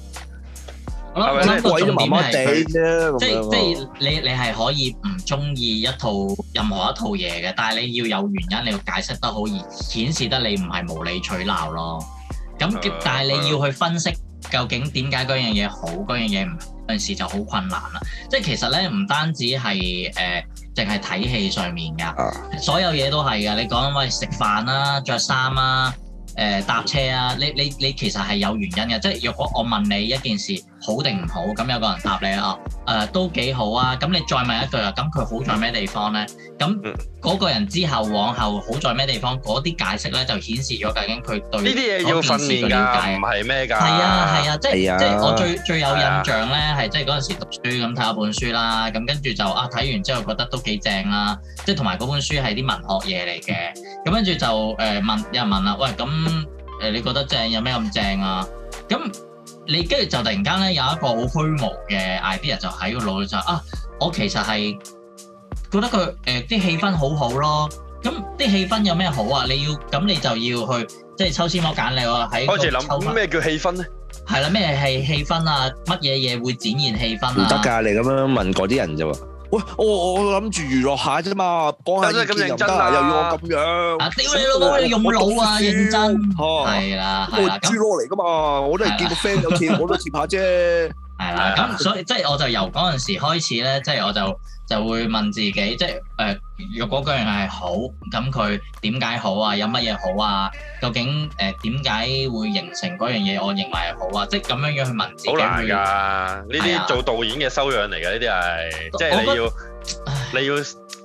係咪鬼都麻麻哋啫？即係即係
你你係可以唔中意一套任何一套嘢嘅，但係你要有原因，你要解釋得好，而顯示得你唔係無理取鬧咯。咁但係你要去分析。究竟點解嗰樣嘢好，嗰樣嘢唔嗰陣時就好困難啦。即係其實咧，唔單止係誒，淨係睇戲上面㗎，所有嘢都係㗎。你講喂，食飯啦、啊，着衫啦，誒、呃、搭車啊，你你你其實係有原因嘅。即係若果我問你一件事，好定唔好？咁有個人答你啊，誒、呃、都幾好啊。咁你再問一句啊，咁佢好在咩地方咧？咁嗰個人之後往後好在咩地方？嗰啲解釋咧就顯示咗究竟佢對呢啲嘢要訓練㗎，唔係
咩㗎？係啊係啊，啊啊即係即係我最最有印象
咧，係即係嗰陣時讀書咁睇下本書啦。咁跟住就啊，睇完之後覺得都幾正啦、啊。即係同埋嗰本書係啲文學嘢嚟嘅。咁跟住就誒、呃、問有人問啦，喂，咁誒你覺得正有咩咁正啊？咁你跟住就突然間咧有一個好虛無嘅 idea 就喺個腦度就是，啊，我其實係覺得佢誒啲氣氛好好咯。咁啲氣氛有咩好啊？你要咁你就要去即係抽絲剝繭，你話喺個抽。咩叫氣氛咧？係啦，啊，咩係氣氛啊？乜嘢嘢會展現氣氛啊？唔得㗎，
你咁樣問嗰啲人啫喎。喂，我我諗住娛樂下啫嘛，講下意見就得，又要我咁樣？屌你老母！你用腦啊，認真，係啦、啊，我豬攞嚟噶嘛，我都係見個 friend 有貼，我都貼下啫。係啦，咁所以即係我就由
嗰陣時開始咧，即係我就就會問自己，即係誒，若、呃、果嗰樣係好，咁佢點解好啊？有乜嘢好啊？究竟誒點解會形成嗰樣嘢？我認為係好啊！即係咁樣樣去問自己。好難㗎，
呢啲問做導演嘅修養嚟嘅，呢啲係，即係你要不你要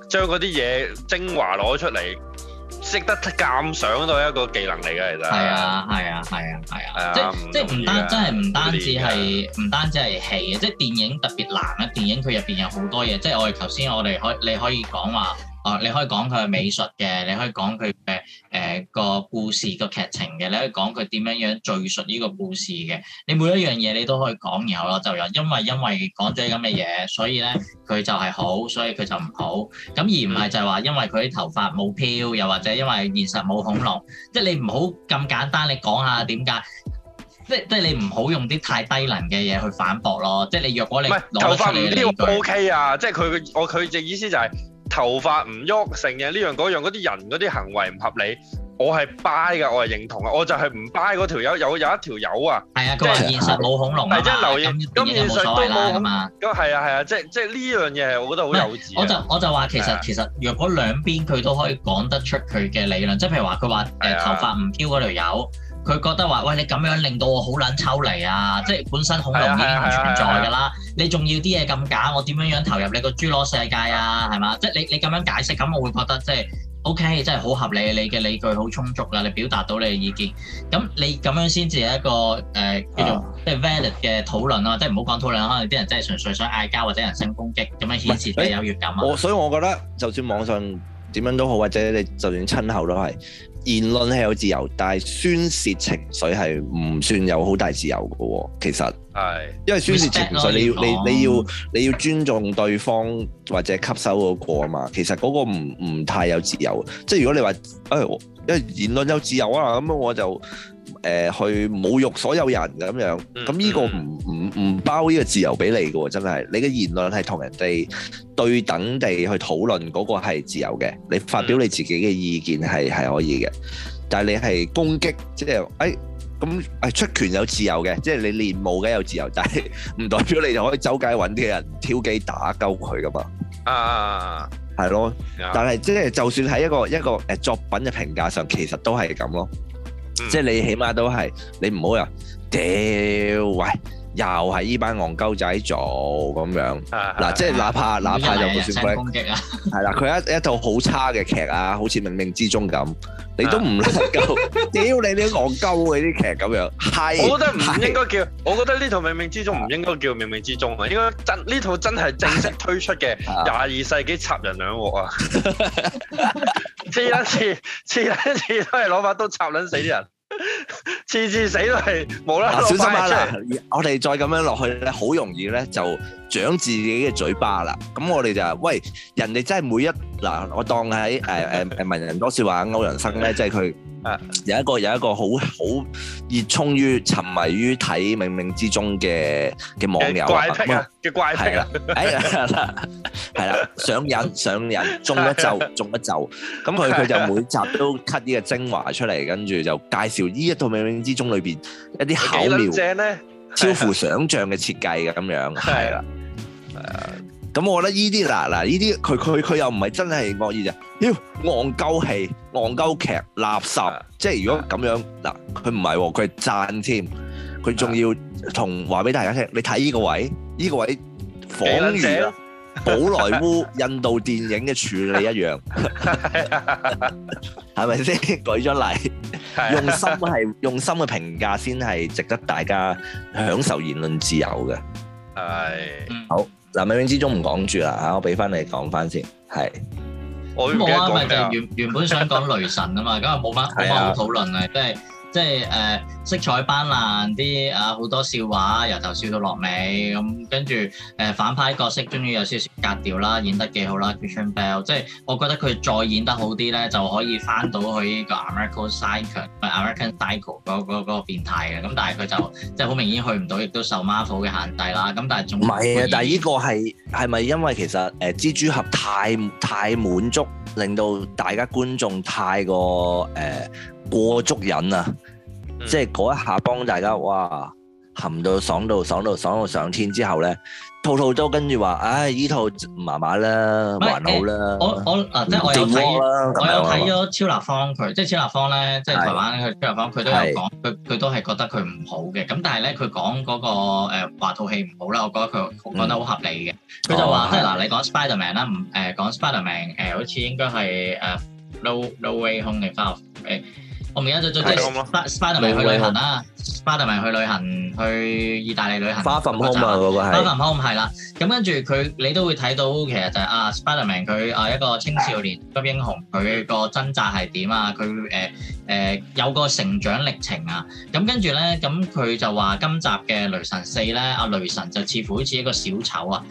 將嗰啲嘢精華攞出嚟。識得鑑賞都係一個技能嚟嘅，其實。係啊，係啊，係啊，係
啊。即係
即係唔單，真係唔單止係，
唔單止係戲嘅，即係電影特別難啊！電影佢入邊有好多嘢，即係我哋頭先我哋可，你可以講話。哦，你可以講佢係美術嘅，你可以講佢嘅誒個故事個劇情嘅，你可以講佢點樣樣敍述呢個故事嘅。你每一樣嘢你都可以講，然後咯就有因為因為講咗啲咁嘅嘢，所以咧佢就係好，所以佢就唔好。咁而唔係就係話因為佢啲頭髮冇飄，又或者因為現實冇恐龍，即係你唔好咁簡單，你講下點解？即即係你唔好用啲太低能嘅嘢去反駁咯。即係你若果你頭髮
唔飄，O K 啊？即係佢，我佢嘅意思就係、是。頭髮唔喐成日呢樣嗰樣，嗰啲人嗰啲行為唔合理，我係 buy 㗎，我係認同啊，我就係唔 buy 嗰條友，有有一條友啊，係啊，佢話現實冇恐龍啦，咁現實都冇嘛，咁係啊係啊，即係即係呢樣嘢係我覺得好幼稚。我就我就話其實其實，是啊、其實
如果兩邊佢都可以講得出佢嘅理論，即係譬如話佢話誒頭髮唔飄嗰條友，佢覺得話：喂，你咁樣令到我好撚抽離啊！即係本身恐龍已經唔存在㗎啦，啊啊啊啊、你仲要啲嘢咁假，我點樣樣投入你個侏羅世界啊？係嘛、啊？即係你你咁樣解釋，咁我會覺得即係 OK，真係好合理。你嘅理據好充足啦、啊，你表達到你嘅意見，咁你咁樣先至係一個誒、呃、叫做即係 valid 嘅討論咯、啊。啊、即係唔好講討論，可能啲人真係純粹想嗌交或者人身攻擊，咁樣顯示你有優越感啊、欸。所
以我覺得，就算網上點樣都好，或者你就算親口都係。言論係有自由，但係宣洩情緒係唔算有好大自由嘅喎、哦。其實係，因為宣洩情緒你，你，你要你你要你要尊重對方或者吸收嗰個啊嘛。其實嗰個唔唔太有自由。即係如果你話誒、哎，因為言論有自由啊嘛，咁我就。誒、呃，去侮辱所有人咁樣，咁呢個唔唔唔包呢個自由俾你嘅，真係。你嘅言論係同人哋對等地去討論，嗰、嗰個係自由嘅。你發表你自己嘅意見係係可以嘅，但係你係攻擊，即係誒咁誒出拳有自由嘅，即係你練武嘅有自由，但係唔代表你就可以周街揾啲人挑機打鳩佢噶嘛。
啊，
係咯，但係即係就算喺一個一個誒作品嘅評價上，其實都係咁咯。即係你起碼都係你唔好又屌喂。又係依班憨鳩仔做咁樣，嗱的、啊、即係哪怕的哪怕又冇算鬼，
係啦，佢
一一套好差嘅劇啊，好似《冥冥之中》咁，你都唔能夠屌你啲憨鳩嘅啲劇咁樣，係。我覺得唔應
該叫，的我覺得呢套《冥冥之中》唔應該叫《冥冥之中》，應該真呢套真係正式推出嘅廿二世紀插人兩鑊啊！黐 一次，黐一次，次都係攞把刀插撚死啲人。 次次死都係冇啦，小心啊！嗱，
我哋再咁樣落去咧，好容易咧就～長自己嘅嘴巴啦，咁我哋就喂人哋真係每一嗱，我當喺誒誒誒文人多說話歐陽生咧，即係佢有一個有一個好好熱衷於沉迷於睇冥冥之中嘅嘅網友啊，嘅怪癖係啦，係啦，上癮上癮中一咒中一咒，咁佢佢就每集都 cut 呢個精華出嚟，跟住就介紹呢一套冥冥之中裏邊一啲巧妙。超乎想象嘅設計咁樣，係啦，係啊，咁我覺得呢啲嗱嗱呢啲佢佢佢又唔係真係惡意啫，妖戇鳩戲、戇鳩劇、垃圾，即係如果咁樣嗱，佢唔係喎，佢係贊添，佢仲要同話俾大家聽，你睇呢個位，呢個位仿魚。寶萊塢、印度電影嘅處理一樣，係咪先？ 舉咗例，用心係用心嘅評價先係值得大家享受言論自由嘅。
係是，
好嗱、呃，永遠之中唔講住啦吓，我俾翻你講翻先。係，我冇啊，咪就原原本想
講雷神啊嘛，咁日冇乜冇乜好討論啊，即係。就是即係誒、呃、色彩斑斕啲啊，好多笑話，由頭笑到落尾咁，跟住誒反派角色終於有少少格調啦，演得幾好啦，Christian Bale。c uch in bell 即係我覺得佢再演得好啲咧，就可以翻到去呢個 American Psycho 唔係 American Psycho 嗰嗰嗰個變態嘅。咁、嗯、但係佢就即係好明顯去唔到，亦都受 Marvel 嘅限制啦。咁但係仲唔係但
係呢個係係咪因為其實誒、呃、蜘蛛俠太太滿足，令到大家觀眾太過誒？呃過足癮啊！即係嗰一下幫大家哇，含到爽到爽到爽到上天之後咧，套套都跟住話，唉，依套麻麻啦，還好啦。我我啊，即係我有睇，我有睇咗
超立方佢，即係超立方咧，即係台灣佢超立方佢都有講，佢佢都係覺得佢唔好嘅。咁但係咧，佢講嗰個誒話套戲唔好啦，我覺得佢講得好合理嘅。佢就話即係嗱，你講 Spider Man 啦，唔誒講 Spider Man 誒，好似應該係誒 low low wayHome 嘅翻嚟。我而家就做即係 Spiderman 去旅行啦，Spiderman 去旅行，去意大利旅行。Far From Home 啊，嗰個係，Far From Home 係啦，咁跟住佢你都會睇到其實就係啊 Spiderman 佢啊一個青少年級英雄，佢個是掙扎係點啊？佢誒誒有個成長歷程啊。咁跟住咧，咁佢就話今集嘅雷神四咧，阿雷神就似乎好似一個小丑啊，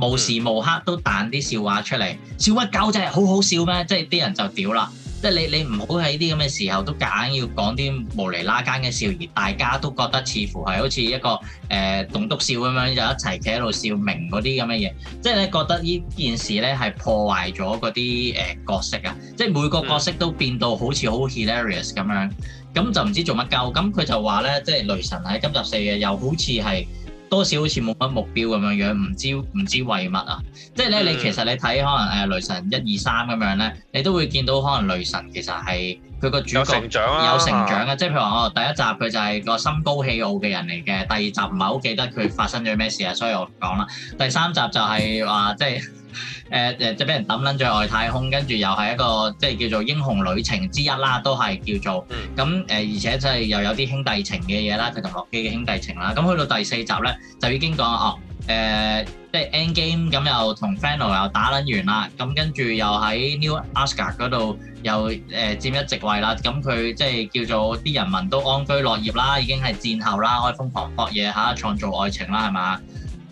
無時無刻都彈啲笑話出嚟，嗯、笑乜鳩啫？好好笑咩？即係啲人，人家人家就屌啦。即係你你唔好喺啲咁嘅時候都夾硬要講啲無厘拉更嘅笑，而大家都覺得似乎係好似一個誒棟篤笑咁樣，就一齊企喺度笑明嗰啲咁嘅嘢。即係咧覺得呢件事咧係破壞咗嗰啲誒角色啊！即係每個角色都變到好似好 hilarious 咁樣，咁就唔知做乜鳩。咁佢就話咧，即係雷神喺今集四嘅，又好似係。多少好似冇乜目標咁樣樣，唔知唔知為乜啊？即係咧，嗯、你其實你睇可能誒雷神一二三咁樣咧，你都會見到可能雷神其實係佢個主角成長有成長啊！長啊的即係譬如話，我、哦、第一集佢就係個心高氣傲嘅人嚟嘅，第二集唔係好記得佢發生咗咩事啊，所以我講啦，第三集就係、是、話、 啊、即係。誒誒、呃呃，即係俾人抌撚咗外太空，跟住又係一個即係叫做英雄旅程之一啦，都係叫做咁誒、呃，而且即係又有啲兄弟情嘅嘢啦，佢同洛基嘅兄弟情啦。咁去到第四集咧，就已經講哦，誒、呃，即係 Endgame 咁，又同 Thanos 又打撚完啦，咁跟住又喺 New Asgard 嗰度又誒、呃、佔一席位啦。咁佢即係叫做啲人民都安居樂業啦，已經係戰後啦，可以瘋狂撲嘢吓，創造愛情啦，係嘛？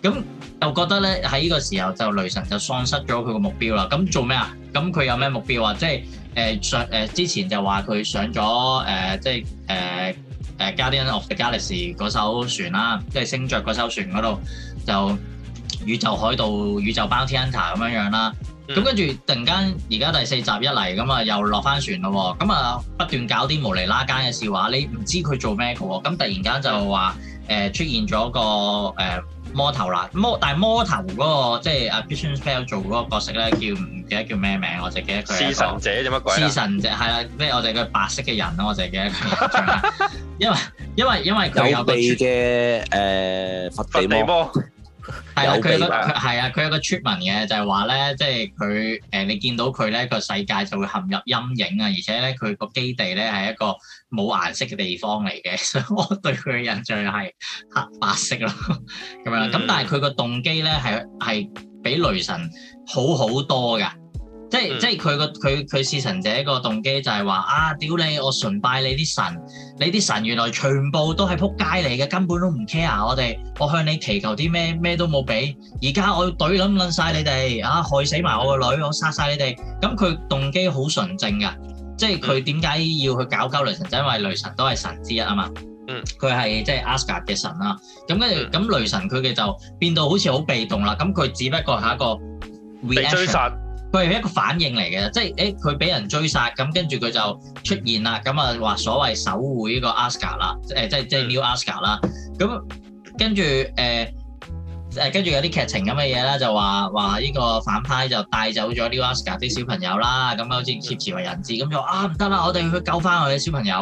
咁。就覺得咧，喺呢個時候就雷神就喪失咗佢個目標啦。咁做咩啊？咁佢有咩目標、呃呃呃呃、啊？即係誒上誒之前就話佢上咗誒即係誒誒加啲恩加利斯嗰艘船啦，即係星爵嗰艘船嗰度，就宇宙海盜、宇宙 Bounty Hunter 咁樣樣、啊、啦。咁、嗯、跟住突然間而家第四集一嚟咁啊，又落翻船咯喎。咁啊，不斷搞啲無厘拉更嘅笑話，你唔知佢做咩嘅，咁突然間就話誒、呃、出現咗個誒。呃魔頭啦，魔但係魔頭嗰、嗰個即係阿 Potion Spell 做嗰個角色咧，叫唔記,記得叫咩名，我就記得佢。施神者做乜鬼？施神者係啦，咩我哋佢白色嘅人咯，我就記得佢。 因為因為因為佢有個
嘅誒佛地魔。係啊，佢個
係啊，佢有個傳聞嘅就係話咧，即係佢誒，你見到佢咧個世界就會陷入陰影啊，而且咧佢個基地咧係一個冇顏色嘅地方嚟嘅，所以我對佢嘅印象係黑白色咯，咁樣，咁但係佢個動機咧係係比雷神好好多噶。即係即係佢個佢佢侍神者一個動機就係話啊，屌你我崇拜你啲神，你啲神原來全部都係撲街嚟嘅，根本都唔 care 我哋。我向你祈求啲咩咩都冇俾，而家我要懟撚撚晒你哋啊，害死埋我個女，我殺晒你哋。咁佢動機好純正㗎，即係佢點解要去搞鳩雷神？就因為雷神都係神之一啊嘛。嗯，佢係即係 Asgard 嘅神啦。咁跟住咁雷神佢哋就變到好似好被動啦。咁佢只不過係一個佢係一個反應嚟嘅，即係誒佢俾人追殺，咁跟住佢就出現啦，咁啊話所謂守護呢個 Asgard 啦，誒即係即係 New Asgard 啦，咁跟住誒誒跟住有啲劇情咁嘅嘢啦，就話話呢個反派就帶走咗 New Asgard 啲小朋友啦，咁好似劫持為人質，咁就啊唔得啦，我哋去救翻我哋小朋友，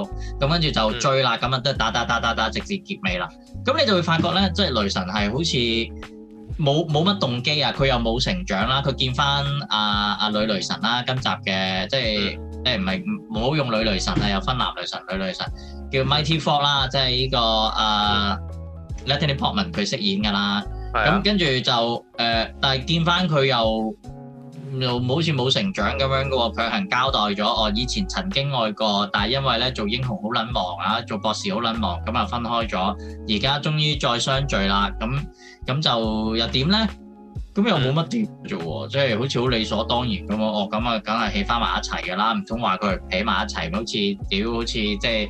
咁跟住就追啦，咁啊都打打打打打，直接結尾啦，咁你就會發覺咧，即係雷神係好似～冇冇乜動機啊！佢又冇成長啦，佢見翻阿阿女雷神啦，今集嘅即係即唔係唔好用女雷神啊，又 分男雷神、女雷神，叫 Mighty Thor 啦，即係呢、這個阿 Natalie Portman 佢飾演㗎啦，咁跟住就誒、呃，但係見翻佢又。又好似冇成長咁樣嘅喎，佢係交代咗，我、哦、以前曾經愛過，但係因為咧做英雄好撚忙啊，做博士好撚忙，咁啊分開咗，而家終於再相聚啦，咁咁就又點咧？咁又冇乜點做喎，即係好似好理所當然咁喎。哦，咁啊，梗係起翻埋一齊㗎啦，唔通話佢起埋一齊？好似屌，好似即係誒，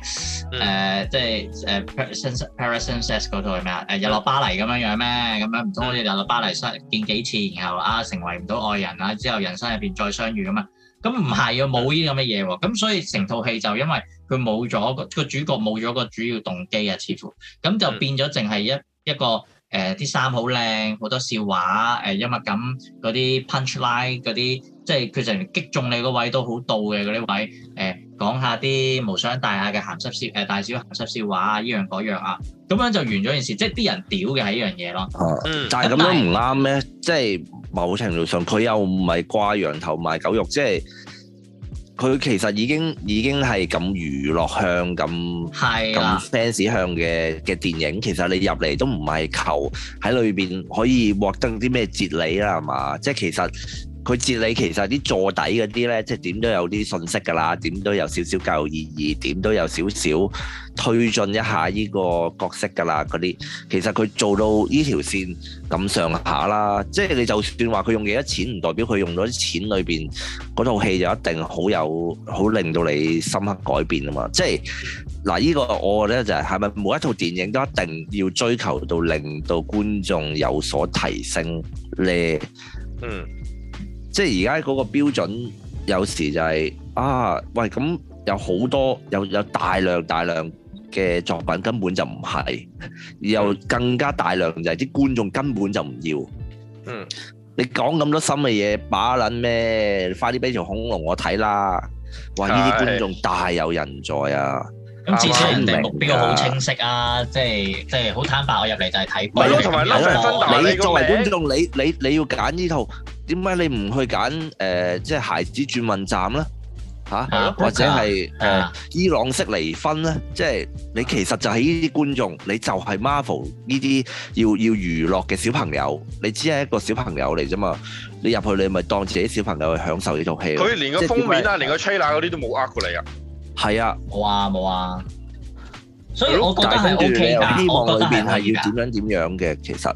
即係誒、uh，Parisian says 嗰套係咩啊？誒，日落巴黎咁樣樣咩？咁樣唔通好似日落巴黎相見幾次，然後啊，成為唔到愛人啊，之後人生入邊再相遇咁嘛？咁唔係啊，冇呢啲咁嘅嘢喎。咁所以成套戲就因為佢冇咗個主角冇咗個主要動機啊，似乎咁就變咗淨係一一個。嗯。誒啲衫好靚，好、呃、多笑話，誒、呃、幽默感嗰啲 punch line 嗰啲，即係佢就連擊中你個位都好到嘅嗰啲位，誒、呃、講下啲無傷大雅嘅鹹濕笑，誒、呃、大小鹹濕笑話啊呢樣嗰樣啊，咁樣就完咗件事，即係啲人屌嘅係呢樣嘢咯。嗯、但就係咁樣唔
啱咩？即係某程度上，佢又唔係掛羊頭賣狗肉，即係。佢其實已經已經係咁娛樂向咁咁 fans 向嘅嘅電影，其實你入嚟都唔係求喺裏邊可以獲得啲咩哲理啦，係嘛？即係其實。佢治理其實啲座底嗰啲呢，即係點都有啲信息㗎啦，點都有少少教育意義，點都有少少推進一下呢個角色㗎啦，嗰啲其實佢做到呢條線咁上下啦，即係你就算話佢用幾多錢，唔代表佢用咗啲錢裏邊嗰套戲就一定好有好令到你深刻改變啊嘛，即係嗱呢個我覺得就係係咪每一套電影都一定要追求到令到觀眾有所提升呢？嗯。即係而家嗰個標準，有時就係、是、啊，喂咁有好多有有大量大量嘅作品根本就唔係，又更加大量就係啲觀眾根本就唔要。嗯，你講咁多深嘅嘢，把撚咩？你快啲俾條恐龍我睇啦！哇，呢啲觀眾大有人在啊！是 咁至少人哋目標好
清晰啊，即係即係好坦白，我入嚟就係睇。係咯，同埋甩人分。你作為觀
眾，你你你要揀呢套，點解你唔去揀誒，即係孩子轉運站咧？嚇，或者係誒伊朗式離婚咧？即係你其實就係呢啲觀眾，你就係 Marvel 呢啲要要娛樂嘅小朋友。你只係一個小朋友嚟啫嘛，你入去你咪當自己小朋友去享受呢套戲。佢連個封面
啊，連個 trailer 嗰啲都冇呃過你啊！係啊，冇啊冇啊，所以我講係 O K 希望裏便係、OK 是 OK、要點、
OK、樣點樣嘅，其實。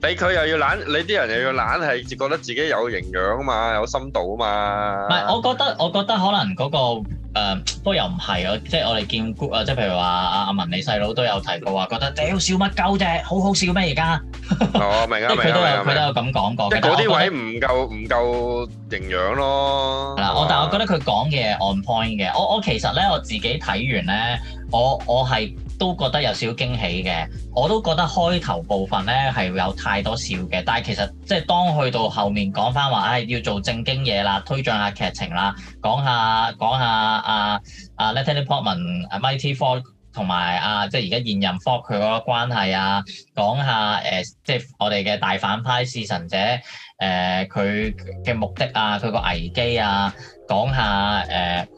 畀佢又要懶，你啲人又要懶，係覺得自己有營養啊嘛，有深度啊嘛。唔係，我
覺得我覺得可能嗰、那個誒，呃、不過又唔係我，即係我哋見 group 啊，即係譬如話阿阿文你細佬都有提過話，覺得屌笑乜鳩啫，好好笑咩而家？
我、 哦、明啊，佢 都有佢都有咁
講過。嗰啲
位唔夠唔夠營養咯。係我了吧但係我覺
得佢講嘅 on point 嘅，我我，我，我其實咧我自己睇完咧，我我係。我我都覺得有少少驚喜嘅，我都覺得開頭部分咧係會有太多笑嘅，但係其實即係當去到後面講翻話，唉、哎、要做正經嘢啦，推進下劇情啦，講下講下啊啊 Natalie Portman、Net、man, Mighty Thor 同埋啊即係而家現任 Thor 佢個關係啊，講下誒、呃、即係我哋嘅大反派侍神者誒佢嘅目的啊，佢個危機啊，講下誒、呃、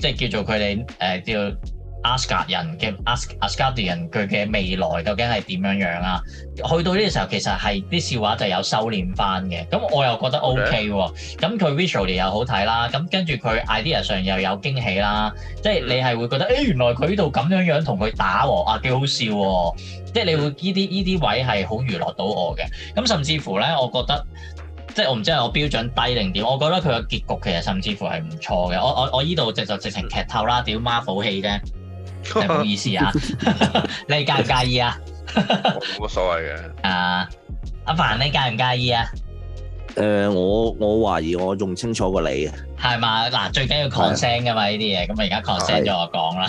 即係叫做佢哋誒叫。Asgard 人嘅 Asgard Asgard 嘅人佢嘅未來究竟係點樣樣啊？去到呢個時候，其實係啲笑話就有收斂翻嘅。咁我又覺得 OK 喎。咁佢 visually 又好睇啦。咁跟住佢 idea 上又有驚喜啦，即係你係會覺得誒、欸，原來佢呢度咁樣樣同佢打喎、喔，啊幾好笑喎、喔！即係你會呢啲依啲位係好娛樂到我嘅。咁甚至乎咧，我覺得即係我唔知係我標準低定點，我覺得佢嘅結局其實甚至乎係唔錯嘅。我我我呢度直就直情劇透啦，屌 Marvel 戲啫～唔好意思啊！你介唔介意啊？冇乜所謂嘅。啊，阿凡，你介唔介意啊？
誒，uh, 我我懷疑我仲清楚過你
啊！係嘛？嗱，最緊要 concern 噶嘛，呢啲嘢，咁啊而家 concern 就我講啦。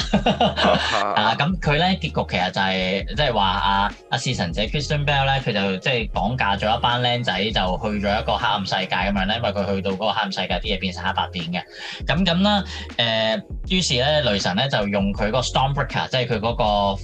係啦，咁佢咧結局其實就係即係話阿阿侍神者 Christian Bell 咧，佢就即係綁架咗一班僆仔，就去咗一個黑暗世界咁樣咧，因為佢去到嗰個黑暗世界啲嘢變成黑白片嘅。咁咁啦，誒、呃，於是咧雷神咧就用佢嗰 Storm 個 Stormbreaker，即係佢嗰個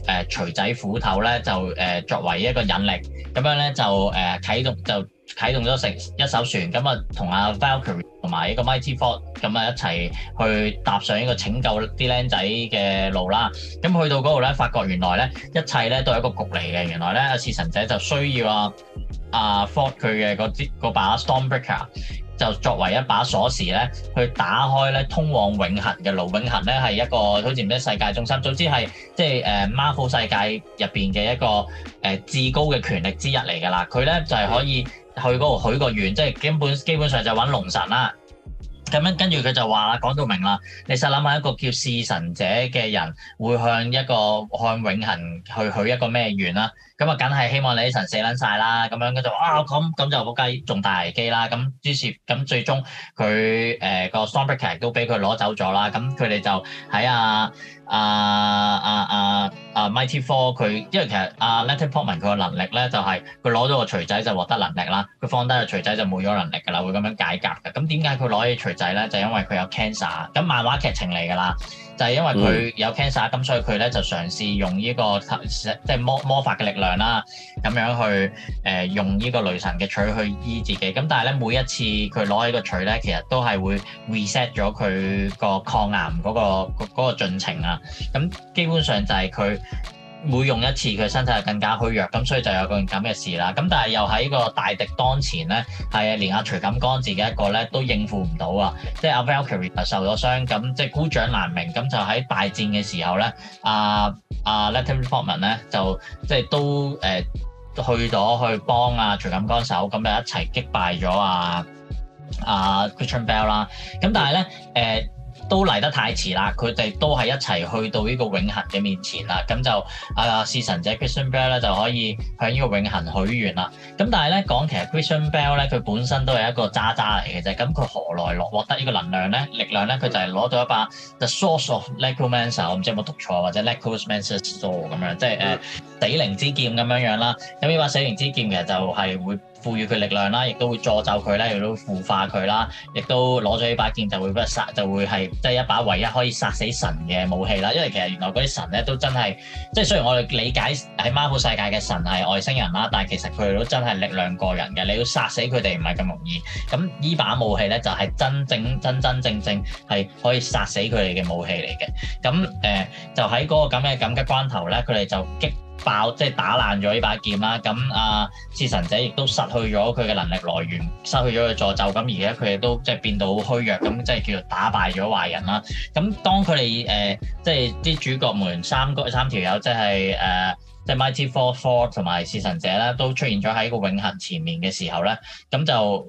誒錘仔斧頭咧，就誒作為一個引力，咁樣咧就誒睇到就，就啟動咗成一艘船，咁啊，同阿 Valkyrie 同埋呢個 Mighty Thor 咁啊，一齊去踏上呢個拯救啲僆仔嘅路啦。咁去到嗰度咧，發覺原來咧一切咧都係一個局嚟嘅。原來咧，弒神者就需要啊阿 Thor 佢嘅嗰支把 Stormbreaker，就作為一把鎖匙咧去打開咧通往永恒嘅路。永恒咧係一個好似唔知咩世界中心，總之係即係誒 Marvel 世界入邊嘅一個誒至、呃、高嘅權力之一嚟㗎啦。佢咧就係可以、嗯。去嗰度許個願，即係基本基本上就揾龍神啦。咁樣跟住佢就話啦，講到明啦。你實諗下一個叫弒神者嘅人，會向一個向永恆去許一個咩願啦？咁啊，梗係希望你神死撚晒啦。咁樣佢就話啊，咁咁就仆街，重大危機啦。咁於是咁最終佢誒個 Stormbreaker 都俾佢攞走咗啦。咁佢哋就喺啊。啊啊啊啊！Mighty Thor 佢，因為其實啊 Portman 佢個能力咧、就是，就係佢攞咗個錘仔就獲得能力啦，佢放低個錘仔就冇咗能力噶啦，會咁樣解革嘅。咁點解佢攞起錘仔咧？就因為佢有 cancer。咁漫畫劇情嚟噶啦。就係因為佢有 cancer，咁所以佢咧就嘗試用呢、呢個即係魔魔法嘅力量啦，咁樣去誒、呃、用呢個雷神嘅錘去醫自己。咁但係咧每一次佢攞起個錘咧，其實都係會 reset 咗佢個抗癌嗰、嗰個嗰、嗰個、進程啊。咁基本上就係佢。每用一次佢身體就更加虛弱，咁所以就有個咁嘅事啦。咁但係又喺個大敵當前咧，係連阿、啊、徐錦江自己一個咧都應付唔到啊！啊即係阿 Valkyrie 受咗傷，咁即係孤掌難鳴，咁就喺大戰嘅時候咧，阿阿 Natalie Portman 咧就即係都誒去咗去幫阿、啊、徐錦江手，咁就一齊擊敗咗阿阿 Christian Bell 啦。咁但係咧誒。呃都嚟得太遲啦！佢哋都係一齊去到呢個永恆嘅面前啦，咁就啊，呃、侍神者 Christian Bell 咧就可以向呢個永恆許願啦。咁但係咧講其實 Christian Bell 咧佢本身都係一個渣渣嚟嘅啫，咁佢何來獲得呢個能量咧？力量咧佢就係攞咗一把 The Sword of Necromancer 唔知有冇讀錯或者 Necromancer Sword 咁樣，即係誒、呃、死靈之劍咁樣樣啦。咁呢把死靈之劍其實就係會。賦予佢力量啦，亦都會詛咒佢啦，亦都腐化佢啦，亦都攞咗呢把劍就會殺，就會係即係一把唯一可以殺死神嘅武器啦。因為其實原來嗰啲神咧都真係，即係雖然我哋理解喺 Marvel 世界嘅神係外星人啦，但係其實佢哋都真係力量過人嘅。你要殺死佢哋唔係咁容易。咁呢把武器咧就係真正真真正正係可以殺死佢哋嘅武器嚟嘅。咁誒、呃、就喺嗰個咁嘅緊急關頭咧，佢哋就擊爆即係打爛咗呢把劍啦，咁啊，弑神者亦都失去咗佢嘅能力來源，失去咗佢助咒，咁而家佢哋都即係變到好虛弱，咁即係叫做打敗咗壞人啦。咁當佢哋誒即係啲主角們三三條友即係誒、呃、即係 Mighty Four Four 同埋弑神者咧，都出現咗喺個永恆前面嘅時候咧，咁就誒、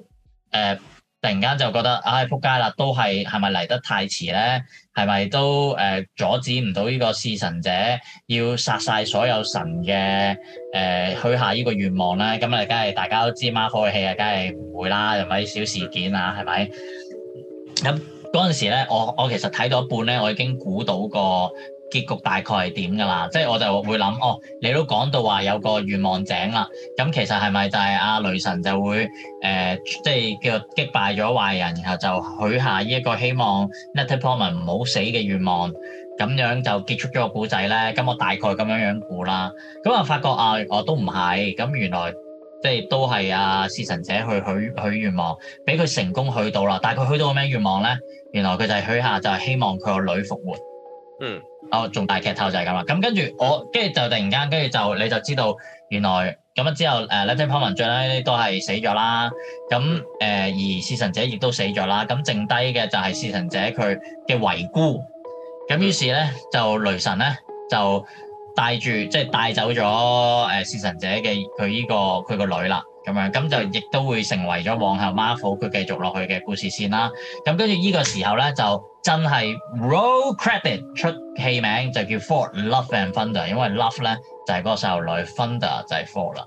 呃、突然間就覺得唉，撲街啦，都係係咪嚟得太遲咧？係咪都誒、呃、阻止唔到呢個弒神者要殺晒所有神嘅誒許下呢個願望咧？咁啊，梗係大家都知孖火嘅戲啊，梗係唔會啦，又咪小事件啊，係咪？咁嗰陣時咧，我我其實睇到一半咧，我已經估到個結局大概係點㗎啦？即係我就會諗，哦，你都講到話有個願望井啦。咁其實係咪就係阿雷神就會誒、呃，即係叫擊敗咗壞人，然後就許下呢一個希望，Natalie Portman 唔好死嘅願望，咁樣就結束咗個故仔咧。咁我大概咁樣樣估啦。咁啊發覺啊，我都唔係。咁原來即係都係阿弒神者去許許願望，俾佢成功許到啦。大概佢許到個咩願望咧？原來佢就係許下就係希望佢個女復活。嗯。哦，仲大劇透就係咁啦，咁跟住我，跟住就突然間，跟住就你就知道原來咁啊之後，誒 Captain Marvel 咧都係死咗啦，咁誒 而弒神者亦都死咗啦，咁剩低嘅就係弒神者佢嘅遺孤，咁於是咧就雷神咧就帶住即係帶走咗誒弒神者嘅佢依個佢個女啦，咁樣咁就亦都會成為咗往後 Marvel 佢繼續落去嘅故事線啦，咁跟住呢個時候咧就。真係 roll credit 出戲名就叫 Thor Love and Thunder，因為 Love 咧就係、是、嗰個細路女，Thunder 就係 Thor 啦。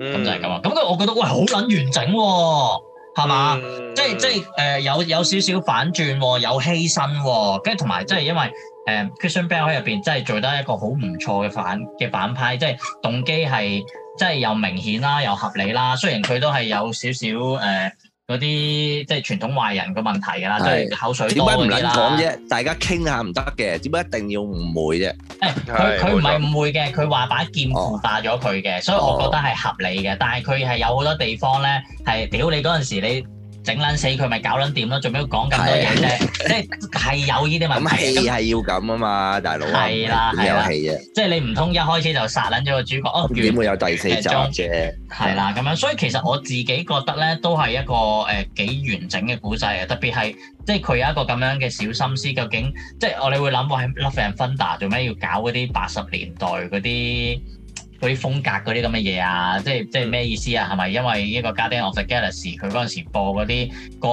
咁就係咁啊。咁
我覺得喂好撚完整喎、啊，係嘛、嗯？即係即係誒有有少少反轉喎、啊，有犧牲喎、啊，跟住同埋即係因為誒、呃、Christian Bale 喺入邊真係做得一個好唔錯嘅反嘅反派，即係動機係即係又明顯啦，又合理啦。雖然佢都係有少少誒。呃嗰啲即係傳統壞人嘅問題㗎啦，是即係口水點解唔捻講啫？
大家傾下唔得嘅，點解一定要誤會啫？
誒、欸，佢佢唔係誤會嘅，佢話把劍腐化咗佢嘅，哦、所以我覺得係合理嘅。但係佢係有好多地方咧，係屌你嗰陣時你。整撚死佢咪搞撚掂咯，做咩要講咁多嘢啫， 即係有呢啲問題。咁戲係 要咁啊嘛，大佬。係啦，係啦，即係你唔通一開始就殺撚咗個主角？哦，點會有第四集啫？係啦，咁樣，所以其實我自己覺得咧，都係一個誒幾、呃、完整嘅古仔啊，特別係即係佢有一個咁樣嘅小心思，究竟即係我哋會諗過喺《Love and Thunder》做咩要搞嗰啲八十年代嗰啲？嗰啲風格嗰啲咁嘅嘢啊，即係即係咩意思啊？係咪因為一個 Guardians of the Galaxy 佢嗰陣時播嗰啲歌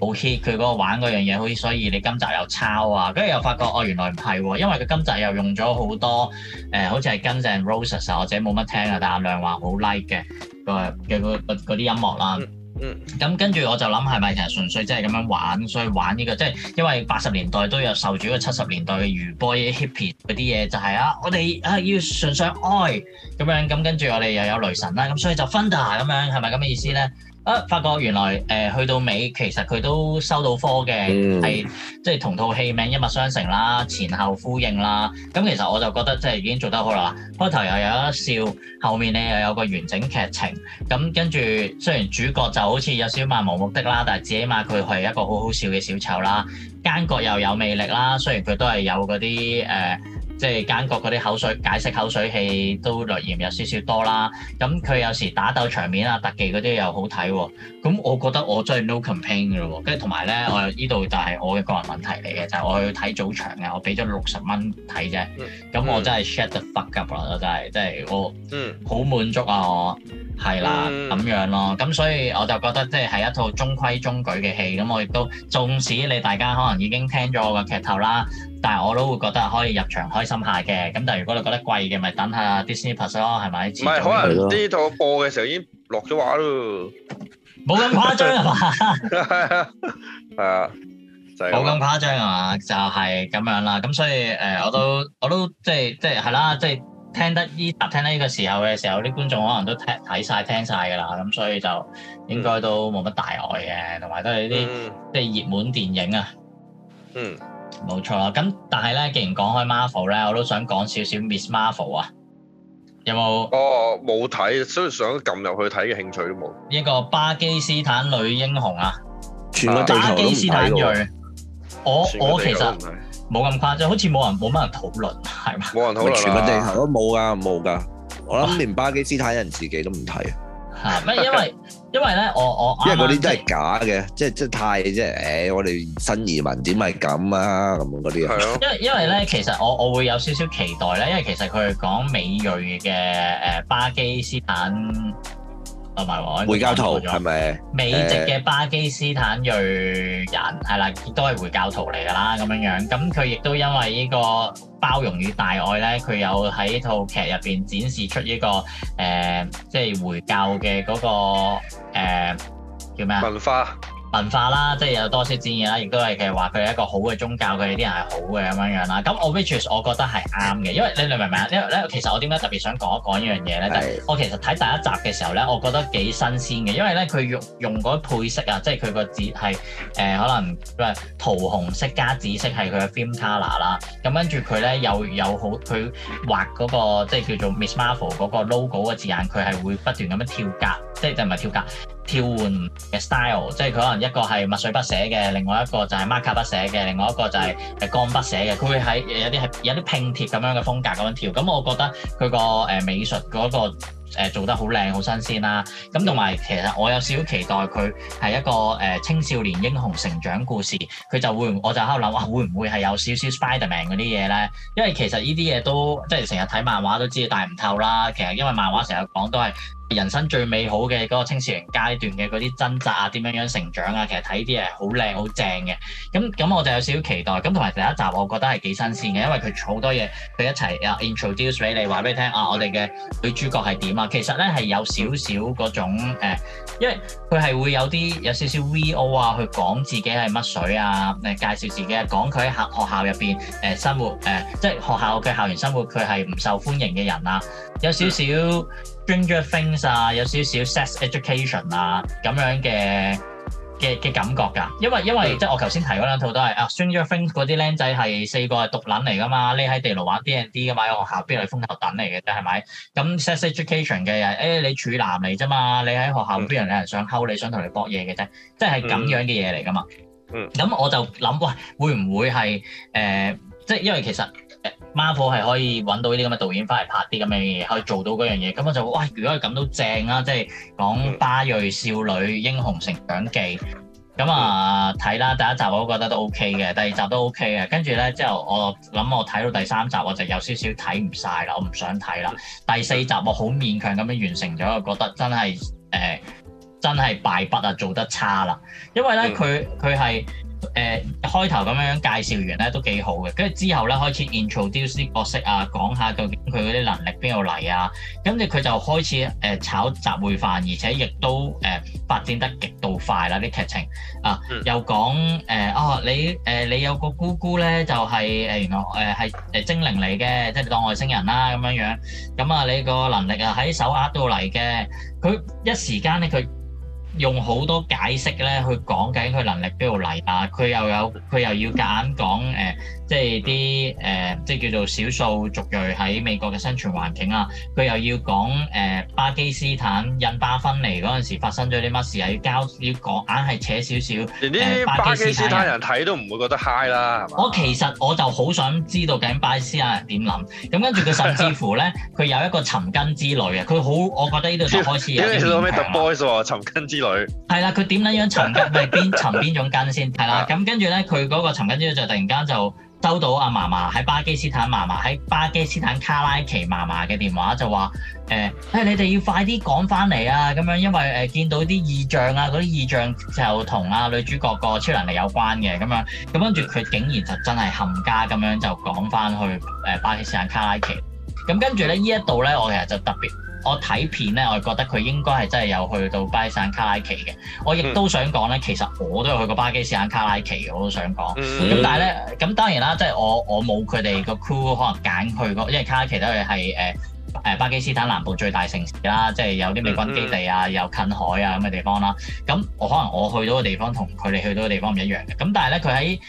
好 hit，佢嗰個玩嗰樣嘢好似，所以你今集又抄啊？跟住又發覺哦，原來唔係喎，因為佢今集又用咗好多誒、呃，好似係 Guns and Roses 啊，或者冇乜聽啊，但阿亮啱話好 like 嘅個嘅嗰啲音樂啦、啊。咁、嗯、跟住我就諗係咪其實純粹即係咁樣玩，所以玩呢、這個即係因為八十年代都有受住個七十年代嘅餘波 hippy 嗰啲嘢就係啊，我哋啊要純粹愛咁樣，咁跟住我哋又有雷神啦，咁所以就分 e n 咁樣係咪咁嘅意思咧？啊！發覺原來誒、呃、去到尾，其實佢都收到科嘅，係、嗯、即係同套戲名一脈相承啦，前後呼應啦。咁、嗯、其實我就覺得即係已經做得好啦。開頭又有得笑，後面咧又有個完整劇情。咁、嗯、跟住雖然主角就好似有少漫無目的啦，但係至少嘛佢係一個好好笑嘅小丑啦，奸角又有魅力啦。雖然佢都係有嗰啲誒。呃即係間隔嗰啲口水解釋口水戲都略嫌有少少多啦，咁佢有時打鬥場面啊、特技嗰啲又好睇喎。哦，咁我覺得我真係 No Complain 嘅咯，跟住同埋咧，我呢度就係我嘅個人問題嚟嘅，就係、是、我去睇早場嘅，我俾咗六十蚊睇啫，咁我真係 shut the fuck up 啦，我真係，即係我好滿足啊我！我係啦咁樣咯，咁所以我就覺得即係係一套中規中矩嘅戲，咁我亦都縱使你大家可能已經聽咗我嘅劇透啦。但係我都會覺得可以入場開心下嘅，咁但係如果你覺得貴嘅，咪等下 Disney Plus 咯，係咪？唔係，可能呢
套播嘅時候已經落咗畫咯。
冇咁誇張呀嘛？
係啊， 就冇咁誇
張呀嘛？就係咁樣啦。咁所以誒、呃，我都我都即係即係係啦，即係聽得呢集，聽呢個時候嘅時候，啲觀眾可能都睇睇曬、聽晒㗎啦。咁所以就應該都冇乜大礙嘅，同埋、嗯、都係啲即係熱門電影啊。嗯。冇錯啊！咁但係咧，既然講開 Marvel 咧，我都想講少少 Miss Marvel 啊！
有冇？哦，冇睇，所以想撳入去睇嘅興趣
都冇。呢個巴基斯坦女英雄啊，全個地球斯坦裔。我我其實冇咁誇張，就好似冇人冇乜人討論，係嘛？冇人討論，全個地。同
都冇㗎，冇㗎。我諗連巴基斯坦人自己都唔睇啊！
係咩？因為？因為咧，我我因為嗰啲
真係假嘅即即，即係即係太即係，誒、哎，我哋新移民點係咁啊？咁嗰啲係咯。因
為因為咧，其實我我會有少少期待咧，因為其實佢講美裔嘅誒巴基斯坦。同埋回教徒係咪？是是
欸、美籍嘅
巴基斯坦裔人係啦，都係、欸、回教徒嚟㗎啦，咁樣樣。咁佢亦都因為呢個包容與大愛咧，佢有喺套劇入邊展示出呢個誒、呃，即係回教嘅嗰、那個、呃、叫咩文化。文化啦，即係有多些建議啦，亦都係其實話佢係一個好嘅宗教，佢哋啲人係好嘅咁樣樣啦。咁我 which is 我覺得係啱嘅，因為你明唔明啊？因為咧其實我點解特別想講一講一呢樣嘢咧？是我其實睇第一集嘅時候咧，我覺得幾新鮮嘅，因為咧佢用用嗰配色啊，即係佢個字係誒可能唔、呃、桃紅色加紫色係佢嘅 beam color 啦、啊。咁跟住佢咧又有好佢畫嗰、嗰個即係叫做 Miss Marvel 嗰個 logo 嘅字眼，佢係會不斷咁樣跳格，即係就唔係跳格，跳換嘅 style，即係佢可能一個係墨水筆寫嘅，另外一個就係 marker 筆寫嘅，另外一個就係誒鋼筆寫嘅，佢會喺有啲係有啲拼貼咁樣嘅風格咁樣跳，咁我覺得佢個誒美術嗰個。誒做得好靚好新鮮啦，咁同埋其實我有少少期待佢係一個誒青少年英雄成長故事，佢就會我就喺度諗話會唔會係有少少少 Spiderman 嗰啲嘢咧？因為其實呢啲嘢都即係成日睇漫畫都知道，但係唔透啦。其實因為漫畫成日講都係人生最美好嘅嗰、嗰個青少年階段嘅嗰啲掙扎啊，點樣樣成長啊，其實睇啲嘢好靚好正嘅。咁咁我就有少少期待，咁同埋第一集我覺得係幾新鮮嘅，因為佢好多嘢佢一齊 introduce 俾你話俾你聽啊，我哋嘅女主角係點？啊，其實咧係有少少嗰種、呃、因為佢係會有啲有少少 VO 啊，去講自己係乜水啊，誒介紹自己啊，講佢喺校學校入邊誒生活誒、呃，即係學校嘅校園生活，佢係唔受歡迎嘅人啊，有少少 Stranger Things 啊，有少少 Sex Education 啊，咁樣嘅嘅嘅感覺㗎，因為因為即係我頭先提嗰兩套都係、mm hmm. 啊，Stranger Things 嗰啲僆仔係四個係毒撚嚟㗎嘛，匿喺地牢玩 DND 㗎嘛，喺學校邊係風頭等嚟嘅啫，係咪？咁 Sex Education 嘅又、哎、你處男嚟啫嘛，你喺學校邊有人想溝你想同你搏嘢嘅啫，即係咁樣嘅嘢嚟㗎嘛。嗯、mm，
咁、hmm. 我
就諗喂、哎，會唔會係誒、呃？即係因為其實。Marvel 係可以揾到呢啲咁嘅導演翻嚟拍啲咁嘅嘢，可以做到嗰樣嘢。咁我就哇，如果佢咁都正啦、啊，即係講《巴瑞少女英雄成長記》啊。咁啊睇啦，第一集我覺得都 OK 嘅，第二集都 OK 嘅。跟住咧之後，我諗我睇到第三集我就有少少睇唔晒啦，我唔想睇啦。第四集我好勉強咁樣完成咗，我覺得真係誒、呃、真係敗筆啊，做得差啦。因為咧，佢佢係。誒、呃、開頭咁樣樣介紹完咧都幾好嘅，跟住之後咧開始 introduce 啲角色啊，講下究竟佢嗰啲能力邊度嚟啊，跟住佢就開始誒炒集會飯，而且亦都誒、呃、發展得極度快啦、啊、啲劇情啊，又講誒啊、呃哦、你誒、呃、你有個姑姑咧就係、是、誒、呃、原來誒係誒精靈嚟嘅，即、就、係、是、當外星人啦、啊、咁樣樣，咁、嗯、啊、呃、你個能力啊喺手握到嚟嘅，佢一時間咧佢。用好多解釋咧去講緊佢能力邊度嚟啊！佢又有佢又要夾硬講誒。呃即係啲誒，即係叫做少數族裔喺美國嘅生存環境啊！佢又要講誒巴基斯坦印巴分離嗰陣時發生咗啲乜事，又要交要講，硬係扯少少。連啲巴基斯坦人睇都唔會覺得 high 啦。我其實我就好想知道緊巴基斯坦人點諗，咁跟住佢甚至乎咧，佢有一個尋根之旅啊！佢好，我覺得呢度就開始有啲名啦。點解咩 The
Boys 喎？尋根之旅。
係啦，佢點樣樣尋根？係邊尋邊種根先？係啦，咁跟住咧，佢嗰個尋根之旅就突然間就。收到阿嫲嫲喺巴基斯坦，嫲嫲喺巴基斯坦卡拉奇嫲嫲嘅電話就話：誒、呃，誒、哎、你哋要快啲趕翻嚟啊！咁樣因為誒、呃、見到啲異象啊，嗰啲異象就同啊女主角個超能力有關嘅咁樣。咁跟住佢竟然就真係冚家咁樣就趕翻去誒、呃、巴基斯坦卡拉奇。咁跟住咧呢一度咧，我其實就特別。我睇片咧，我係覺得佢應該係真係有去到巴基斯坦卡拉奇嘅。我亦都想講咧，其實我都有去過巴基斯坦卡拉奇嘅，我都想講。咁但係咧，咁當然啦，即係我我冇佢哋個 cool 可能揀去過，因為卡拉奇都係係誒巴基斯坦南部最大城市啦，即係有啲美軍基地啊，有近海啊咁嘅地方啦。咁我可能我去到嘅地方同佢哋去到嘅地方唔一樣嘅。咁但係咧，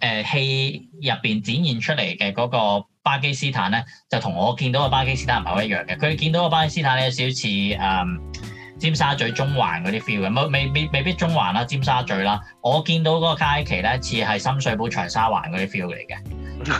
佢喺誒戲入邊展現出嚟嘅嗰個。巴基斯坦咧就同我見到嘅巴基斯坦唔係好一樣嘅，佢哋見到嘅巴基斯坦咧有少少似誒。嗯尖沙咀中環嗰啲 feel 嘅，冇未未未必中環啦，尖沙咀啦。我見到嗰個街期咧，似係深水埗長沙灣嗰啲 feel 嚟嘅。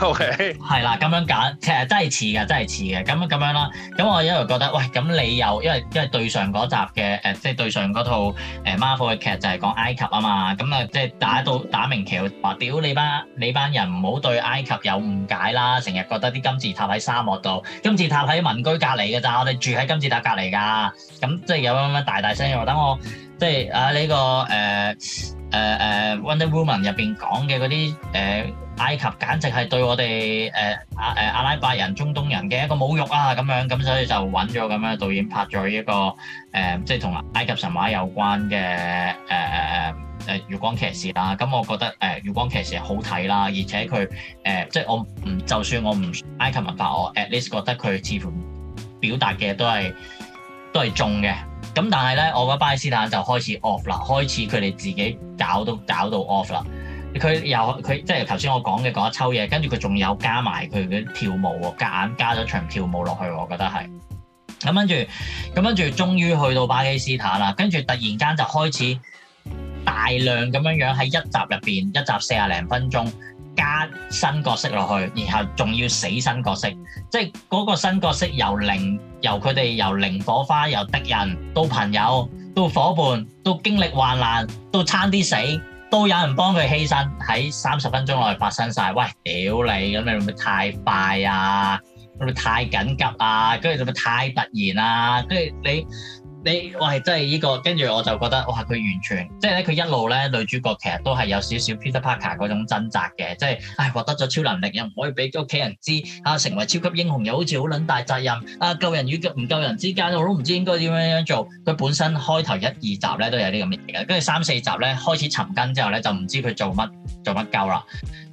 O.K. 係啦，咁樣揀其實真係似嘅，真係似嘅。咁咁樣啦，咁我一路覺得，喂，咁你又因為因為對上嗰集嘅誒，即、呃、係、就是、對上嗰套誒 Marvel 嘅劇就係講埃及啊嘛，咁啊即係打到打明橋話，屌你班你班人唔好對埃及有誤解啦，成日覺得啲金字塔喺沙漠度，金字塔喺民居隔離嘅咋，我哋住喺金字塔隔離㗎，咁即係有。大大聲又等我，即係啊呢個誒誒誒《Wonder Woman》入邊講嘅嗰啲誒埃及，簡直係對我哋誒阿誒阿拉伯人、中東人嘅一個侮辱啊！咁樣咁，所以就揾咗咁樣導演拍咗一個誒、呃，即係同埃及神話有關嘅誒誒誒《月光騎士》啦。咁我覺得誒《月光騎士》好睇啦，而且佢誒即係我唔就算我唔埃及文化，我 at least 覺得佢似乎表達嘅都係都係中嘅。咁但係咧，我覺得巴基斯坦就開始 off 啦，開始佢哋自己搞都搞到 off 啦。佢又佢即係頭先我講嘅嗰一抽嘢，跟住佢仲有加埋佢嘅跳舞喎，夾硬加咗場跳舞落去，我覺得係。咁跟住，咁跟住，終於去到巴基斯坦啦，跟住突然間就開始大量咁樣樣喺一集入邊，一集四廿零分鐘。加新角色落去，然後仲要死新角色，即係嗰個新角色由零，由佢哋由零火花由敵人到朋友，到伙伴，到經歷患難，到差啲死，都有人幫佢犧牲，喺三十分鐘內發生晒：「喂，屌你咁，你會唔會太快啊？會唔會太緊急啊？跟住你會唔會太突然啊？跟住你。你我哇、這個，真係呢個跟住我就覺得哇，佢完全即係咧，佢一路咧女主角其實都係有少少 Peter Parker 嗰種掙扎嘅，即係唉、哎、獲得咗超能力又唔可以俾屋企人知啊，成為超級英雄又好似好撚大責任啊，救人與唔救人之間我都唔知應該點樣樣做。佢本身開頭一二集咧都有啲咁嘅嘢嘅，跟住三四集咧開始尋根之後咧就唔知佢做乜做乜鳩啦，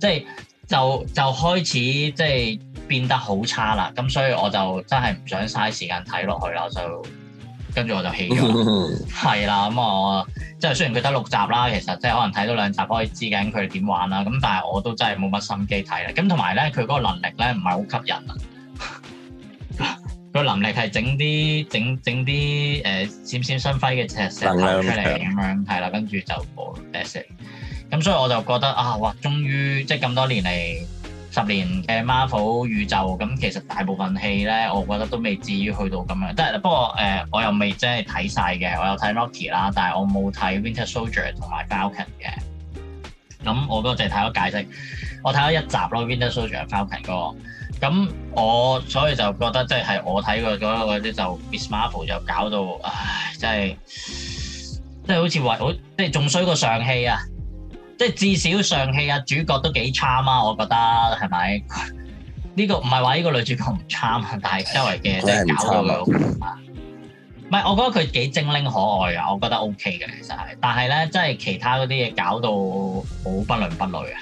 即係就就開始即係變得好差啦。咁所以我就真係唔想嘥時間睇落去啦，就～跟
住
我就起咗， 係啦咁啊，即係雖然佢得六集啦，其實即係可能睇到兩集可以知緊佢點玩啦。咁但係我都真係冇乜心機睇啦。咁同埋咧，佢嗰個能力咧唔係好吸引啊。佢 能力係整啲整整啲誒閃閃生輝嘅赤石頭出嚟咁樣係啦，跟住就冇啦。咁所以我就覺得啊，哇！終於即係咁多年嚟。十年嘅 Marvel 宇宙，咁其實大部分戲咧，我覺得都未至於去到咁樣。但係不過誒、呃，我又未真係睇晒嘅，我又睇 Loki 啦，但係我冇睇 Winter Soldier 同埋 Falcon 嘅。咁我淨係就睇咗解釋，我睇咗一集咯 Winter Soldier、Falcon 個。咁我所以就覺得即係我睇過嗰啲就 Miss Marvel 就搞到，唉，真係即係好似話好，即係仲衰過上戲啊！即係至少上戲啊，主角都幾 charm 啊，我覺得係咪？呢、這個唔係話呢個女主角唔 charm 啊，但係周圍嘅即係搞到佢啊，唔係我覺得佢幾精靈可愛啊，我覺得 OK 嘅其實係，但係咧真係其他嗰啲嘢搞到好不倫不類啊。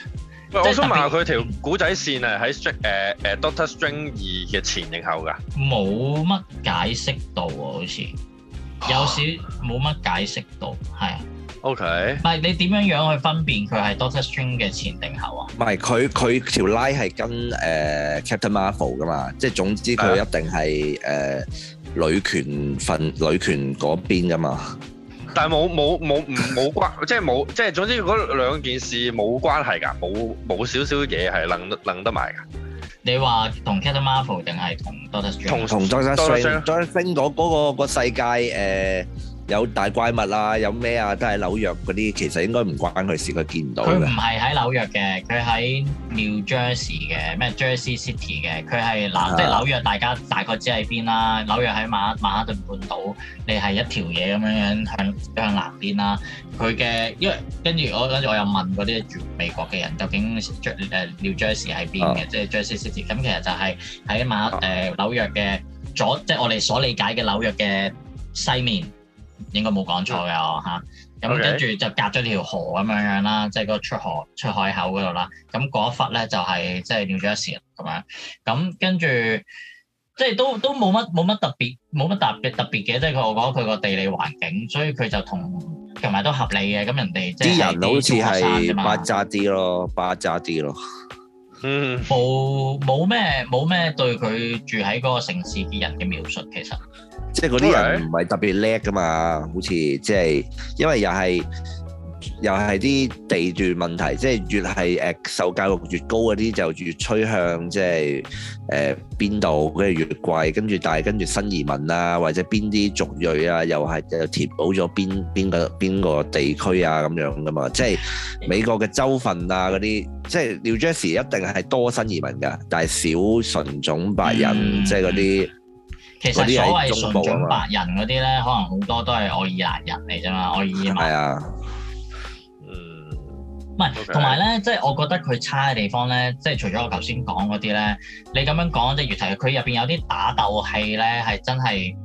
我想問下佢別條故仔線啊、呃，喺誒誒 Doctor Strange 二嘅前
定後㗎？冇乜解釋到喎，好似有少冇乜解釋到，係。O K. 唔係，你點樣樣去分辨佢係 Doctor Strange 嘅前定後啊？
唔係佢佢條 line 係跟誒、uh, Captain Marvel 噶嘛，即係總之佢一定係誒、uh, 女權份女權嗰邊噶嘛。
但係冇冇冇冇關，即係冇 即係總之，嗰兩件事冇關係㗎，冇冇少少嘢係能能得埋㗎。
你話同 Captain Marvel 定係同 Doctor Strange？同同 Doctor
Strange 嗰嗰個世界誒。呃有大怪物啊！有咩啊？都喺紐約嗰啲，其實應該唔關佢事，佢見唔到嘅，佢唔
係喺紐約嘅，佢喺 New Jersey 嘅，咩 Jersey City 嘅。佢係南，啊、即係紐約，大家大概知喺邊啦。紐約喺馬馬克頓半島，你係一條嘢咁樣樣向向南邊啦、啊。佢嘅因為跟住我跟住我又問嗰啲住美國嘅人，究竟、啊、Jer New Jersey 喺邊嘅，即係 Jersey City 咁，其實就係喺馬誒、啊呃、紐約嘅左，即係我哋所理解嘅紐約嘅西面。應該冇講錯嘅我嚇。咁 Okay.、啊、跟住就隔咗條河咁樣樣啦，即係個出河出海口嗰度啦。咁嗰一忽咧就係即係釣咗一時咁樣，咁跟住即係都都冇乜冇乜特別，冇乜特別特別嘅，即係我講佢個地理環境，所以佢就同同埋都合理嘅。咁人哋啲人好似係巴
渣啲咯，巴渣啲咯。
嗯，冇冇咩冇咩對佢住喺嗰個城市嘅人嘅描述，其實
即係嗰啲人唔係特別叻㗎嘛，好似即係因為又係。又係啲地段問題，即係越係誒受教育越高嗰啲，就越趨向即係誒邊度，跟住，呃，越貴，跟住但係跟住新移民啊，或者邊啲族裔啊，又係就填補咗邊邊個邊個地區啊咁樣噶嘛，即係美國嘅州份啊嗰啲，嗯、即係 New Jersey 一定係多新移民噶，但係少純種白人，即係嗰啲。嗯、
其實所謂純種白人嗰啲咧，可能好多都係愛爾蘭人嚟啫嘛，愛爾蘭。同埋咧，即係 Okay.、就是、我覺得佢差嘅地方咧，即、就、係、是、除咗我頭先講嗰啲咧，你咁樣講即係越睇，佢入邊有啲打鬥戲咧，係真係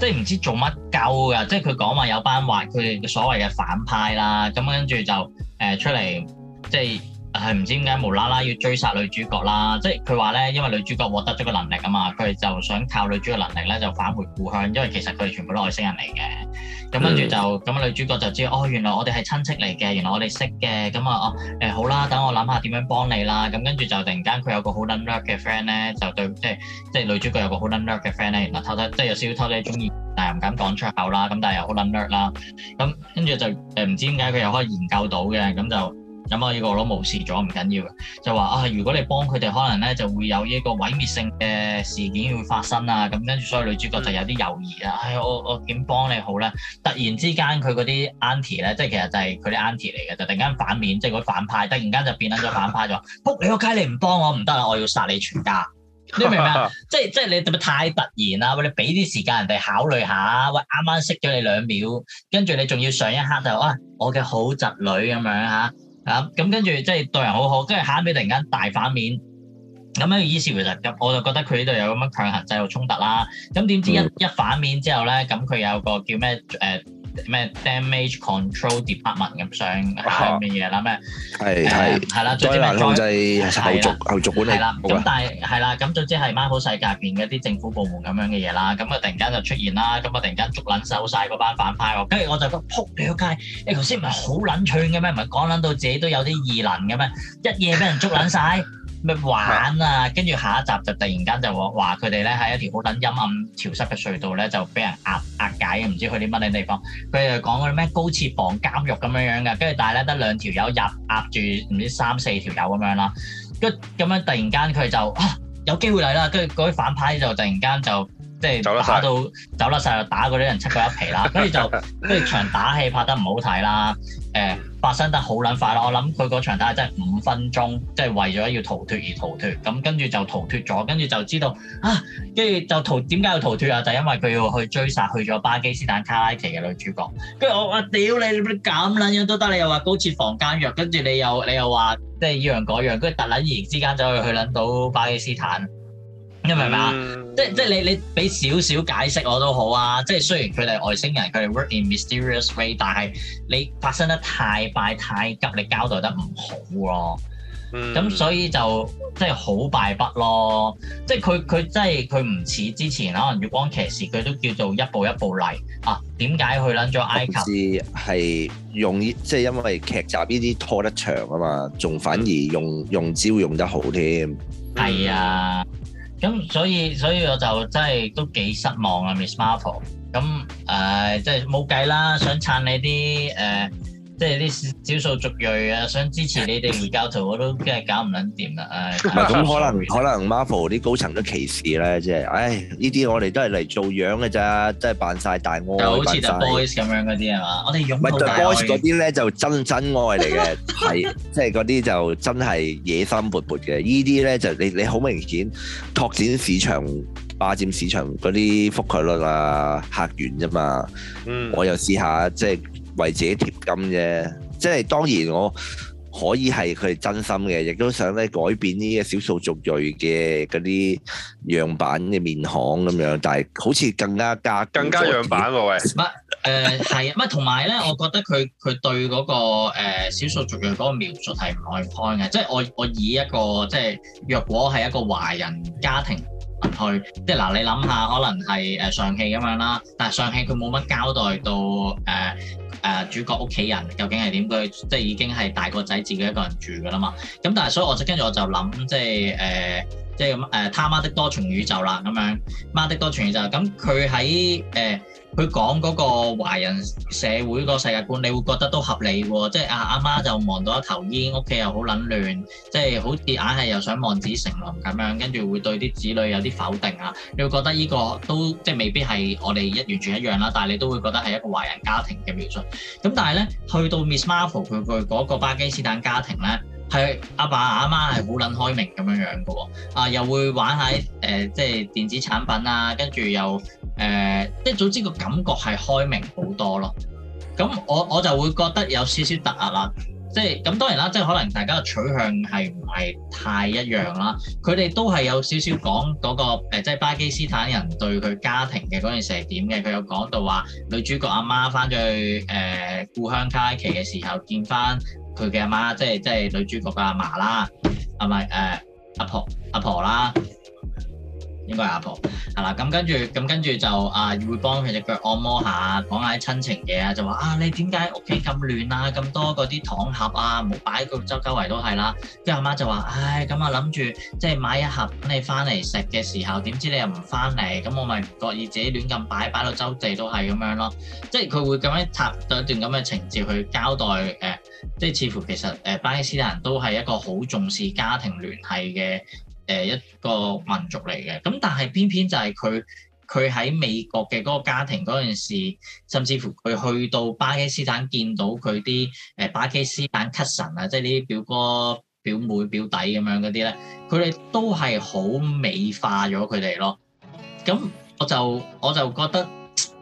即係唔知做乜鳩㗎，即係佢講話有班話佢哋所謂嘅反派啦，咁跟住就誒、呃、出嚟即係。就是係唔知點解無啦啦要追殺女主角啦？即係佢話咧，因為女主角獲得咗個能力啊嘛，佢就想靠女主嘅能力咧就返回故鄉，因為其實佢全部都外星人嚟嘅。咁跟住就咁，女主角就知哦，原來我哋係親戚嚟嘅，原來我哋識嘅。咁、嗯、啊哦誒、欸，好啦，等我諗下點樣幫你啦。咁跟住就突然間佢有個好 nerd 嘅 friend 咧，就對即係即係女主角有個好 nerd 嘅 friend 咧，原來偷偷即係有少少偷偷中意，但係唔敢講出口啦。咁但係又好 nerd 啦。咁跟住就誒唔知點解佢又可以研究到嘅，咁就。咁啊，呢個我都冇事咗，唔緊要嘅。就話啊，如果你幫佢哋，可能咧就會有呢個毀滅性嘅事件會發生啊。咁跟住，所以女主角就有啲猶豫啊。唉、哎，我我點幫你好咧？突然之間，佢嗰啲 auntie 咧，即係其實就係佢啲 auntie 嚟嘅，就突然間反面，即係佢反派突然間就變咗反派咗。仆你個街，你唔幫我唔得啦，我要殺你全家。你明唔明啊？即係即係你，咪太突然啦。喂，你俾啲時間人哋考慮下，喂，啱啱識咗你兩秒，跟住你仲要上一刻就啊，我嘅好侄女咁樣嚇。啊啊！咁跟住即係對人好好，跟住下一秒突然間大反面，咁樣於是乎就咁，我就覺得佢呢度有咁樣強行制度衝突啦。咁點知一、嗯、一反面之後呢？咁佢有個叫咩誒？呃咩 Damage Control Department 咁上下啲嘢啦咩？係係係啦，總之就再後續後續管理。咁但係啦，咁總之係 Marvel 世界入邊啲政府部門咁樣嘅嘢啦，咁啊突然間就出現啦，咁啊突然間捉撚手晒嗰班反派喎，跟住我就咁撲撲街，你頭先唔係好撚串嘅咩？唔係講撚到自己都有啲異能嘅咩？一夜俾人捉撚晒。」咩玩啊？跟住下一集就突然間就話佢哋咧喺一條好撚陰暗潮，潮濕嘅隧道咧，就俾人壓壓解唔知去啲乜嘢地方。佢哋又講嗰啲咩高設防監獄咁樣樣嘅，跟住但係咧得兩條友入壓住唔知三四條友咁樣啦。跟咁樣突然間佢就啊有機會嚟啦，跟住嗰啲反派就突然間就～即係打到走甩晒又打嗰啲人出嗰一皮啦，跟住 就跟住場打戲拍得唔好睇啦，誒、呃、發生得好撚快啦，我諗佢個場打係真係五分鐘，即、就、係、是、為咗要逃脫而逃脫，咁跟住就逃脫咗，跟住就知道啊，跟住就逃點解要逃脫啊？就係、因為佢要去追殺去咗巴基斯坦卡拉奇嘅女主角，跟住我話屌你，你咁撚樣都得，你又話高設防監獄，跟住你又你又話即係依樣嗰樣，跟住突撚然之間走去去撚到巴基斯坦。你明唔明啊？即係即係你你俾少少解釋我都好啊！即係雖然佢哋外星人，佢哋 work in mysterious way，但係你發生得太快太急，你交代得唔好咯、啊。咁、
mm hmm. 所
以就即係好敗筆咯。即係佢佢真係佢唔似之前可能月光騎士佢都叫做一步一步嚟啊。點解佢撚咗埃及？
係用呢即係因為劇集呢啲拖得長啊嘛，仲反而用用招用得好添。
係啊、哎。咁所以所以我就真係都幾失望啊，Miss Marvel。咁、呃、誒，即係冇計啦，想撐你啲誒。呃即係啲少數族裔啊，想支持你哋異教徒，我都真係搞唔撚掂啦！唉，咁 可能
可能 Marvel 啲高層都歧視咧，即係唉呢啲我哋都係嚟做樣嘅咋，都係扮晒大愛扮曬。就好似 boys 咁樣嗰啲係嘛？我哋
擁抱大愛。唔係，對 boys 嗰啲
咧就真真愛嚟嘅，係即係嗰啲就真係野心勃勃嘅。依啲咧就你你好明顯拓展市場、霸佔市場嗰啲覆蓋率啊、客源啫嘛。
嗯，我
又試下即係。就是 為自己貼金啫，即係當然我可以係佢真心嘅，亦都想咧改變呢個小數族裔嘅嗰啲樣板嘅面孔咁樣，但係好似更加加更加樣板喎喂，唔誒
係啊，唔同埋咧，我覺得佢佢對嗰、嗰個、呃、小數族裔嗰個描述係唔開心嘅，即係我我以一個即係若果係一個華人家庭。去，即係嗱，你諗下，可能係誒尚氣咁樣啦，但係尚氣佢冇乜交代到誒誒、呃呃、主角屋企人究竟係點，佢即係已經係大個仔自己一個人住㗎喇嘛。咁但係所以我就跟住我就諗，即係誒、呃、即係咁誒他媽的多重宇宙啦咁樣，媽的多重宇宙，咁佢喺誒，呃佢講嗰個華人社會個世界觀，你會覺得都合理喎，即係啊阿媽就忙到一頭煙，屋企又好撚亂，即係好似硬係又想望子成龍咁樣，跟住會對啲子女有啲否定啊。你會覺得呢個都即係未必係我哋一完全一樣啦，但係你都會覺得係一個華人家庭嘅描述。咁但係呢，去到 Miss Marvel 佢佢嗰個巴基斯坦家庭呢，係阿爸阿媽係好撚開明咁樣樣嘅喎，啊又會玩下誒、呃、即係電子產品啊，跟住又。誒，即係、呃、總之個感覺係開明好多咯。咁我我就會覺得有少少突兀啦。即係咁當然啦，即係可能大家嘅取向係唔係太一樣啦。佢哋都係有少少講嗰、那個、呃、即係巴基斯坦人對佢家庭嘅嗰陣時係點嘅。佢有講到話女主角阿媽翻咗去誒、呃、故鄉卡拉奇嘅時候，見翻佢嘅阿媽，即係即係女主角嘅阿嫲啦，係咪誒阿婆阿婆啦？啊婆啊。應該阿婆係啦，咁、嗯、跟住，咁跟住就啊，會幫佢隻腳按摩下，講下啲親情嘢啊，就話啊，你點解屋企咁亂啊，咁多嗰啲糖盒啊，唔好擺到周周圍都係啦。跟阿媽就話，唉、哎，咁我諗住即係買一盒，你翻嚟食嘅時候，點知你又唔翻嚟，咁我咪唔覺意自己亂咁擺，擺到周地都係咁樣咯。即係佢會咁樣插咗一段咁嘅情節去交代誒、呃，即係似乎其實誒、呃、巴基斯坦人都係一個好重視家庭聯繫嘅。誒一個民族嚟嘅，咁但係偏偏就係佢佢喺美國嘅嗰個家庭嗰陣時，甚至乎佢去到巴基斯坦見到佢啲誒巴基斯坦 cousin 啊，即係呢啲表哥、表妹、表弟咁樣嗰啲咧，佢哋都係好美化咗佢哋咯。咁我就我就覺得，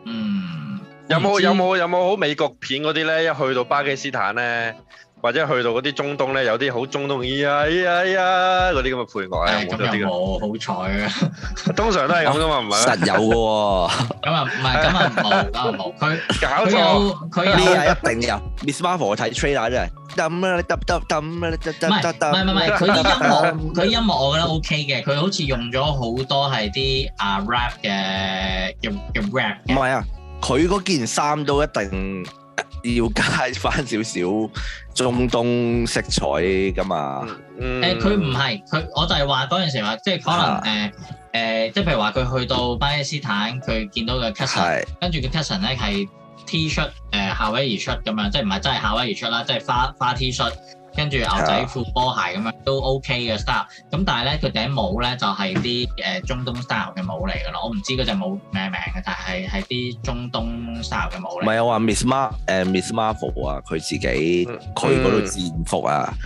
嗯，
有冇有冇有冇好美國片嗰啲咧？一去到巴基斯坦咧？或者去到嗰啲中東咧，有啲好中東咿呀咿呀咿呀嗰啲咁嘅配樂咧，冇得啲嘅。
冇好彩，通常都
係咁噶嘛，唔係實有嘅喎。咁啊，唔係，咁啊冇啦，冇。佢搞
錯，佢呢啊一定有。Miss Marvel 睇 Trailer
真係，噏咩？噏噏噏咩？噏噏噏噏。唔係唔係唔係，佢啲音樂佢音樂我覺得 OK 嘅，佢好似用咗好多係啲啊 rap 嘅用用 rap。
唔係啊，佢嗰件衫都一定。要加翻少少中東色彩㗎嘛。
誒佢唔係佢，我就係話嗰陣時話，即係可能誒誒，即係譬如話佢去到巴基斯坦，佢見到個 cousin，< 是的 S 2> 跟住個 cousin 咧係 T 恤，誒夏、呃、威夷恤咁樣，即係唔係真係夏威夷恤啦，即係花花 T 恤。Shirt, 跟住牛仔褲、波、啊、鞋咁樣都 OK 嘅 style，咁但係咧佢頂帽咧就係啲誒中東 style 嘅帽嚟嘅咯，我唔知嗰隻帽咩名嘅，但係喺啲中東 style 嘅帽咧。唔係
我話 Miss Mar 誒、uh, Miss Marvel 啊，佢自己佢嗰套戰服啊，嗯、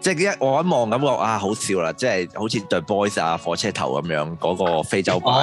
即係一我一望感覺啊好笑啦，即係好似 The Boys 啊火車頭咁樣嗰、那個非洲怪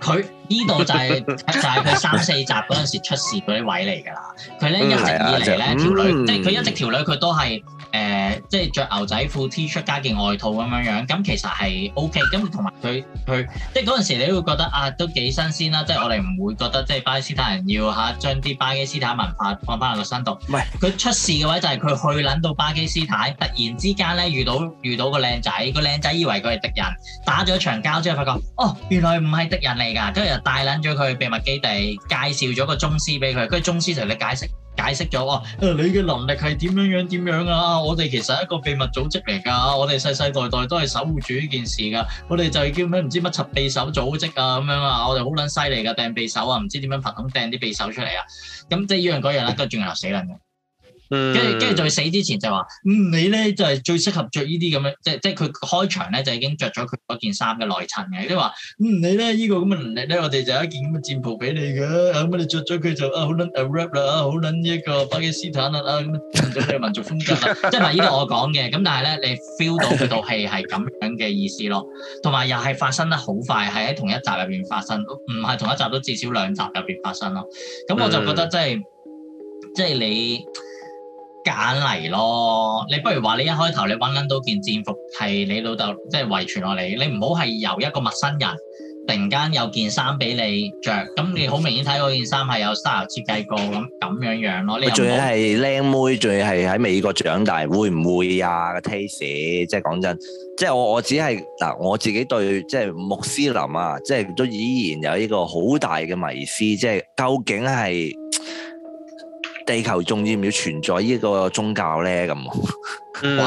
佢。呢度就係就係佢三四集嗰陣時出事嗰啲位嚟㗎啦。佢咧一直以嚟咧條女，嗯、即係佢一直條女佢都係誒、呃，即係着牛仔褲 T 恤加件外套咁樣樣。咁其實係 O K。咁同埋佢佢，即係嗰陣時你會覺得啊，都幾新鮮啦。即係我哋唔會覺得即係巴基斯坦人要嚇將啲巴基斯坦文化放翻落個身度。唔係佢出事嘅位就係佢去撚到巴基斯坦，突然之間咧遇到遇到個靚仔，個靚仔以為佢係敵人，打咗場交之後發覺，哦原來唔係敵人嚟㗎，跟住。帶撚咗佢秘密基地，介紹咗個宗師俾佢。佢宗師同你解釋，解釋咗話：誒、啊、你嘅能力係點樣樣點樣啊？我哋其實一個秘密組織嚟㗎，我哋世世代代都係守護住呢件事㗎。我哋就係叫咩唔知乜執匕首組織啊咁樣啊，我哋好撚犀利㗎，掟匕首啊，唔知點樣憑空掟啲匕首出嚟啊，咁即係依樣嗰樣啦，都係鑽牛屎撚嘅。跟住跟住就死之前就話，嗯你咧就係、是、最適合着呢啲咁樣，即即佢開場咧就已經着咗佢嗰件衫嘅內襯嘅，即係話，嗯你咧呢、這個咁嘅能力咧，我哋就有一件咁嘅戰袍俾你嘅，咁、啊、你着咗佢就啊好撚 rap 啦，好撚呢一個巴基斯坦啦、啊、咁，即、啊、係民，民族風格啦、啊， 即係話呢個我講嘅，咁但係咧你 feel 到佢套戲係咁樣嘅意思咯，同埋又係發生得好快，係喺同一集入面發生，唔係同一集都至少兩集入面發生咯，咁我就覺得、嗯、即係即係你。你揀嚟咯，你不如話你一開頭你揾撚到件戰服係你老豆即係遺傳落嚟，你唔好係由一個陌生人突然間有件衫俾你着。咁你好明顯睇嗰件衫係有卅設計過咁咁樣樣咯。你仲要係
靚妹，仲要係喺美國長大，會唔會啊嘅 taste？即係講真，即係我我只係嗱我自己對即係穆斯林啊，即係都依然有呢個好大嘅迷思，即係究竟係。地球仲要唔要存在呢個宗教咧？咁， 嗯，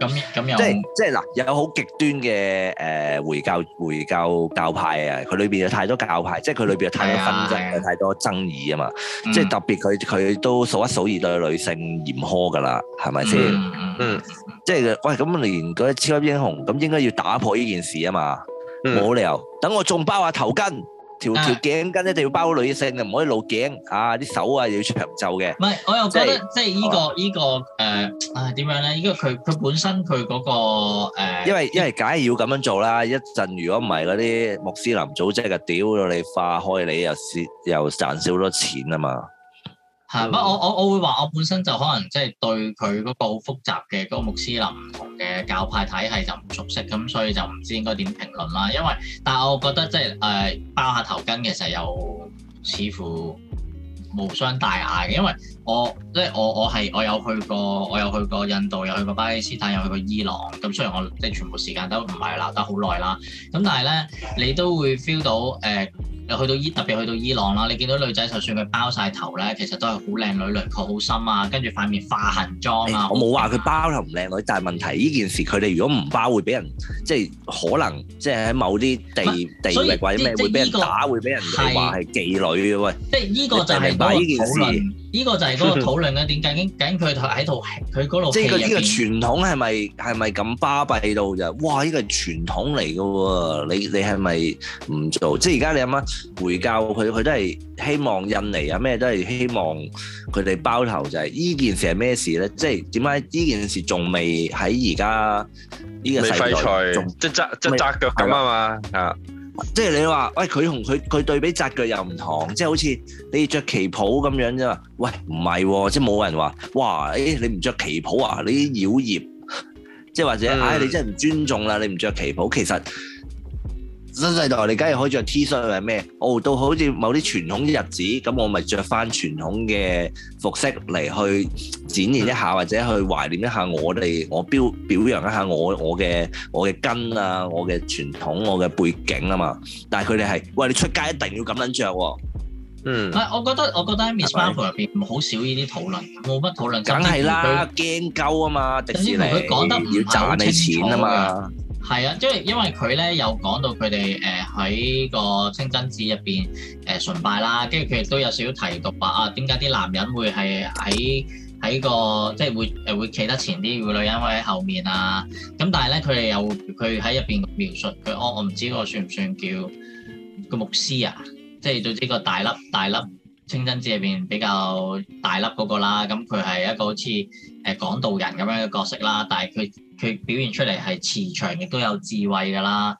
咁咁又即係是、 嗯、即係嗱，有好極端嘅誒、呃、回教回教教派啊，佢裏邊有太多教派，即係佢裏邊有太多紛爭、哎、太多爭議啊嘛。嗯、即係特別，佢佢都數一數二對女性嚴苛噶啦，係咪先？嗯嗯、即係我係咁，咁連嗰啲超級英雄咁應該要打破呢件事啊嘛。冇、嗯、理由，等我仲包下頭巾。條條頸巾一定要包女性啊，唔可以露頸啊，啲手啊要長袖嘅。唔
係，我又覺得即係是呢、啊呢個呢、呢個誒、呃，啊點樣咧？呢個佢佢本身佢嗰、嗰個、呃、因為
因為梗係要咁樣做啦。一陣如果唔係嗰啲穆斯林組織嘅，屌到你化開，你又蝕又賺少好多錢啊嘛～
係，不過我我我會話，我本身就可能即係對佢嗰個好複雜嘅嗰個穆斯林唔同嘅教派體系就唔熟悉，咁所以就唔知應該點評論啦。因為但係我覺得即係誒包下頭巾其實又似乎無傷大雅嘅，因為我即係我我係我有去過，我有去過印度，有去過巴基斯坦，有去過伊朗。咁雖然我即係全部時間都唔係留得好耐啦，咁但係咧你都會 feel 到，誒又去到伊特別去到伊朗啦，你見到女仔就算佢包晒頭咧，其實都係好靚女，輪廓好深啊，跟住塊面化痕妝啊。我冇話佢
包頭唔靚女，但係問題呢件事佢哋如果唔包會俾人即係可能即係喺某啲地地域或者咩會俾人打，會俾人哋話係妓女嘅喎。即係
呢個就係。呢件事，呢個就係嗰個討論啦。點解？ 點解佢喺度？佢嗰度？即係呢個
傳統係咪係咪咁巴閉到就哇！呢個傳統嚟噶、啊，你你係咪唔做？即係而家你阿媽回教佢，佢都係希望印尼啊咩都係希望佢哋包頭就係、是、呢件事係咩事咧？即係點解呢件事仲未喺而家
呢個世代未？即係紮即係紮腳咁啊嘛～
即係你話，喂，佢同佢佢對比紮腳又唔同，即係好似你着旗袍咁樣啫嘛。喂，唔係啊，即係冇人話，哇！誒、欸，你唔着旗袍啊？你妖孽，即係或者，唉、嗯哎，你真係唔尊重啦！你唔着旗袍，其實。新世代，你梗係可以着 T 恤或者咩？哦，到好似某啲傳統嘅日子，咁我咪着翻傳統嘅服飾嚟去展現一下，或者去懷念一下我哋，我表表揚一下我我嘅我嘅根啊，我嘅傳統，我嘅背景啊嘛。但係佢哋係，喂，你出街一定要咁樣着喎。嗯。唔
係，我覺得我覺得 Ms. Marvel 入邊唔好少呢啲討論，冇乜討論。梗係啦，驚鳩啊嘛，迪士尼要賺你錢啊嘛。係啊，因為因為佢咧有講到佢哋誒喺個清真寺入邊誒崇拜啦，跟住佢亦都有少少提到話啊，點解啲男人會係喺喺個即係會誒會企得前啲，會女人會喺後面啊？咁但係咧，佢哋又佢喺入邊描述佢，哦、啊，我唔知個算唔算叫個牧師啊？即係總之個大粒大粒清真寺入邊比較大粒嗰個啦，咁佢係一個好似誒講道人咁樣嘅角色啦，但係佢。佢表現出嚟係慈祥亦都有智慧㗎啦，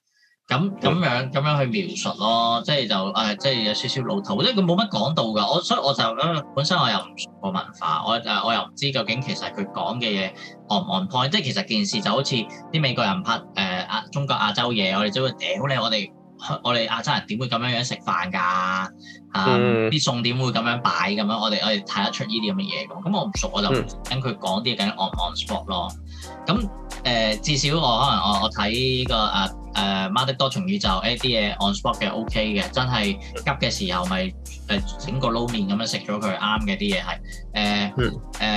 咁咁樣咁樣去描述咯，即係就誒、哎，即係有少少老土，即係佢冇乜講到㗎。我所以我就誒，本身我又唔熟個文化，我誒我又唔知究竟其實佢講嘅嘢 on 唔 on point。即係其實件事就好似啲美國人拍誒亞、呃、中國亞洲嘢，我哋就會屌你，我哋我哋亞洲人點會咁樣樣食飯㗎？嚇，啲餸點會咁樣擺咁樣？我哋、啊啊嗯嗯、我哋睇得出呢啲咁嘅嘢㗎。咁我唔熟我就等佢講啲梗 on 唔 on spot 咯。咁誒，至少我可能我我睇個誒誒媽的多重宇宙誒啲嘢 on spot 嘅 OK 嘅，真係急嘅時候咪誒整個撈麵咁樣食咗佢啱嘅啲嘢係誒
誒。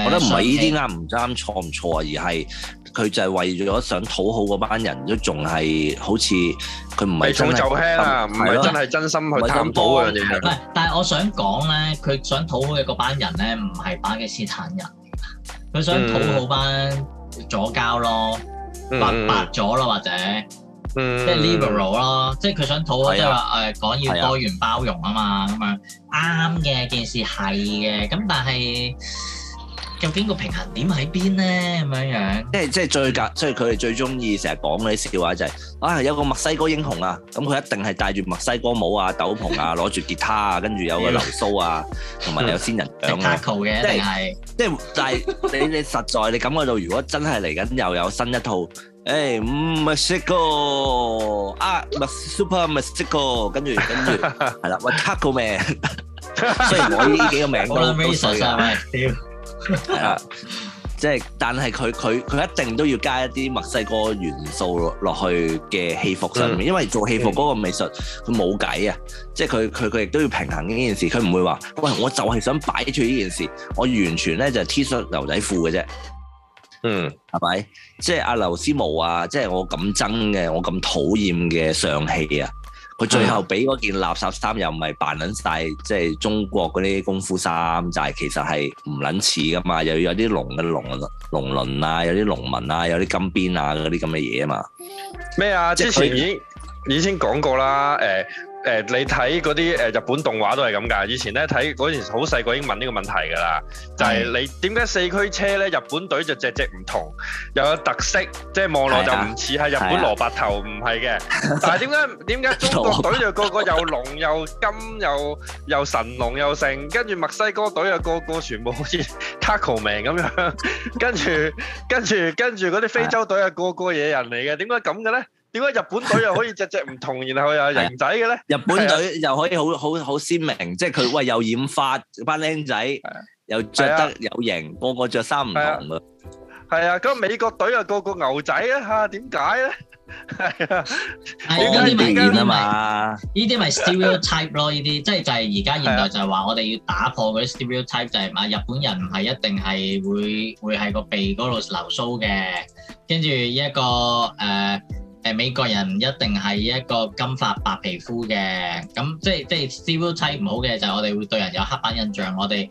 我覺得唔係呢啲啱唔啱錯唔錯啊，而係佢就係為咗想討好嗰班人，都仲係好似佢唔
係做輕啊，唔係真係真心去探討嘅。唔係，但係我想講咧，佢想討好嘅嗰班人咧，唔係巴基斯坦人，佢想討好班。左膠咯，或白左啦，或者，嗯、即 liberal 咯，嗯、即佢想討好，啊、即係話誒講要多元包容啊嘛，咁啊啱嘅件事係嘅，咁但係。究竟個平衡點喺邊咧？
咁樣樣，即係即係最夾，即係佢哋最中意成日講嗰啲笑話就係、是、啊，有個墨西哥英雄啊，咁佢一定係戴住墨西哥帽啊、斗篷 啊、攞住吉他啊，跟住有個流蘇啊，同埋有仙人掌，即係即係，但係你你實在你感覺到，如果真係嚟緊又有新一套，誒、hey, ah, 墨西哥啊，唔係 super 墨西哥，跟住跟住係啦，喂，cut 個咩？雖然我呢幾個名都係啊，即係， 但係佢佢佢一定都要加一啲墨西哥元素落去嘅戲服上面，嗯、因為做戲服嗰個美術佢冇計啊，即係佢佢佢亦都要平衡呢件事，佢唔會話，喂，我就係想擺住呢件事，我完全咧就 T 恤牛仔褲嘅啫，
嗯，
係咪？即係阿劉思慕啊，即係我咁憎嘅，我咁討厭嘅上戲啊。佢最後俾嗰件垃圾衫又唔係扮撚晒，即係中國嗰啲功夫衫，就係其實係唔撚似噶嘛，又有啲龍嘅龍龍鱗啊，有啲龍紋啊，有啲金邊啊嗰啲咁嘅嘢啊嘛。
咩啊？之前已經他是 已經講過啦，誒、欸。誒、呃，你睇嗰啲誒日本動畫都係咁㗎。以前咧睇嗰陣好細個已經問呢個問題㗎啦，就係、是、你點解四驅車咧日本隊就隻隻唔同，又有特色，即係望落就唔似係日本蘿蔔頭，唔係嘅。啊、但係點解點解中國隊就個個又龍 又金又又神龍又成，跟住墨西哥隊啊個個全部好似卡酷名咁樣，跟住 跟住跟住嗰啲非洲隊啊個個野人嚟嘅，點解咁嘅咧？點解日本隊又可以隻隻唔同，
然後又有型仔嘅咧？日本隊又可以好好好鮮明，即係佢喂又染髮班僆仔，又着得有型，個個着衫唔同
嘅。係啊，咁美國隊又個個牛仔啊吓？點解咧？
係啊，呢啲咪呢啲咪呢啲咪 stereotype 咯？呢啲即係就係而家現代就係話我哋要打破嗰啲 stereotype，就係嘛？日本人唔係一定係會會係個鼻嗰度留鬚嘅，跟住依一個誒。誒，美國人唔一定係一個金髮白皮膚嘅，咁即係即係 civilize 唔好嘅就係、是、我哋會對人有刻板印象，我哋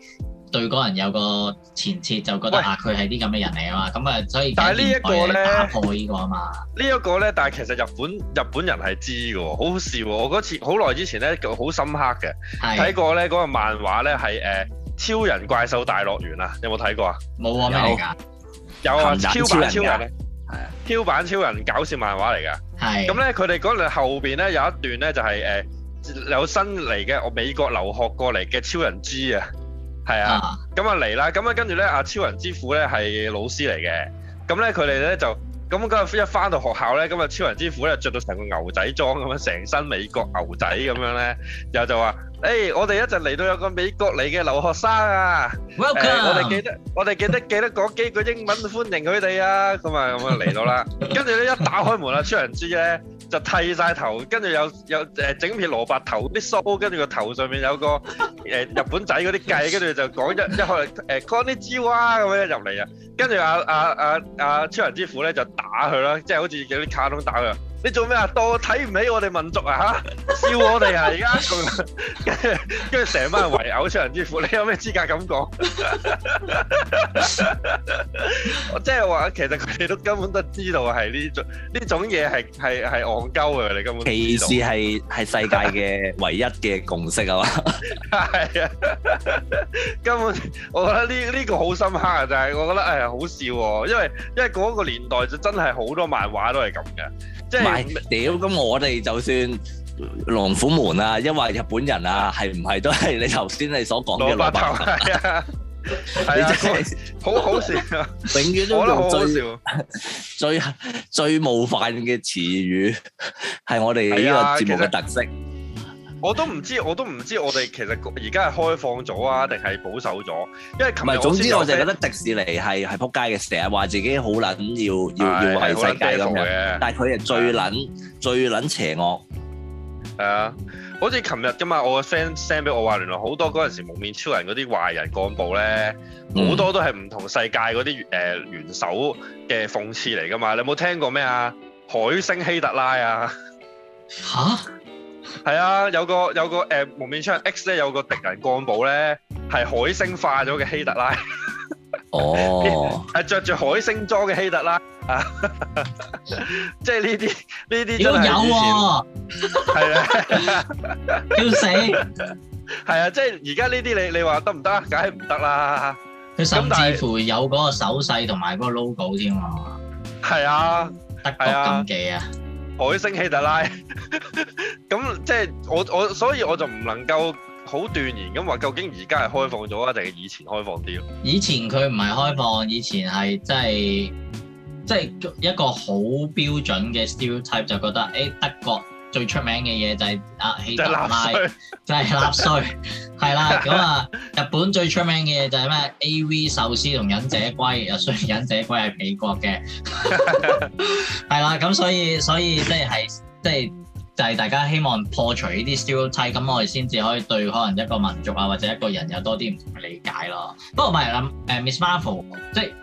對嗰人有個前設，就覺得喂啊佢係啲咁嘅人嚟啊嘛，咁啊所以但係呢一個咧打破呢個啊嘛，
呢一個咧，但係其實日本日本人係知嘅，好好笑，我嗰次好耐之前咧，好深刻嘅睇是過咧嗰、那個漫畫咧係誒超人怪獸大樂園有有啊，有冇睇過啊？冇咩嚟噶？有超人超人係啊，挑版超人搞笑漫畫嚟噶，係是。咁咧佢哋嗰度後邊咧有一段咧就係、是、誒、呃、有新嚟嘅我美國留學過嚟嘅超人 G 啊，係啊，咁啊嚟啦，咁啊跟住咧阿超人之父咧係老師嚟嘅，咁咧佢哋咧就咁嗰日一翻到學校咧，咁啊超人之父咧着到成個牛仔裝咁樣，成身美國牛仔咁樣咧，又就話。誒，我哋一陣嚟到有個美國嚟嘅留學生啊，誒，我哋記得，我哋記得記得講幾句英文歡迎佢哋啊，咁啊咁啊嚟到啦。跟住咧一打開門啊，超人之咧就剃曬頭，跟住又又誒整片蘿蔔頭啲鬚，跟住個頭上面有個誒日本仔嗰啲髻，跟住就講一一開嚟誒，こんにちは咁樣入嚟啊。跟住阿阿阿阿超人之父咧就打佢啦，即係好似有啲卡通打佢。你做咩啊？當我睇唔起我哋民族啊？嚇、啊、笑我哋啊！而家跟住跟住成班人圍毆笑人之父，你有咩資格咁講？ 我即係話，其實佢哋都根本都知道係呢種呢種嘢係係係戇鳩嘅。你根本歧視係係世界嘅唯一嘅共識啊嘛！係啊， 根本我覺得呢呢、呢個好深刻啊！就係我覺得誒、哎、好笑、哦，因為因為嗰個年代就真係好多漫畫都係咁嘅，
即係。屌，咁我哋就算狼虎門啊，因為日本人啊，係唔係都係你頭先你所講嘅老白？
係啊，係啊，好好笑啊！永遠都用最
最最冒犯嘅詞語，係我哋呢個節目嘅特
色。我都唔知，我都唔知，我哋其實而家係開放咗啊，定係保守咗？因為琴日，唔係，總之我就覺得迪
士尼係係撲街嘅，成日話自己好撚要要要係世界咁樣，
但係佢係最撚的最撚邪惡。係啊，好似琴日噶嘛，我個 friend send 俾我話，原來好多嗰陣時蒙面超人嗰啲壞人幹部咧，好多都係唔同世界嗰啲誒元首嘅諷刺嚟噶嘛。嗯、你有冇聽過咩啊？海星希特拉啊？吓？ 係啊，有個有個誒，蒙面槍 X 咧有個敵人幹部咧係海星化咗嘅希特拉，
哦，
係着住海星裝嘅希特拉啊，即係呢啲呢啲都有，
係啊，要死，係啊，即係而家呢啲你你話得唔得？梗係唔得啦，佢甚至乎有嗰個手勢同埋嗰個 logo 添啊，係啊，德國禁忌啊。海星希特拉
咁 即係我我所以我就唔能夠好斷言咁話究竟而家係開放咗啊定係以前開放啲咯？
以前佢唔係開放，以前係即係即係一個好標準嘅 stereotype，就覺得誒、欸、德國，最出名嘅嘢就係啊，喜德拉就係納粹，係啦。咁 啊， 日本最出名嘅嘢就係咩？AV 壽司同忍者龜，雖然忍者龜係美國嘅，係 啦。 咁所以所以即係即係就係、是就是就是、大家希望破除呢啲標題，咁我哋先至可以對可能一個民族啊或者一個人有多啲唔同嘅理解咯。不過唔係啦，誒、呃、Miss Marvel，即、就、係、是、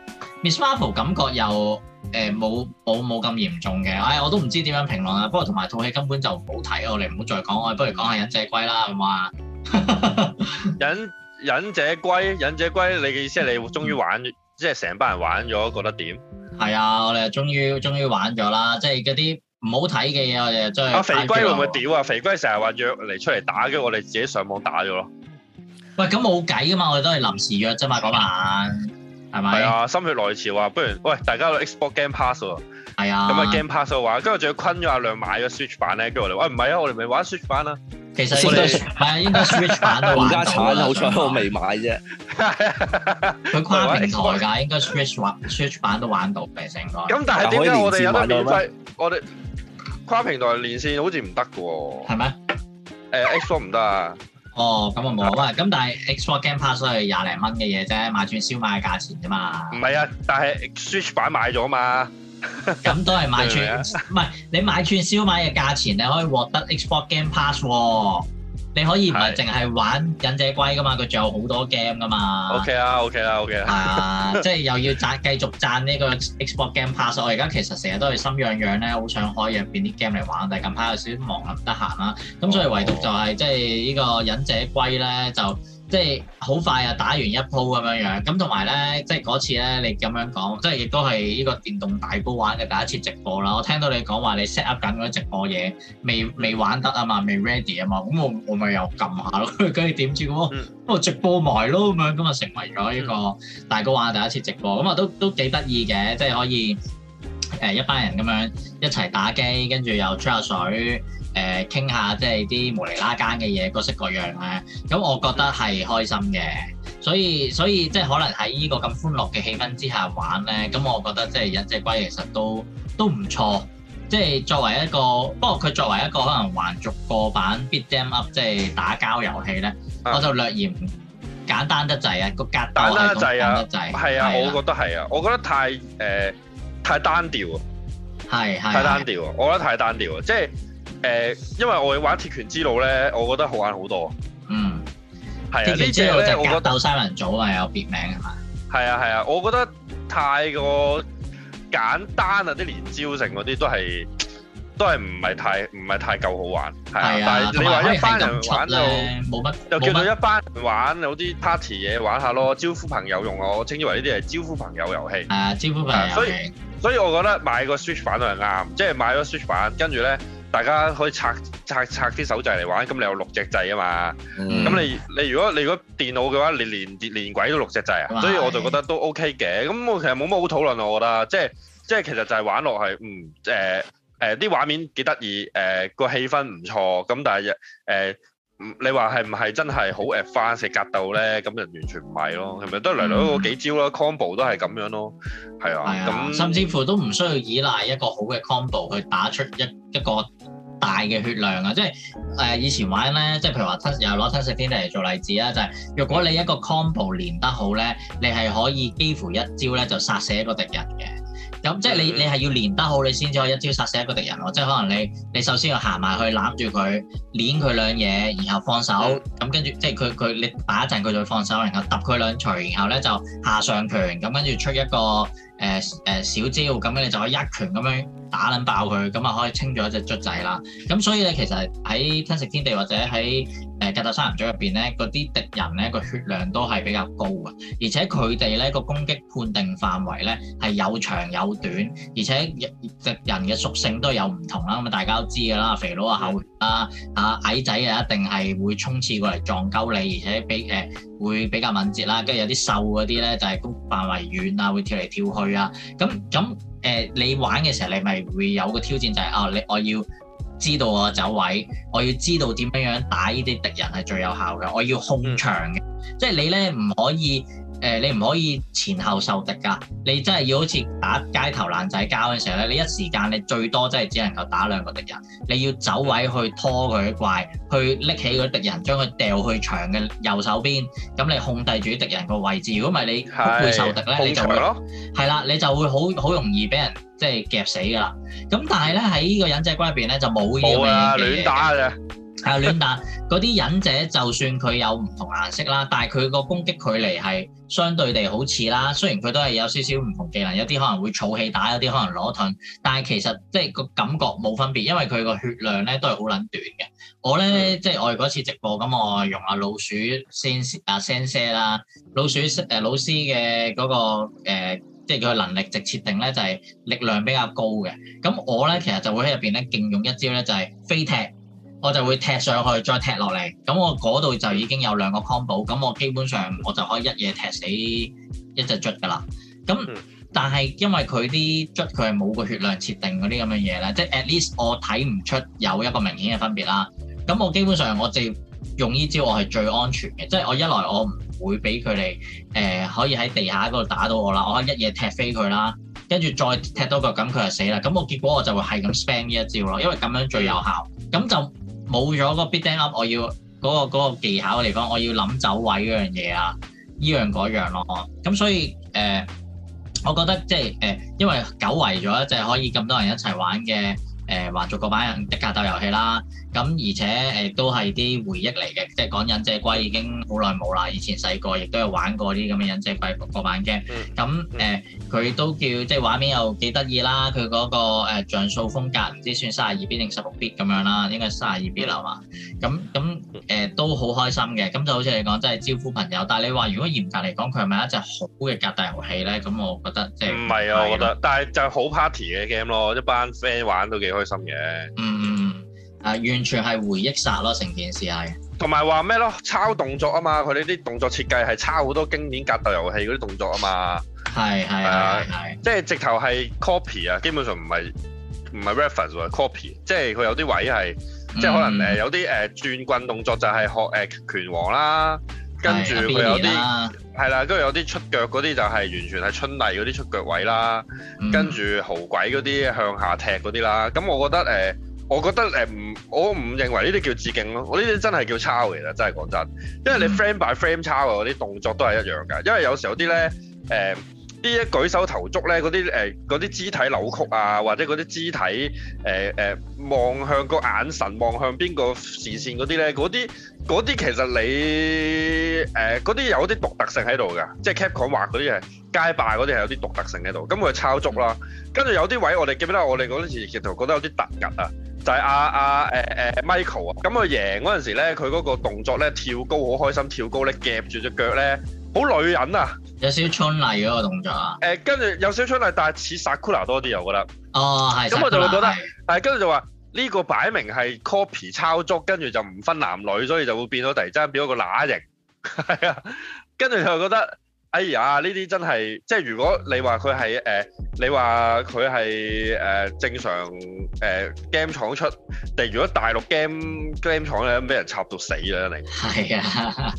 Miss Marvel 感覺又～誒冇冇冇咁嚴重嘅，哎我都唔知點樣評論啦。不過同埋套戲根本就唔好睇，我哋唔好再講。我哋不如講下忍者龜啦，係嘛？ 忍忍
者龜，忍者龜，你嘅意思係你終於玩，嗯、即係成班人玩咗，覺得點？
係啊，我哋終於終於玩咗啦，即係嗰啲唔好睇嘅嘢，我哋將阿肥龜會唔
會屌啊？肥龜成日話約嚟出嚟打，嘅，我哋自己上網打咗咯。
喂，咁冇計噶嘛，我哋都係臨時約啫嘛，嗰晚。
係啊，心血來潮，啊，不如喂大家去 Xbox Game Pass 喎。係啊，咁啊 Game Pass 嘅話，跟住仲要坤咗阿亮買咗 Switch 版咧，跟住我哋喂唔係啊，我哋咪玩 Switch 版啊。其實我哋唔係啊，應該 Switch 版都玩到啊。好彩我未買啫。佢跨平台
㗎，應該
Switch 版、Switch 版都玩到嘅，成個。咁但係點解我哋有得免費？
我哋跨平台連線好似唔得嘅喎。係咩？誒 Xbox 唔得啊。
哦，咁啊冇喂，咁、嗯、不但係 Xbox Game Pass 都係廿零蚊嘅嘢啫，買串燒賣嘅價錢啫嘛。
唔係啊，但係 Switch 版買咗
嘛，咁都係買串，唔係你買串燒賣嘅價錢，你可以獲得 Xbox Game Pass，哦你可以唔係淨係玩忍者龜噶嘛，佢仲有好多 game 噶嘛。OK 啦，OK 啦，OK 啦。 啊，即係又要讚繼續讚呢個 Xbox Game Pass。我而家其實成日都係心癢癢咧，好想開入邊啲 game 嚟玩，但係近排有少少忙唔得閒啦。咁所以唯獨就係、是 oh. 即係呢個忍者龜咧就。即係好快啊！打完一鋪咁樣樣，咁同埋咧，即係嗰次咧，你咁樣講，即係亦都係呢個電動大 GO 玩嘅第一次直播啦。我聽到你講話，你 set up 緊嗰啲直播嘢，未未玩得啊嘛，未 ready 啊嘛，咁我我咪又撳下咯。跟住點知咁啊？我直播埋咯咁樣，咁啊成為咗呢個大 GO 玩嘅第一次直播，咁啊都都幾得意嘅，即係可以誒、呃、一班人咁樣一齊打機，跟住又吹下水。誒傾下即係啲無釐拉間嘅嘢，各式各樣咧，咁我覺得係開心嘅。所以所以即係可能喺呢個咁歡樂嘅氣氛之下玩咧，咁我覺得即係忍者龜其實都都唔錯。即係作為一個，不過佢作為一個可能橫軸過版 Beat Them Up 即係打交遊戲咧，啊、我就略嫌簡單得滯啊，個格鬥係咁簡單得滯。係啊，啊我覺
得係啊，我覺得太誒、欸、太單調啊，係太單調啊，我覺得太單調啊，即係。誒、呃，因為我玩鐵拳之路咧，我覺得好玩好多。嗯，係啊，呢隻咧，我覺得鬥
三人組係有別名噶嘛。
係啊係啊，我覺得太過簡單啦，啲連招成嗰啲都係都係唔係太唔係太夠好玩。係啊，啊但係你話一班人玩就冇乜，就叫做一班人玩有啲 party 嘢玩下咯，嗯、招呼朋友用我，我稱之為呢啲係招呼朋友遊戲。啊，招呼朋友、啊。所以所以，所以我覺得買個 Switch 版係啱，即、就、係、是、買咗 Switch 版跟住咧。大家可以拆拆拆啲手掣嚟玩，咁你有六隻掣啊嘛，咁、嗯、你你如果你如果電腦嘅話，你連連鬼都六隻掣啊，喂 所以我就覺得都 OK 嘅，咁我其實冇乜好討論，我覺得，即係即係其實就係玩落係，嗯誒誒啲畫面幾得意，誒、呃、個氣氛唔錯，咁但係誒。呃呃你話係唔係真係好 at 翻食格鬥咧？咁就完全唔係咯，係咪都嚟嚟嗰幾招咯、嗯、，combo 都係咁樣咯，係啊，咁、嗯、甚至
乎都唔需要依賴一個好嘅 combo 去打出一一個大嘅血量啊，即係誒、呃、以前玩咧，即係譬如話 Tekken 又攞 Tekken 嚟做例子啊，就係、是、若果你一個 combo 練得好咧，你係可以幾乎一招咧就殺死一個敵人嘅。咁即係你你係要練得好，你先至可以一招殺死一個敵人咯。即係可能你你首先要行埋去攬住佢，捏佢兩嘢，然後放手，咁的跟住即係佢佢你打一陣佢就放手，然後揼佢兩錘，然後咧就下上拳，咁跟住出一個誒誒、呃呃、小招，咁樣你就可以一拳咁樣。打撚爆佢，咁啊可以清咗一隻卒仔啦。咁所以咧，其實喺吞食天地或者喺誒格鬥三人組入邊咧，嗰啲敵人咧個血量都係比較高嘅，而且佢哋咧個攻擊判定範圍咧係有長有短，而且敵人嘅屬性都有唔同啦。咁啊，大家都知㗎啦，肥佬啊厚血啊，啊矮仔啊一定係會衝刺過嚟撞鳩你，而且比誒、呃、會比較敏捷啦。跟住有啲瘦嗰啲咧就係攻擊範圍遠啊，會跳嚟跳去啊。咁咁。誒，你玩嘅時候，你咪會有個挑戰就係，啊，你我要知道我走位，我要知道點樣樣打呢啲敵人係最有效嘅，我要控場嘅，即係你咧唔可以。誒你唔可以前後受敵噶，你真係要好似打街頭爛仔交嘅時候咧，你一時間你最多真係只能夠打兩個敵人，你要走位去拖佢啲怪，去拎起嗰啲敵人，將佢掉去牆嘅右手邊，咁你控制住啲敵人個位置。如果唔係你腹背受敵咧，你就係咯，係啦，你就會好好容易俾人即係夾死噶啦。咁但係咧喺呢個忍者關入邊咧就冇呢樣嘢。冇啦，亂打啊！係亂、 啊、打嗰啲忍者，就算佢有唔同顏色啦，但係佢個攻擊距離係相對地好似啦。雖然佢都係有少少唔同技能，有啲可能會儲氣打，有啲可能攞盾，但係其實即係個感覺冇分別，因為佢個血量咧都係好撚短嘅。我咧即係我哋嗰次直播咁，我用下老鼠先、啊、先生啦，老鼠誒、呃、老師嘅嗰、嗰個、呃、即係佢能力值設定咧就係、是、力量比較高嘅。咁我咧其實就會喺入邊咧勁用一招咧就係飛踢。我就會踢上去，再踢落嚟，咁我嗰度就已經有兩個 combo，咁我基本上我就可以一嘢踢死一隻卒噶啦。咁但係因為佢啲卒，佢係冇個血量設定嗰啲咁嘅嘢咧，即係 at least 我睇唔出有一個明顯嘅分別啦。咁我基本上我淨係用呢招我係最安全嘅，即係我一來我唔會俾佢哋誒可以喺地下嗰度打到我啦，我可以一嘢踢飛佢啦，跟住再踢多個咁佢就死啦。咁我結果我就會係咁 span 呢一招咯，因為咁樣最有效，咁就。冇咗個 beat 'em up，我要嗰、那個那個技巧嘅地方，我要諗走位嗰樣嘢啊，呢樣嗰樣咯，咁所以誒、呃，我覺得即係誒、呃，因為久違咗，即、就、係、是、可以咁多人一齊玩嘅誒，華族嗰版一格鬥遊戲啦。咁而且誒、呃、都係啲回憶嚟嘅，即係講忍者龜已經好耐冇啦。以前細個亦都有玩過啲咁嘅忍者龜過版嘅。咁誒佢都叫即係、就是、畫面又幾得意啦。佢嗰、那個、呃、像素風格唔知算三十二 bit 定十六 bit 咁樣啦，應該係三十二 bit 啦嘛。咁咁誒都好開心嘅。咁就好似你講，即係招呼朋友。但係你話如果嚴格嚟講，佢係咪一隻好嘅格鬥遊戲咧？咁我覺得即係唔係啊？我覺得，
就是啊、覺得但係就係好 party 嘅 game 咯，一班 friend 玩都幾開心嘅、嗯。嗯。啊！完全係
回憶殺咯，成件事係。
同埋話咩咯？抄動作啊嘛，佢哋啲動作設計係抄好多經典格鬥遊戲嗰啲動作啊嘛。係係係。即係直頭係 copy 啊，是是是是 copy，基本上唔係唔係 reference 喎，copy 即。嗯、即係佢有啲位係，即係可能誒有啲誒轉棍動作就係學拳王啦，跟住佢有啲係啦，跟住有啲出腳嗰啲就係完全係春麗嗰啲出腳位啦，跟住豪鬼嗰啲向下踢嗰啲啦。咁我覺得誒。呃嗯我覺得誒唔、呃，我唔認為呢啲叫致敬咯，我呢啲真係叫抄嚟嘅，真係講真。因為你 frame by frame 抄啊，嗰啲動作都係一樣㗎。因為有時候啲咧誒，呢、呃、一舉手投足咧，嗰啲誒啲肢體扭曲啊，或者嗰啲肢體誒誒、呃呃、望向個眼神望向邊個視線嗰啲咧，嗰啲啲其實你誒嗰啲有啲獨特性喺度㗎，即係 Capcom 畫嗰啲嘢，街霸嗰啲係有啲獨特性喺度。咁佢抄足啦，跟住有啲位我哋記唔記得？我哋嗰陣時其實覺得有啲突兀啊。就係阿阿誒誒 Michael 啊，咁、啊、佢、欸欸、贏嗰陣時咧，佢嗰個動作咧跳高好開心，跳高咧夾住隻腳咧，好女人啊，有
少少春麗嗰個動作
啊。誒、欸，跟住有少少春麗，但係似 Sakura 多啲，我覺得。
哦，係。咁我就會覺得，
誒，跟住就話呢、這個擺明係 copy 抄足，跟住就唔分男女，所以就會變到突然之間變咗個乸型，係啊，跟住就覺得。哎呀，呢啲真係，即係如果你話佢係誒，你話佢係誒正常誒 game 廠出，定係如果大陸 game game 廠咧，俾人插到死啦你。係啊，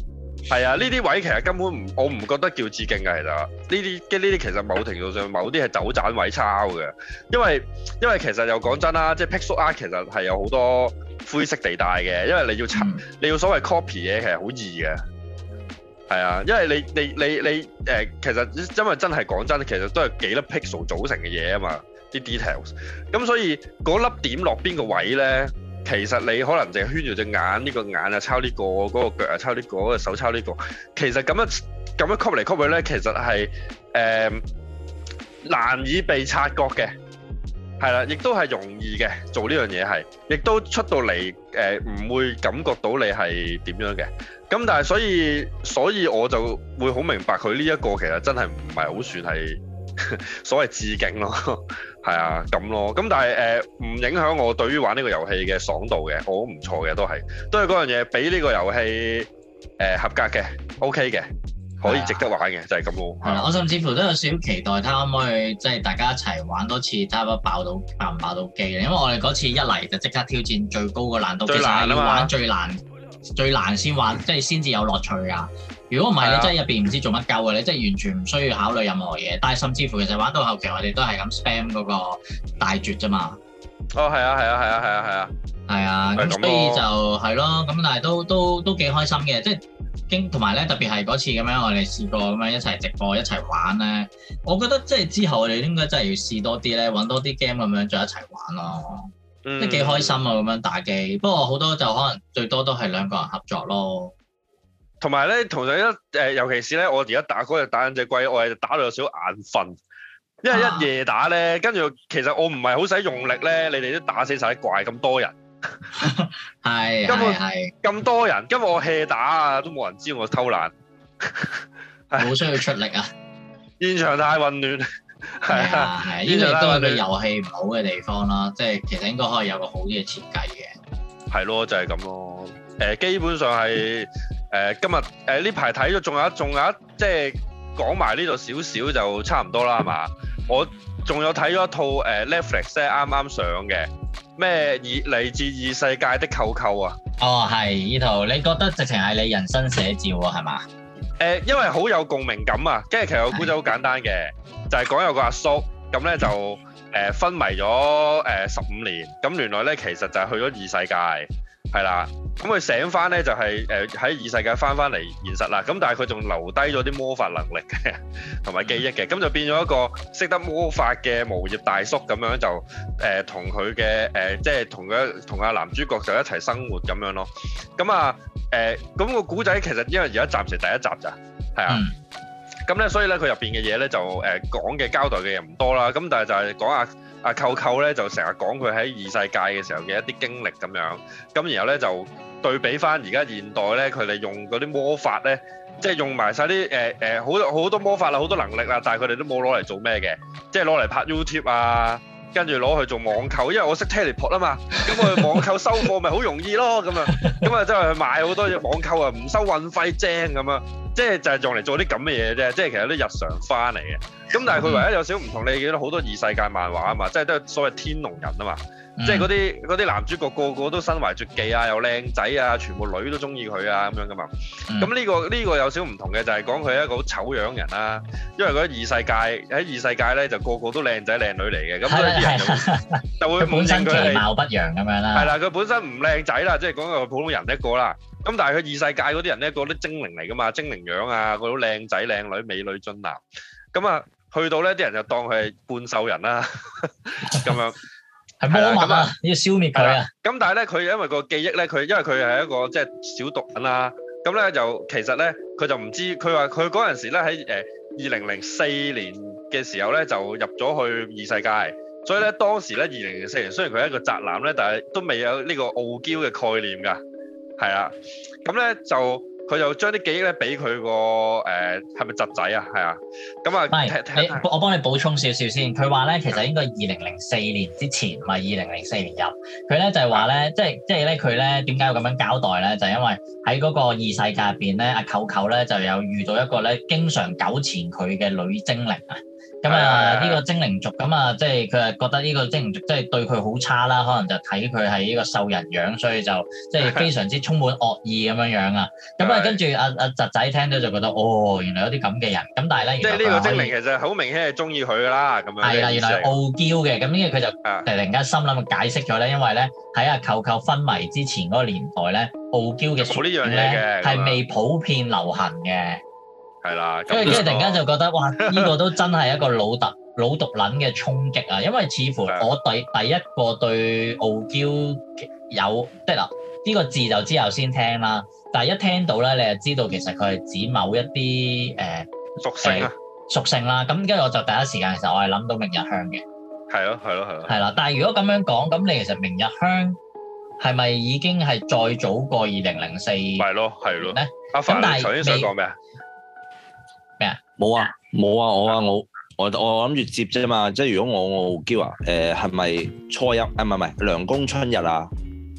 係啊，呢啲位其實根本唔，我唔覺得叫致敬㗎，其實呢啲即係呢啲其實某程度上某啲係走盞位抄嘅，因為因為其實又講真啦，即係 Pixel Art 其實係有好多灰色地帶嘅，因為你要抄你要所謂 copy 嘢其實好易嘅。係啊，因為你你你你誒，其實因為真係講真，其實都係幾粒 pixel 組成嘅嘢啊嘛，啲 details。咁所以嗰粒點落邊個位咧，其實你可能淨係圈住隻眼呢個眼啊，抄呢個嗰個腳啊，抄呢個嗰個手抄呢個。其實咁樣咁樣 copy 嚟 copy 去咧，其實係誒難以被察覺嘅，係啦，亦都係容易嘅做呢樣嘢係，亦都出到嚟誒唔會感覺到你係點樣嘅。咁但係所以所以我就會好明白佢呢一個其實真係唔係好算係 所謂致敬咯，係 啊咁咯。咁但係誒唔影響我對於玩呢個遊戲嘅爽度嘅，好唔錯嘅都係都係嗰樣嘢俾呢個遊戲誒、呃、合格嘅，OK 嘅可以值得玩嘅、啊、就係咁咯。係啦、
啊，啊、我甚至乎都有少期待睇可唔可以即係、就係、大家一齊玩多次睇下爆到爆唔爆到機嘅，因為我哋嗰次一嚟就即刻挑戰最高個難度，其實要玩最難。最難先玩，即係先至有樂趣啊。如果唔係，你真係入邊唔知做乜鳩㗎，你真係完全唔需要考慮任何嘢。但係甚至乎其實玩到後期，我哋都係咁 spam 嗰個大絕啫嘛。哦，係啊，係啊，係啊，係啊，係啊，係啊。咁所以就係咯。咁、嗯啊、但係都都都，都幾開心嘅。即係經同埋咧，特別係嗰次咁樣，我哋試過咁樣一齊直播一齊玩咧。我覺得即係之後我哋應該真係要試多啲咧，揾多啲 game 咁樣再一齊玩咯。都幾開心啊，咁樣打機。不過我好多就可能最多都係兩個人合作咯。
同埋咧，同時咧，誒，尤其是咧，我而家打嗰隻打兩隻怪，我係打到有少少眼瞓，因為一夜打咧，跟住其實我唔係好使用力咧。你哋都打死晒啲怪，咁多人，係，根本係咁多人，因為我 hea 打啊，都冇人知我偷懶，冇需要出力啊，現場太混亂。係啊，呢度都係個遊戲
唔好嘅地方咯，你即係其實應該可以有個好嘅設計嘅。
係咯，就係咁咯。誒、呃，基本上係誒、呃、今日誒呢排睇咗，仲有一仲有一，即係講埋呢度少少就差唔多啦，係嘛？我仲有睇咗一套誒、呃、Netflix 啱啱上嘅咩異，《嚟自異世界的舅舅》啊。
哦，係呢套，你覺得直情係你人生寫照啊？係嘛？誒、呃，因為
好有共鳴感啊，跟住其實個故仔好簡單嘅，就係、是、講有個阿叔，咁咧就誒、呃、昏迷咗誒十五年，咁原來咧其實就係去咗異世界。係啦，咁佢醒翻咧就係誒喺異世界翻翻嚟現實啦，咁但係佢仲留低咗啲魔法能力嘅，同埋記憶嘅，咁就變咗一個識得魔法嘅無業大叔咁樣，就誒同佢嘅誒即係同佢同阿男主角就一齊生活咁樣咯，咁啊誒咁個古仔其實因為而家暫時第一集咋，係啊，咁咧所以咧佢入邊嘅嘢咧就誒講嘅交代嘅嘢唔多啦，咁但係就係講下。阿、啊、扣扣咧就成日講佢喺異世界嘅時候嘅一啲經歷咁樣，咁然後咧就對比翻而家現代咧，佢哋用嗰啲魔法咧，即係用埋晒啲誒誒好多好多魔法啦，好多能力啦，但係佢哋都冇攞嚟做咩嘅，即係攞嚟拍 YouTube 啊，跟住攞去做網購，因為我識 teleport 啊嘛，咁我去網購收貨咪好 容易咯，咁啊，咁啊即係去買好多嘢，網購啊唔收運費正咁啊！即係就係用嚟做啲咁嘅嘢啫，即係其實都日常翻嚟嘅。咁但係佢唯一有少少唔同，你見到好多異世界漫畫啊嘛，即係都係所謂天龍人啊嘛。即係嗰啲嗰啲男主角個個都身懷絕技啊，又靚仔啊，全部女都中意佢啊，咁樣噶嘛。咁呢個呢個有少唔同嘅就係講佢係一個好醜樣人啦。因為嗰異世界喺異世界咧就個個都靚仔靚女嚟嘅。咁啲人就會本身其貌不揚咁樣啦。係啦，佢本身唔靚仔啦，即係講個普通人一個啦。咁但係佢異世界嗰啲人咧，嗰啲精靈嚟噶嘛，精靈樣啊，嗰種靚仔靚女、美女俊男。咁啊，去到咧啲人就當佢係半獸人啦，咁樣。
係魔物啊，要消滅佢啊！
咁但係咧，佢因為個記憶咧，佢因為佢係一個即係小毒品啦，咁咧就其實咧，佢就唔知，佢話佢嗰陣時咧喺誒二零零四年嘅時候咧就入咗去異世界，所以咧當時咧二零零四年雖然佢係一個宅男咧，但係都未有呢個傲嬌嘅概念噶，係啊，咁咧就。佢又將啲記憶咧俾佢個誒
係咪侄仔啊？係啊，咁啊，翻係我幫你補充少少先。佢話咧，其實應該二零零四年之前，唔係二零零四年入。佢咧就係話咧，即係即係咧，佢咧點解要咁樣交代咧？就係因為喺嗰個異世界入邊咧，阿舅舅咧就有遇到一個咧經常糾纏佢嘅女精靈啊。咁啊，呢、嗯、個精靈族，咁、嗯、啊，即係佢係覺得呢個精靈族即係對佢好差啦，可能就睇佢係呢個獸人樣，所以就即係非常之充滿惡意咁樣樣是是、嗯、啊。咁啊，跟住阿阿侄仔聽到就覺得，哦，原來有啲咁嘅人。咁但係咧，即係呢個精靈其
實好明顯係中意佢噶啦。咁啊，係啦，原來,原來傲
嬌嘅。咁呢個佢就突然間心諗解釋咗咧，因為咧喺阿舅舅昏迷之前嗰個年代咧，傲嬌嘅呢樣嘢係未普遍流行嘅。係啦，跟住跟住突然間就覺得，哇！呢、這個都真係一個老特 老毒撚嘅衝擊啊！因為似乎我第第一個對傲嬌有，即係嗱呢個字就之後先聽啦。但係一聽到咧，你就知道其實佢係指某一啲誒、呃、屬性、啊呃、屬性啦。咁跟住我就第一時間嘅時候，其實我係諗到明日香嘅。係
咯，係咯，係咯。係啦，
但係如果咁樣講，咁你其實明日香係咪已經係再早過二零零四？係咯，係咯。阿但你想講咩啊？
冇啊，冇啊，我啊，啊我我我諗住接啫嘛，即係如果我我叫啊，誒係咪初一啊？唔係唔係，涼宮春日啊？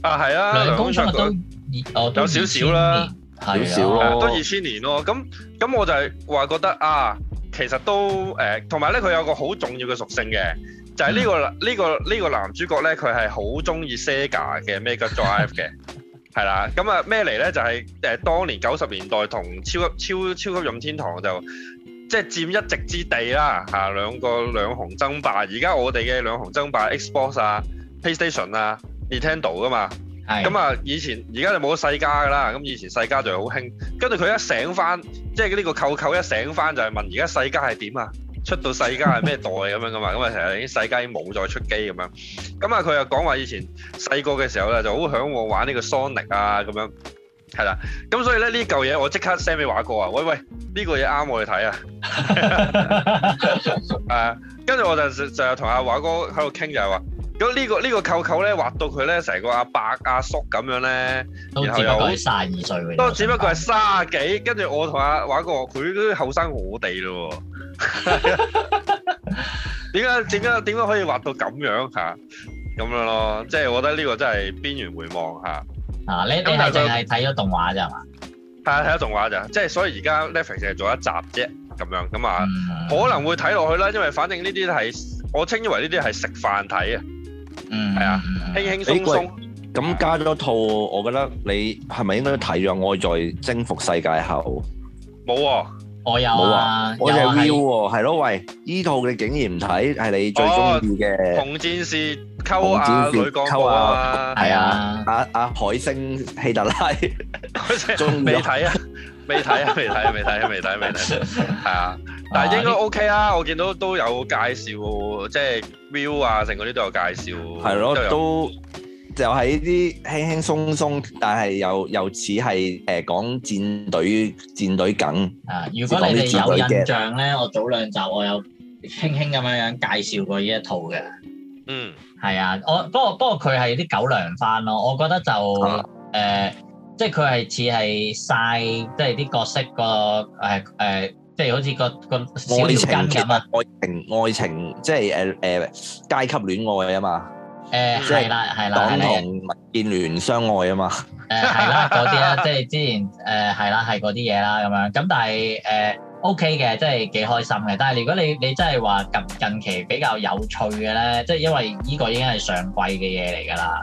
啊係啊，涼宮、啊、春日，春日都、哦、有少少啦，年少少咯、啊，都二千年咯。咁咁我就係話覺得啊，其實都誒，同埋咧佢有，呢有個好重要嘅屬性嘅，就係、是、呢、這個呢、嗯這個呢、這個這個男主角咧，佢係好中意 Sega 嘅 Megadrive 嘅。Make 係啦，咁啊咩嚟咧？就係誒當年九十年代同超級超超級任天堂就即係佔一席之地啦。嚇，兩個兩雄爭霸。而家我哋嘅兩雄爭霸，Xbox 啊，PlayStation 啊 Nintendo 噶嘛。係。咁啊，以前而家就冇咗世嘉啦。咁以前世嘉就好興，跟住佢一醒翻，即係呢個舅舅一醒翻就係問：而家世嘉係點啊？出到世界係咩代咁樣㗎嘛？咁啊，其實已經世界已經冇再出機咁樣。咁啊，佢又講話以前細個嘅時候咧，就好享樂玩呢個 Sonic 啊咁樣。係啦，咁所以咧呢嚿嘢我即刻 send 俾華哥啊！喂喂，呢個嘢啱我哋睇啊！啊，跟住我就就係同阿華哥喺度傾，就係話，咁呢個呢個舅舅咧，畫到佢咧成個阿伯阿叔咁樣咧，然後又三十
二歲，都只不
過係三十幾。跟住我同阿華哥，佢都後生我哋咯。點解點解點解可以畫到咁樣吓？咁樣咯，即係我覺得呢個真係邊緣回望吓。
啊，你你係淨係睇咗動畫咋係嘛？
係啊，睇咗動畫咋，即係所以而家 Netflix 淨係做一集啫，咁樣咁啊，可能會睇落去啦，因為反正呢啲係我稱之為呢啲係食飯睇啊，係
啊，輕輕鬆鬆。咁加咗套，我覺得你係咪應該睇咗《愛在征服世界後》？
冇。我有，我又係，
係咯，喂，呢套你竟然唔睇？係你最中意嘅《紅
戰士》，溝啊，女角溝啊，係啊，
阿阿海星希特拉，
仲未睇啊，
未睇啊，未睇啊，未睇啊，未
睇，係啊，但係應該 OK 啦，我見到都有介紹，即係 view 啊，成嗰啲都有介紹，係咯，都。
又喺啲輕輕鬆鬆，但係又又似係誒講戰隊戰隊梗。
啊，如果你哋有印象咧，我早兩集我有輕輕咁樣樣介紹過呢一套嘅。嗯，係啊，我不過不過佢係啲狗糧番咯。我覺得就誒、啊呃，即係佢係似係晒，即係啲角色、個誒誒、呃，即係好似、個、個愛情劇，
愛情愛情，即係誒誒階級戀愛啊嘛。
誒，係啦、呃，係啦，同
民建聯相愛啊嘛 、
呃。誒，係、呃、啦，嗰啲啦，即係之前誒，係、呃、啦，係嗰啲嘢啦，咁樣。咁但係誒，OK 嘅，即係幾開心嘅。但係如果你你真係話近近期比較有趣嘅咧，即係因為呢個已經係上季嘅嘢嚟㗎啦，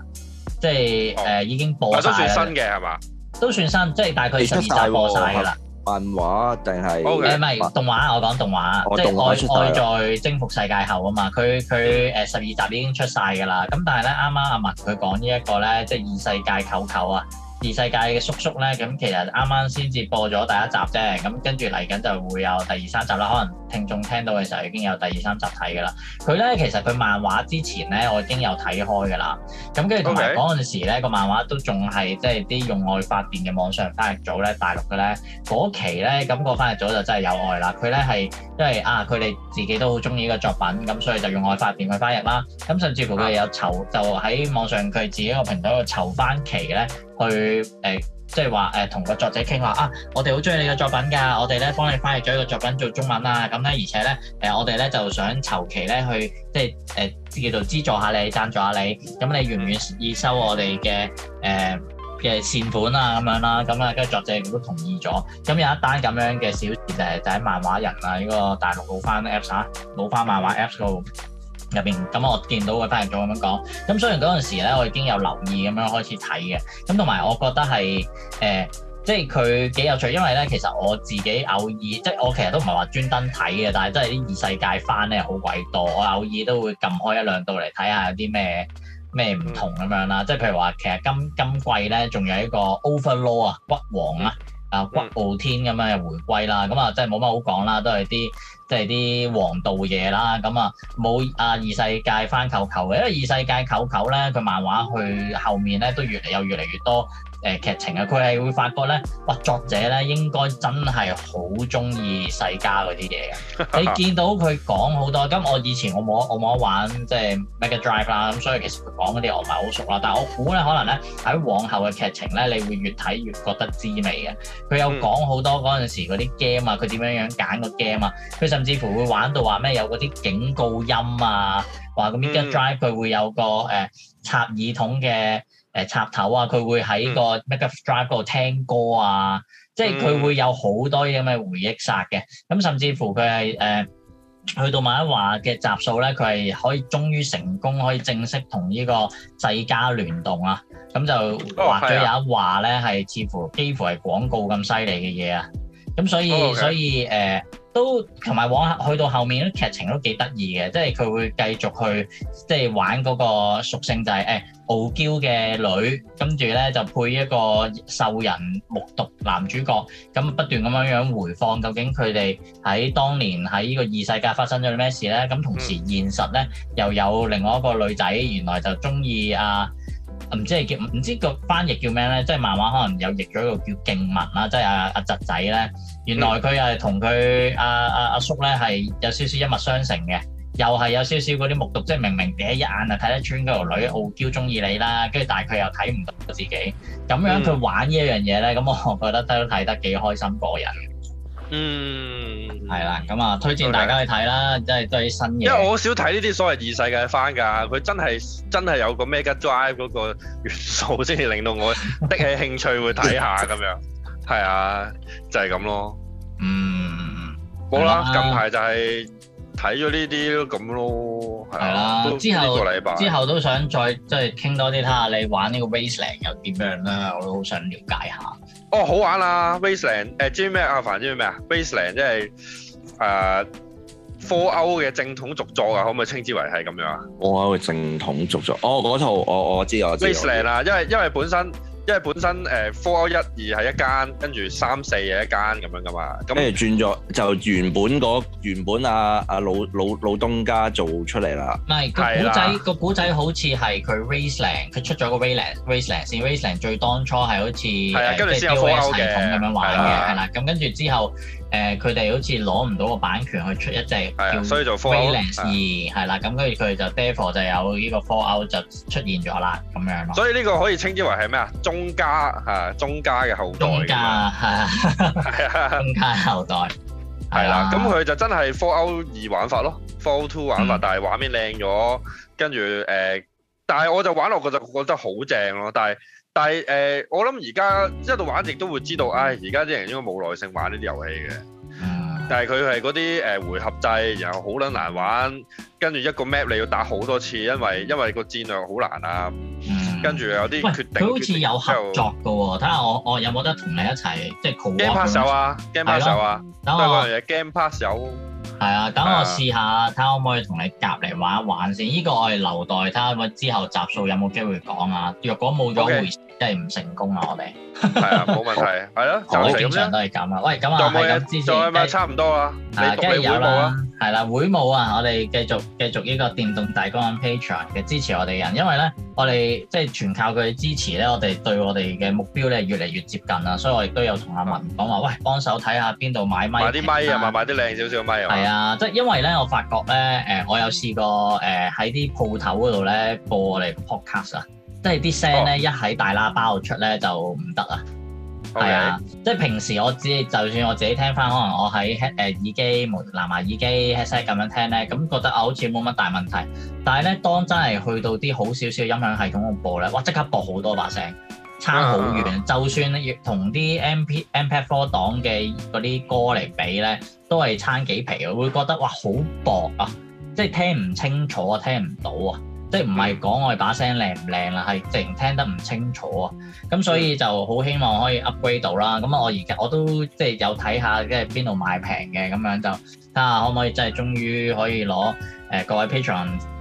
即係誒、呃、已經播曬，都算新嘅，係嘛？都算新，即係吧大概十二集播晒㗎啦。嗯
漫畫定係誒，唔係 Okay,、呃、動畫，
我講動畫，哦、即係愛愛在征服世界後啊嘛，佢佢誒十二集已經出晒噶啦，咁但係咧啱啱阿文佢講呢一個咧，即係異世界舅舅啊。異世界嘅叔叔咧，咁其實啱啱先至播咗第一集啫。咁跟住嚟緊就會有第二三集啦。可能聽眾聽到嘅時候已經有第二三集睇㗎啦。佢咧其實佢漫畫之前咧，我已經有睇開㗎啦。咁跟住同埋嗰陣時咧，個漫畫都仲係即係啲用愛發電嘅網上翻譯組咧，大陸嘅咧嗰期咧，咁個翻譯組就真係有愛啦。佢咧係因為啊，佢哋自己都好中意呢個作品，咁所以就用愛發電去翻譯啦。咁甚至乎佢哋有籌就喺網上佢自己個平台度籌翻期咧。去誒、呃，即係話誒，同、呃、個作者傾話啊，我哋好中意你嘅作品㗎，我哋咧幫你翻譯咗一個作品做中文啊，咁咧而且咧誒、呃，我哋咧就想求其咧去，即係誒叫做資助下你，贊助下你，咁你願唔願意收我哋嘅誒嘅善款啊咁樣啦，咁啊跟住作者亦都同意咗，咁有一單咁樣嘅小事誒、就係，就喺、係、漫畫人啊呢、呢個大陸老翻 Apps 啊，老翻漫畫 Apps 度。入邊咁，面我見到佢翻譯咗，咁樣講，咁雖然嗰陣時咧，我已經有留意咁樣開始睇嘅，咁同埋我覺得係誒、呃，即係佢幾有趣，因為咧其實我自己偶爾即係我其實都唔係話專登睇嘅，但係真係啲異世界翻咧好鬼多，我偶爾都會撳開一兩度嚟睇下有啲咩咩唔同咁樣啦，即係譬如話其實今今季咧仲有一個 Overlord 啊，骨王啦，啊骨傲天咁樣嘅回歸啦，咁啊真係冇乜好講啦，都係啲。即係啲黃道嘢啦，咁啊冇啊。二世界翻舅舅嘅，因為二世界舅舅咧，佢漫畫去後面咧都越嚟有越嚟越多。誒劇情啊，佢係會發覺咧，哇！作者咧應該真係好中意世嘉嗰啲嘢嘅。 你見到佢講好多，咁我以前我冇我冇得玩即係 Megadrive 啦，咁所以其實佢講嗰啲我唔係好熟啦。但係我估咧，可能咧喺往後嘅劇情咧，你會越睇越覺得滋味嘅。佢有講好多嗰陣時嗰啲 game 啊，佢點樣樣揀個 game 啊，佢甚至乎會玩到話咩有嗰啲警告音啊，話個 Megadrive 佢會有個誒、 呃、插耳筒嘅。誒、呃、插頭啊，佢會喺個 Mega Drive 度聽歌啊，嗯、即係佢會有好多咁嘅回憶殺嘅，咁甚至乎佢係誒去到某一話嘅集數咧，佢係可以終於成功可以正式同呢個世嘉聯動啊，咁就畫咗有一話咧係、哦啊、似乎幾乎係廣告咁犀利嘅嘢啊，咁所以、哦 okay。所以誒。呃都同埋往去到後面啲劇情都幾得意嘅，即係佢會繼續去即係玩嗰個屬性就係誒傲嬌嘅女，跟住呢就配一個獸人木獨男主角，咁不斷咁樣樣回放究竟佢哋喺當年喺呢個異世界發生咗啲咩事呢？咁同時現實呢，又有另外一個女仔，原來就中意啊，唔知係叫唔知個翻譯叫咩呢？即係漫畫可能有譯咗個叫仲文啦，即係阿阿侄仔呢。原來佢係同佢阿阿阿叔咧係有少少一脈相承嘅，又係有少少嗰啲目睹，即係明明第一眼就睇得穿嗰條女傲嬌中意你啦，跟住但係佢又睇唔到自己，咁樣佢玩呢一樣嘢咧，咁我覺得都睇得幾開心過癮。嗯，係啦，咁啊推薦大家去睇啦，即係都係新嘢。因為我好少睇呢啲所謂異世界番
㗎，佢真係真係有個 Mega Drive 嗰個元素先至令到我的起興趣會睇下咁樣。係啊，就係、是、咁咯。嗯，好啦吧。啊、近排就係睇咗呢啲咁咯。係啊，到 之後個禮拜之後
都想再即係傾多啲睇下你玩個呢個 Wasteland 又點樣啦。我都好想了解下。
哦，好玩啦、啊、，Wasteland。誒、呃，知咩啊？阿凡知咩啊 Wasteland 即係誒 Fallout 嘅正統續作啊？嗯、可唔可以稱之為係咁樣
啊 Fallout 正統續作。哦，嗰套我我知我知。我知 Wasteland 啦，
因為因為本身。因為本身誒 Four 一二係一間，跟住三四係一間咁樣噶嘛，咁跟
住轉咗就原本嗰、那個、原本阿、啊、阿、啊、老老老東家做出嚟啦。唔係個古仔
個古仔好似係佢 Wasteland 佢出咗個 Wasteland Wasteland 先 Wasteland 最當初係好似即係 DOS 系統咁樣玩嘅，係啦，咁 跟住之後。誒佢哋好似攞唔到個版權去出一隻，所以就 Four Out 二》，係啦，咁跟住佢哋就 default 就有呢個 Four Out 就出現咗啦，咁樣咯。所
以呢個可以稱之為係咩啊？中家嚇，中家嘅後代。中家係啊，的 中家後代係啦，咁佢就真係 Four Out 二玩法咯，Four Two 玩法，玩法嗯、但係畫面靚咗，跟住誒，但係我就玩落個就覺得好正咯，但係。但係誒、呃，我諗而家一路玩，亦都會知道，唉、哎，而家啲人應該冇耐性玩呢啲遊戲嘅。嗯、但係佢係嗰啲誒回合制，然後好撚難玩，跟住一個 map 你要打好多次，因為因為個戰略好難啊。跟住、嗯、有啲決定，好似有合作
嘅喎。睇下我我有冇得同你一齊即係 call game partner 啊
！game partner 啊！等我 game partner
係啊，等我試下，睇下可唔可以同你夾嚟玩一玩先。呢個我哋留待睇下，咁之後集數有冇機會講啊？若果冇咗，回即係唔成功啦，我哋。係
啊，冇問題，係啊，就我經常都
係咁啊。喂，咁啊，係咁支持。就係差唔多啊？係，跟住有啦，係啦，會冇啊？我哋繼續繼續呢個電動大 GO 玩同 Patreon 嘅支持我哋人，因為咧，我哋即係全靠佢支持咧，我哋對我哋嘅目標咧越嚟越接近啊，所以我亦都有同阿文講話，喂，幫手睇下邊度買咪，買啲咪啊
嘛，買啲靚少少嘅咪啊。係啊，
即係因為咧，我發覺咧，誒、呃，我有試過誒喺啲鋪頭嗰度咧播我哋個 podcast 啊，即係啲聲咧一喺大喇叭度出咧就唔得啊，係啊，即係平時我只就算我自己聽翻，可能我喺誒耳機、藍牙耳機 headset 咁樣聽咧，咁覺得啊好似冇乜大問題，但係咧當真係去到啲好少少音響系統度播咧，哇即刻播好多把聲。差好遠，啊、就算要同啲 MP、MP4 檔嘅嗰啲歌嚟比咧，都係差幾皮啊！會覺得哇，好薄啊，即係聽唔清楚啊，聽唔到啊，即係唔係講我哋把聲靚唔靚啦，係直情聽得唔清楚啊！咁所以就好希望可以 upgrade 到啦。咁啊，我而家我都即係有睇下，即係邊度買平嘅，咁樣就睇下可唔可以即係終於可以攞誒、呃、各位 Patron。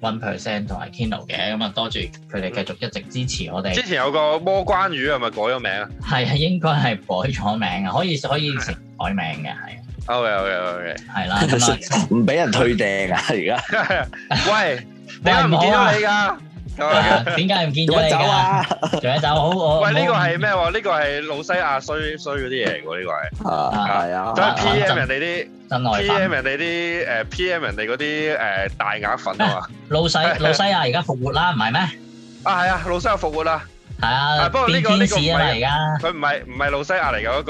One percent 同埋 Keno 嘅，咁啊多謝佢哋繼續一直支
持我哋。之前有個魔關魚係咪改咗名啊？
係啊，應該係改咗名啊。可以可以改名嘅係。
Okay, okay, okay。係啦，
唔俾人退訂啊！而家，
喂，你唔好嚟㗎。
點解唔見咗你嘅？仲喺度好我。喂，呢個係咩？呢個係老西亞衰衰嗰啲嘢嚟嘅喎，呢個係。啊，係啊。再 P.M. 人哋啲，P.M. 人哋啲，誒 P.M. 人哋嗰啲誒大額粉啊嘛。老
西老西亞而家復活啦，唔
係咩？啊，係啊，老西亞復活啦。係啊。不過呢個呢個唔係而家。佢唔係唔係老西亞嚟嘅嗰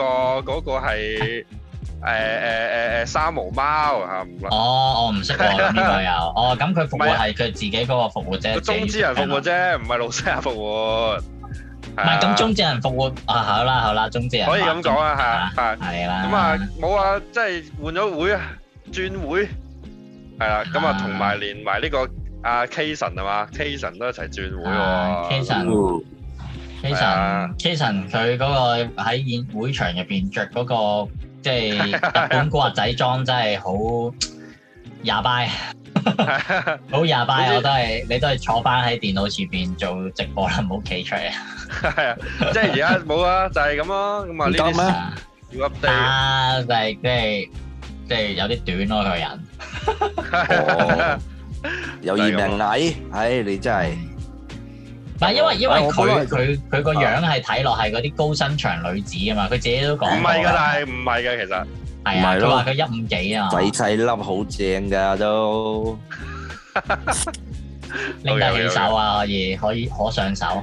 個嗰個係。誒誒誒誒，三毛貓嚇唔？哦，我唔識喎，呢個又，
哦，咁佢服務係佢
自己嗰個服務啫，中之人服務啫，唔係老師阿服務。唔係咁中之
人服務，好啦好啦，中之人可以咁講啊嚇，
係啦。咁啊，冇啊，即係換咗會啊，轉會係啦。咁啊同埋連埋呢個阿 Kason 係嘛，Kason 都
一齊轉會喎。Kason，Kason，Kason 佢嗰個喺演會場入邊著嗰個。即係日本古惑仔裝真係好廿拜，好廿拜我都係你都係坐翻喺電腦前面做直播啦，唔好企出嚟
啊！即係而家冇啊，就係咁
咯。咁啊呢啲要 update 啊，就係即係即係有啲短咯，佢、那個人
有二名禮，唉、 哎、你真係。
唔係因為因為佢佢佢個樣係睇落係嗰啲高身長女子啊嘛，佢自己都講唔係噶，但係唔係噶，其實係啊，佢話佢一五幾啊嘛，仔
細粒好正噶都拎得起手
啊嘢可以可上手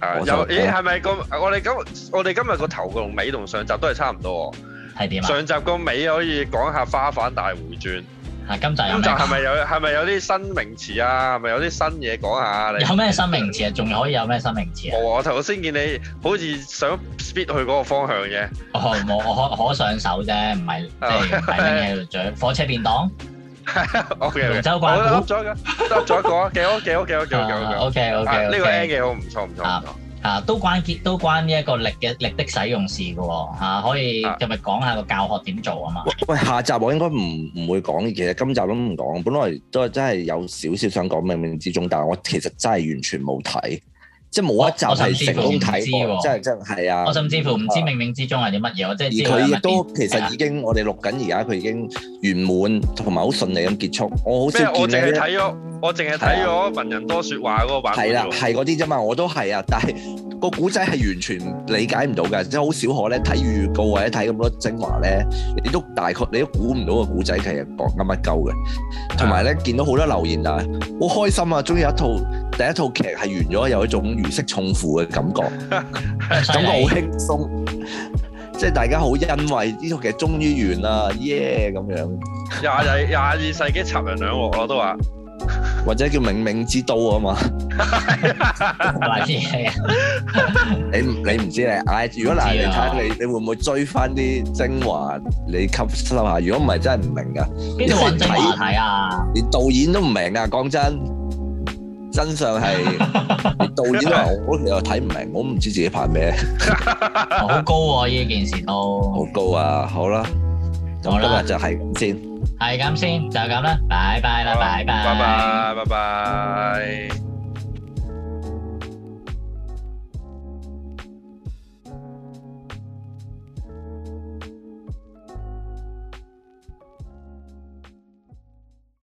啊，又咦係
咪個我哋今我哋今日個頭同尾同上集都係差唔多，係點啊？上集個尾可以講下花粉大回轉。
啊，今集今集係咪
有係咪有啲新名詞啊？係咪有啲新嘢講下？有咩
新名詞啊？仲可以有咩新名詞
啊？我我頭先見你，好似想 speed 去嗰個
方向啫。我我可可上手啫，唔係即係咩？著火車便當。我嘅潮州話，我噏咗
嘅，噏咗一個啊！幾好幾好幾好幾好幾好幾好！OK OK OK，呢個 A 嘅好唔錯唔錯唔錯。
啊，都關鍵，都關呢一個力嘅力的使用事嘅喎、哦啊，可以，今日講下個教學點做啊
嘛。喂，下集我應該唔唔會講，其實今集都唔講，本來都係真係有少少想講冥冥之中，但係我其實真係完全冇睇。即係冇一集係成功睇，即係真係係啊！我甚至乎唔知
冥冥，哦啊、之中係啲乜嘢，即係佢亦都其實已
經，我哋錄緊而家佢已經圓滿同埋好順利咁結束。我好少見你。我淨係睇咗，
我淨係睇咗《啊、
文人多説話》嗰個話題。係啦，啊，係
嗰啲啫嘛，我都係啊，但係。個古仔係完全理解唔到㗎，即係好少可咧睇預告或者睇咁多精華咧，你都大概你都估唔到個古仔其實講緊乜鳩嘅。同埋咧，見到好多留言啊，好開心啊！終於有一套第一套劇係完咗，有一種如釋重負嘅感覺，
感覺好輕鬆。
即係 大家好欣慰，呢套劇終於完啦，耶咁、 yeah，樣。
廿廿廿二世紀尋人兩個我都話。或者叫
冥冥之都
啊嘛， 你你唔知你咧，如果嗱你
睇你，
你會唔會追翻啲精華，你吸收下？如果唔係，真係唔明噶。邊度話精華睇啊？連導演都唔明啊。講真，真相係， 你導演啊，我其實又睇唔明，我唔知自己拍咩。
好 高啊！呢件事都好
高啊！好啦，咁今日就係咁先。
係咁先，就咁啦，拜拜啦，好拜，拜，拜拜，拜拜，
拜拜。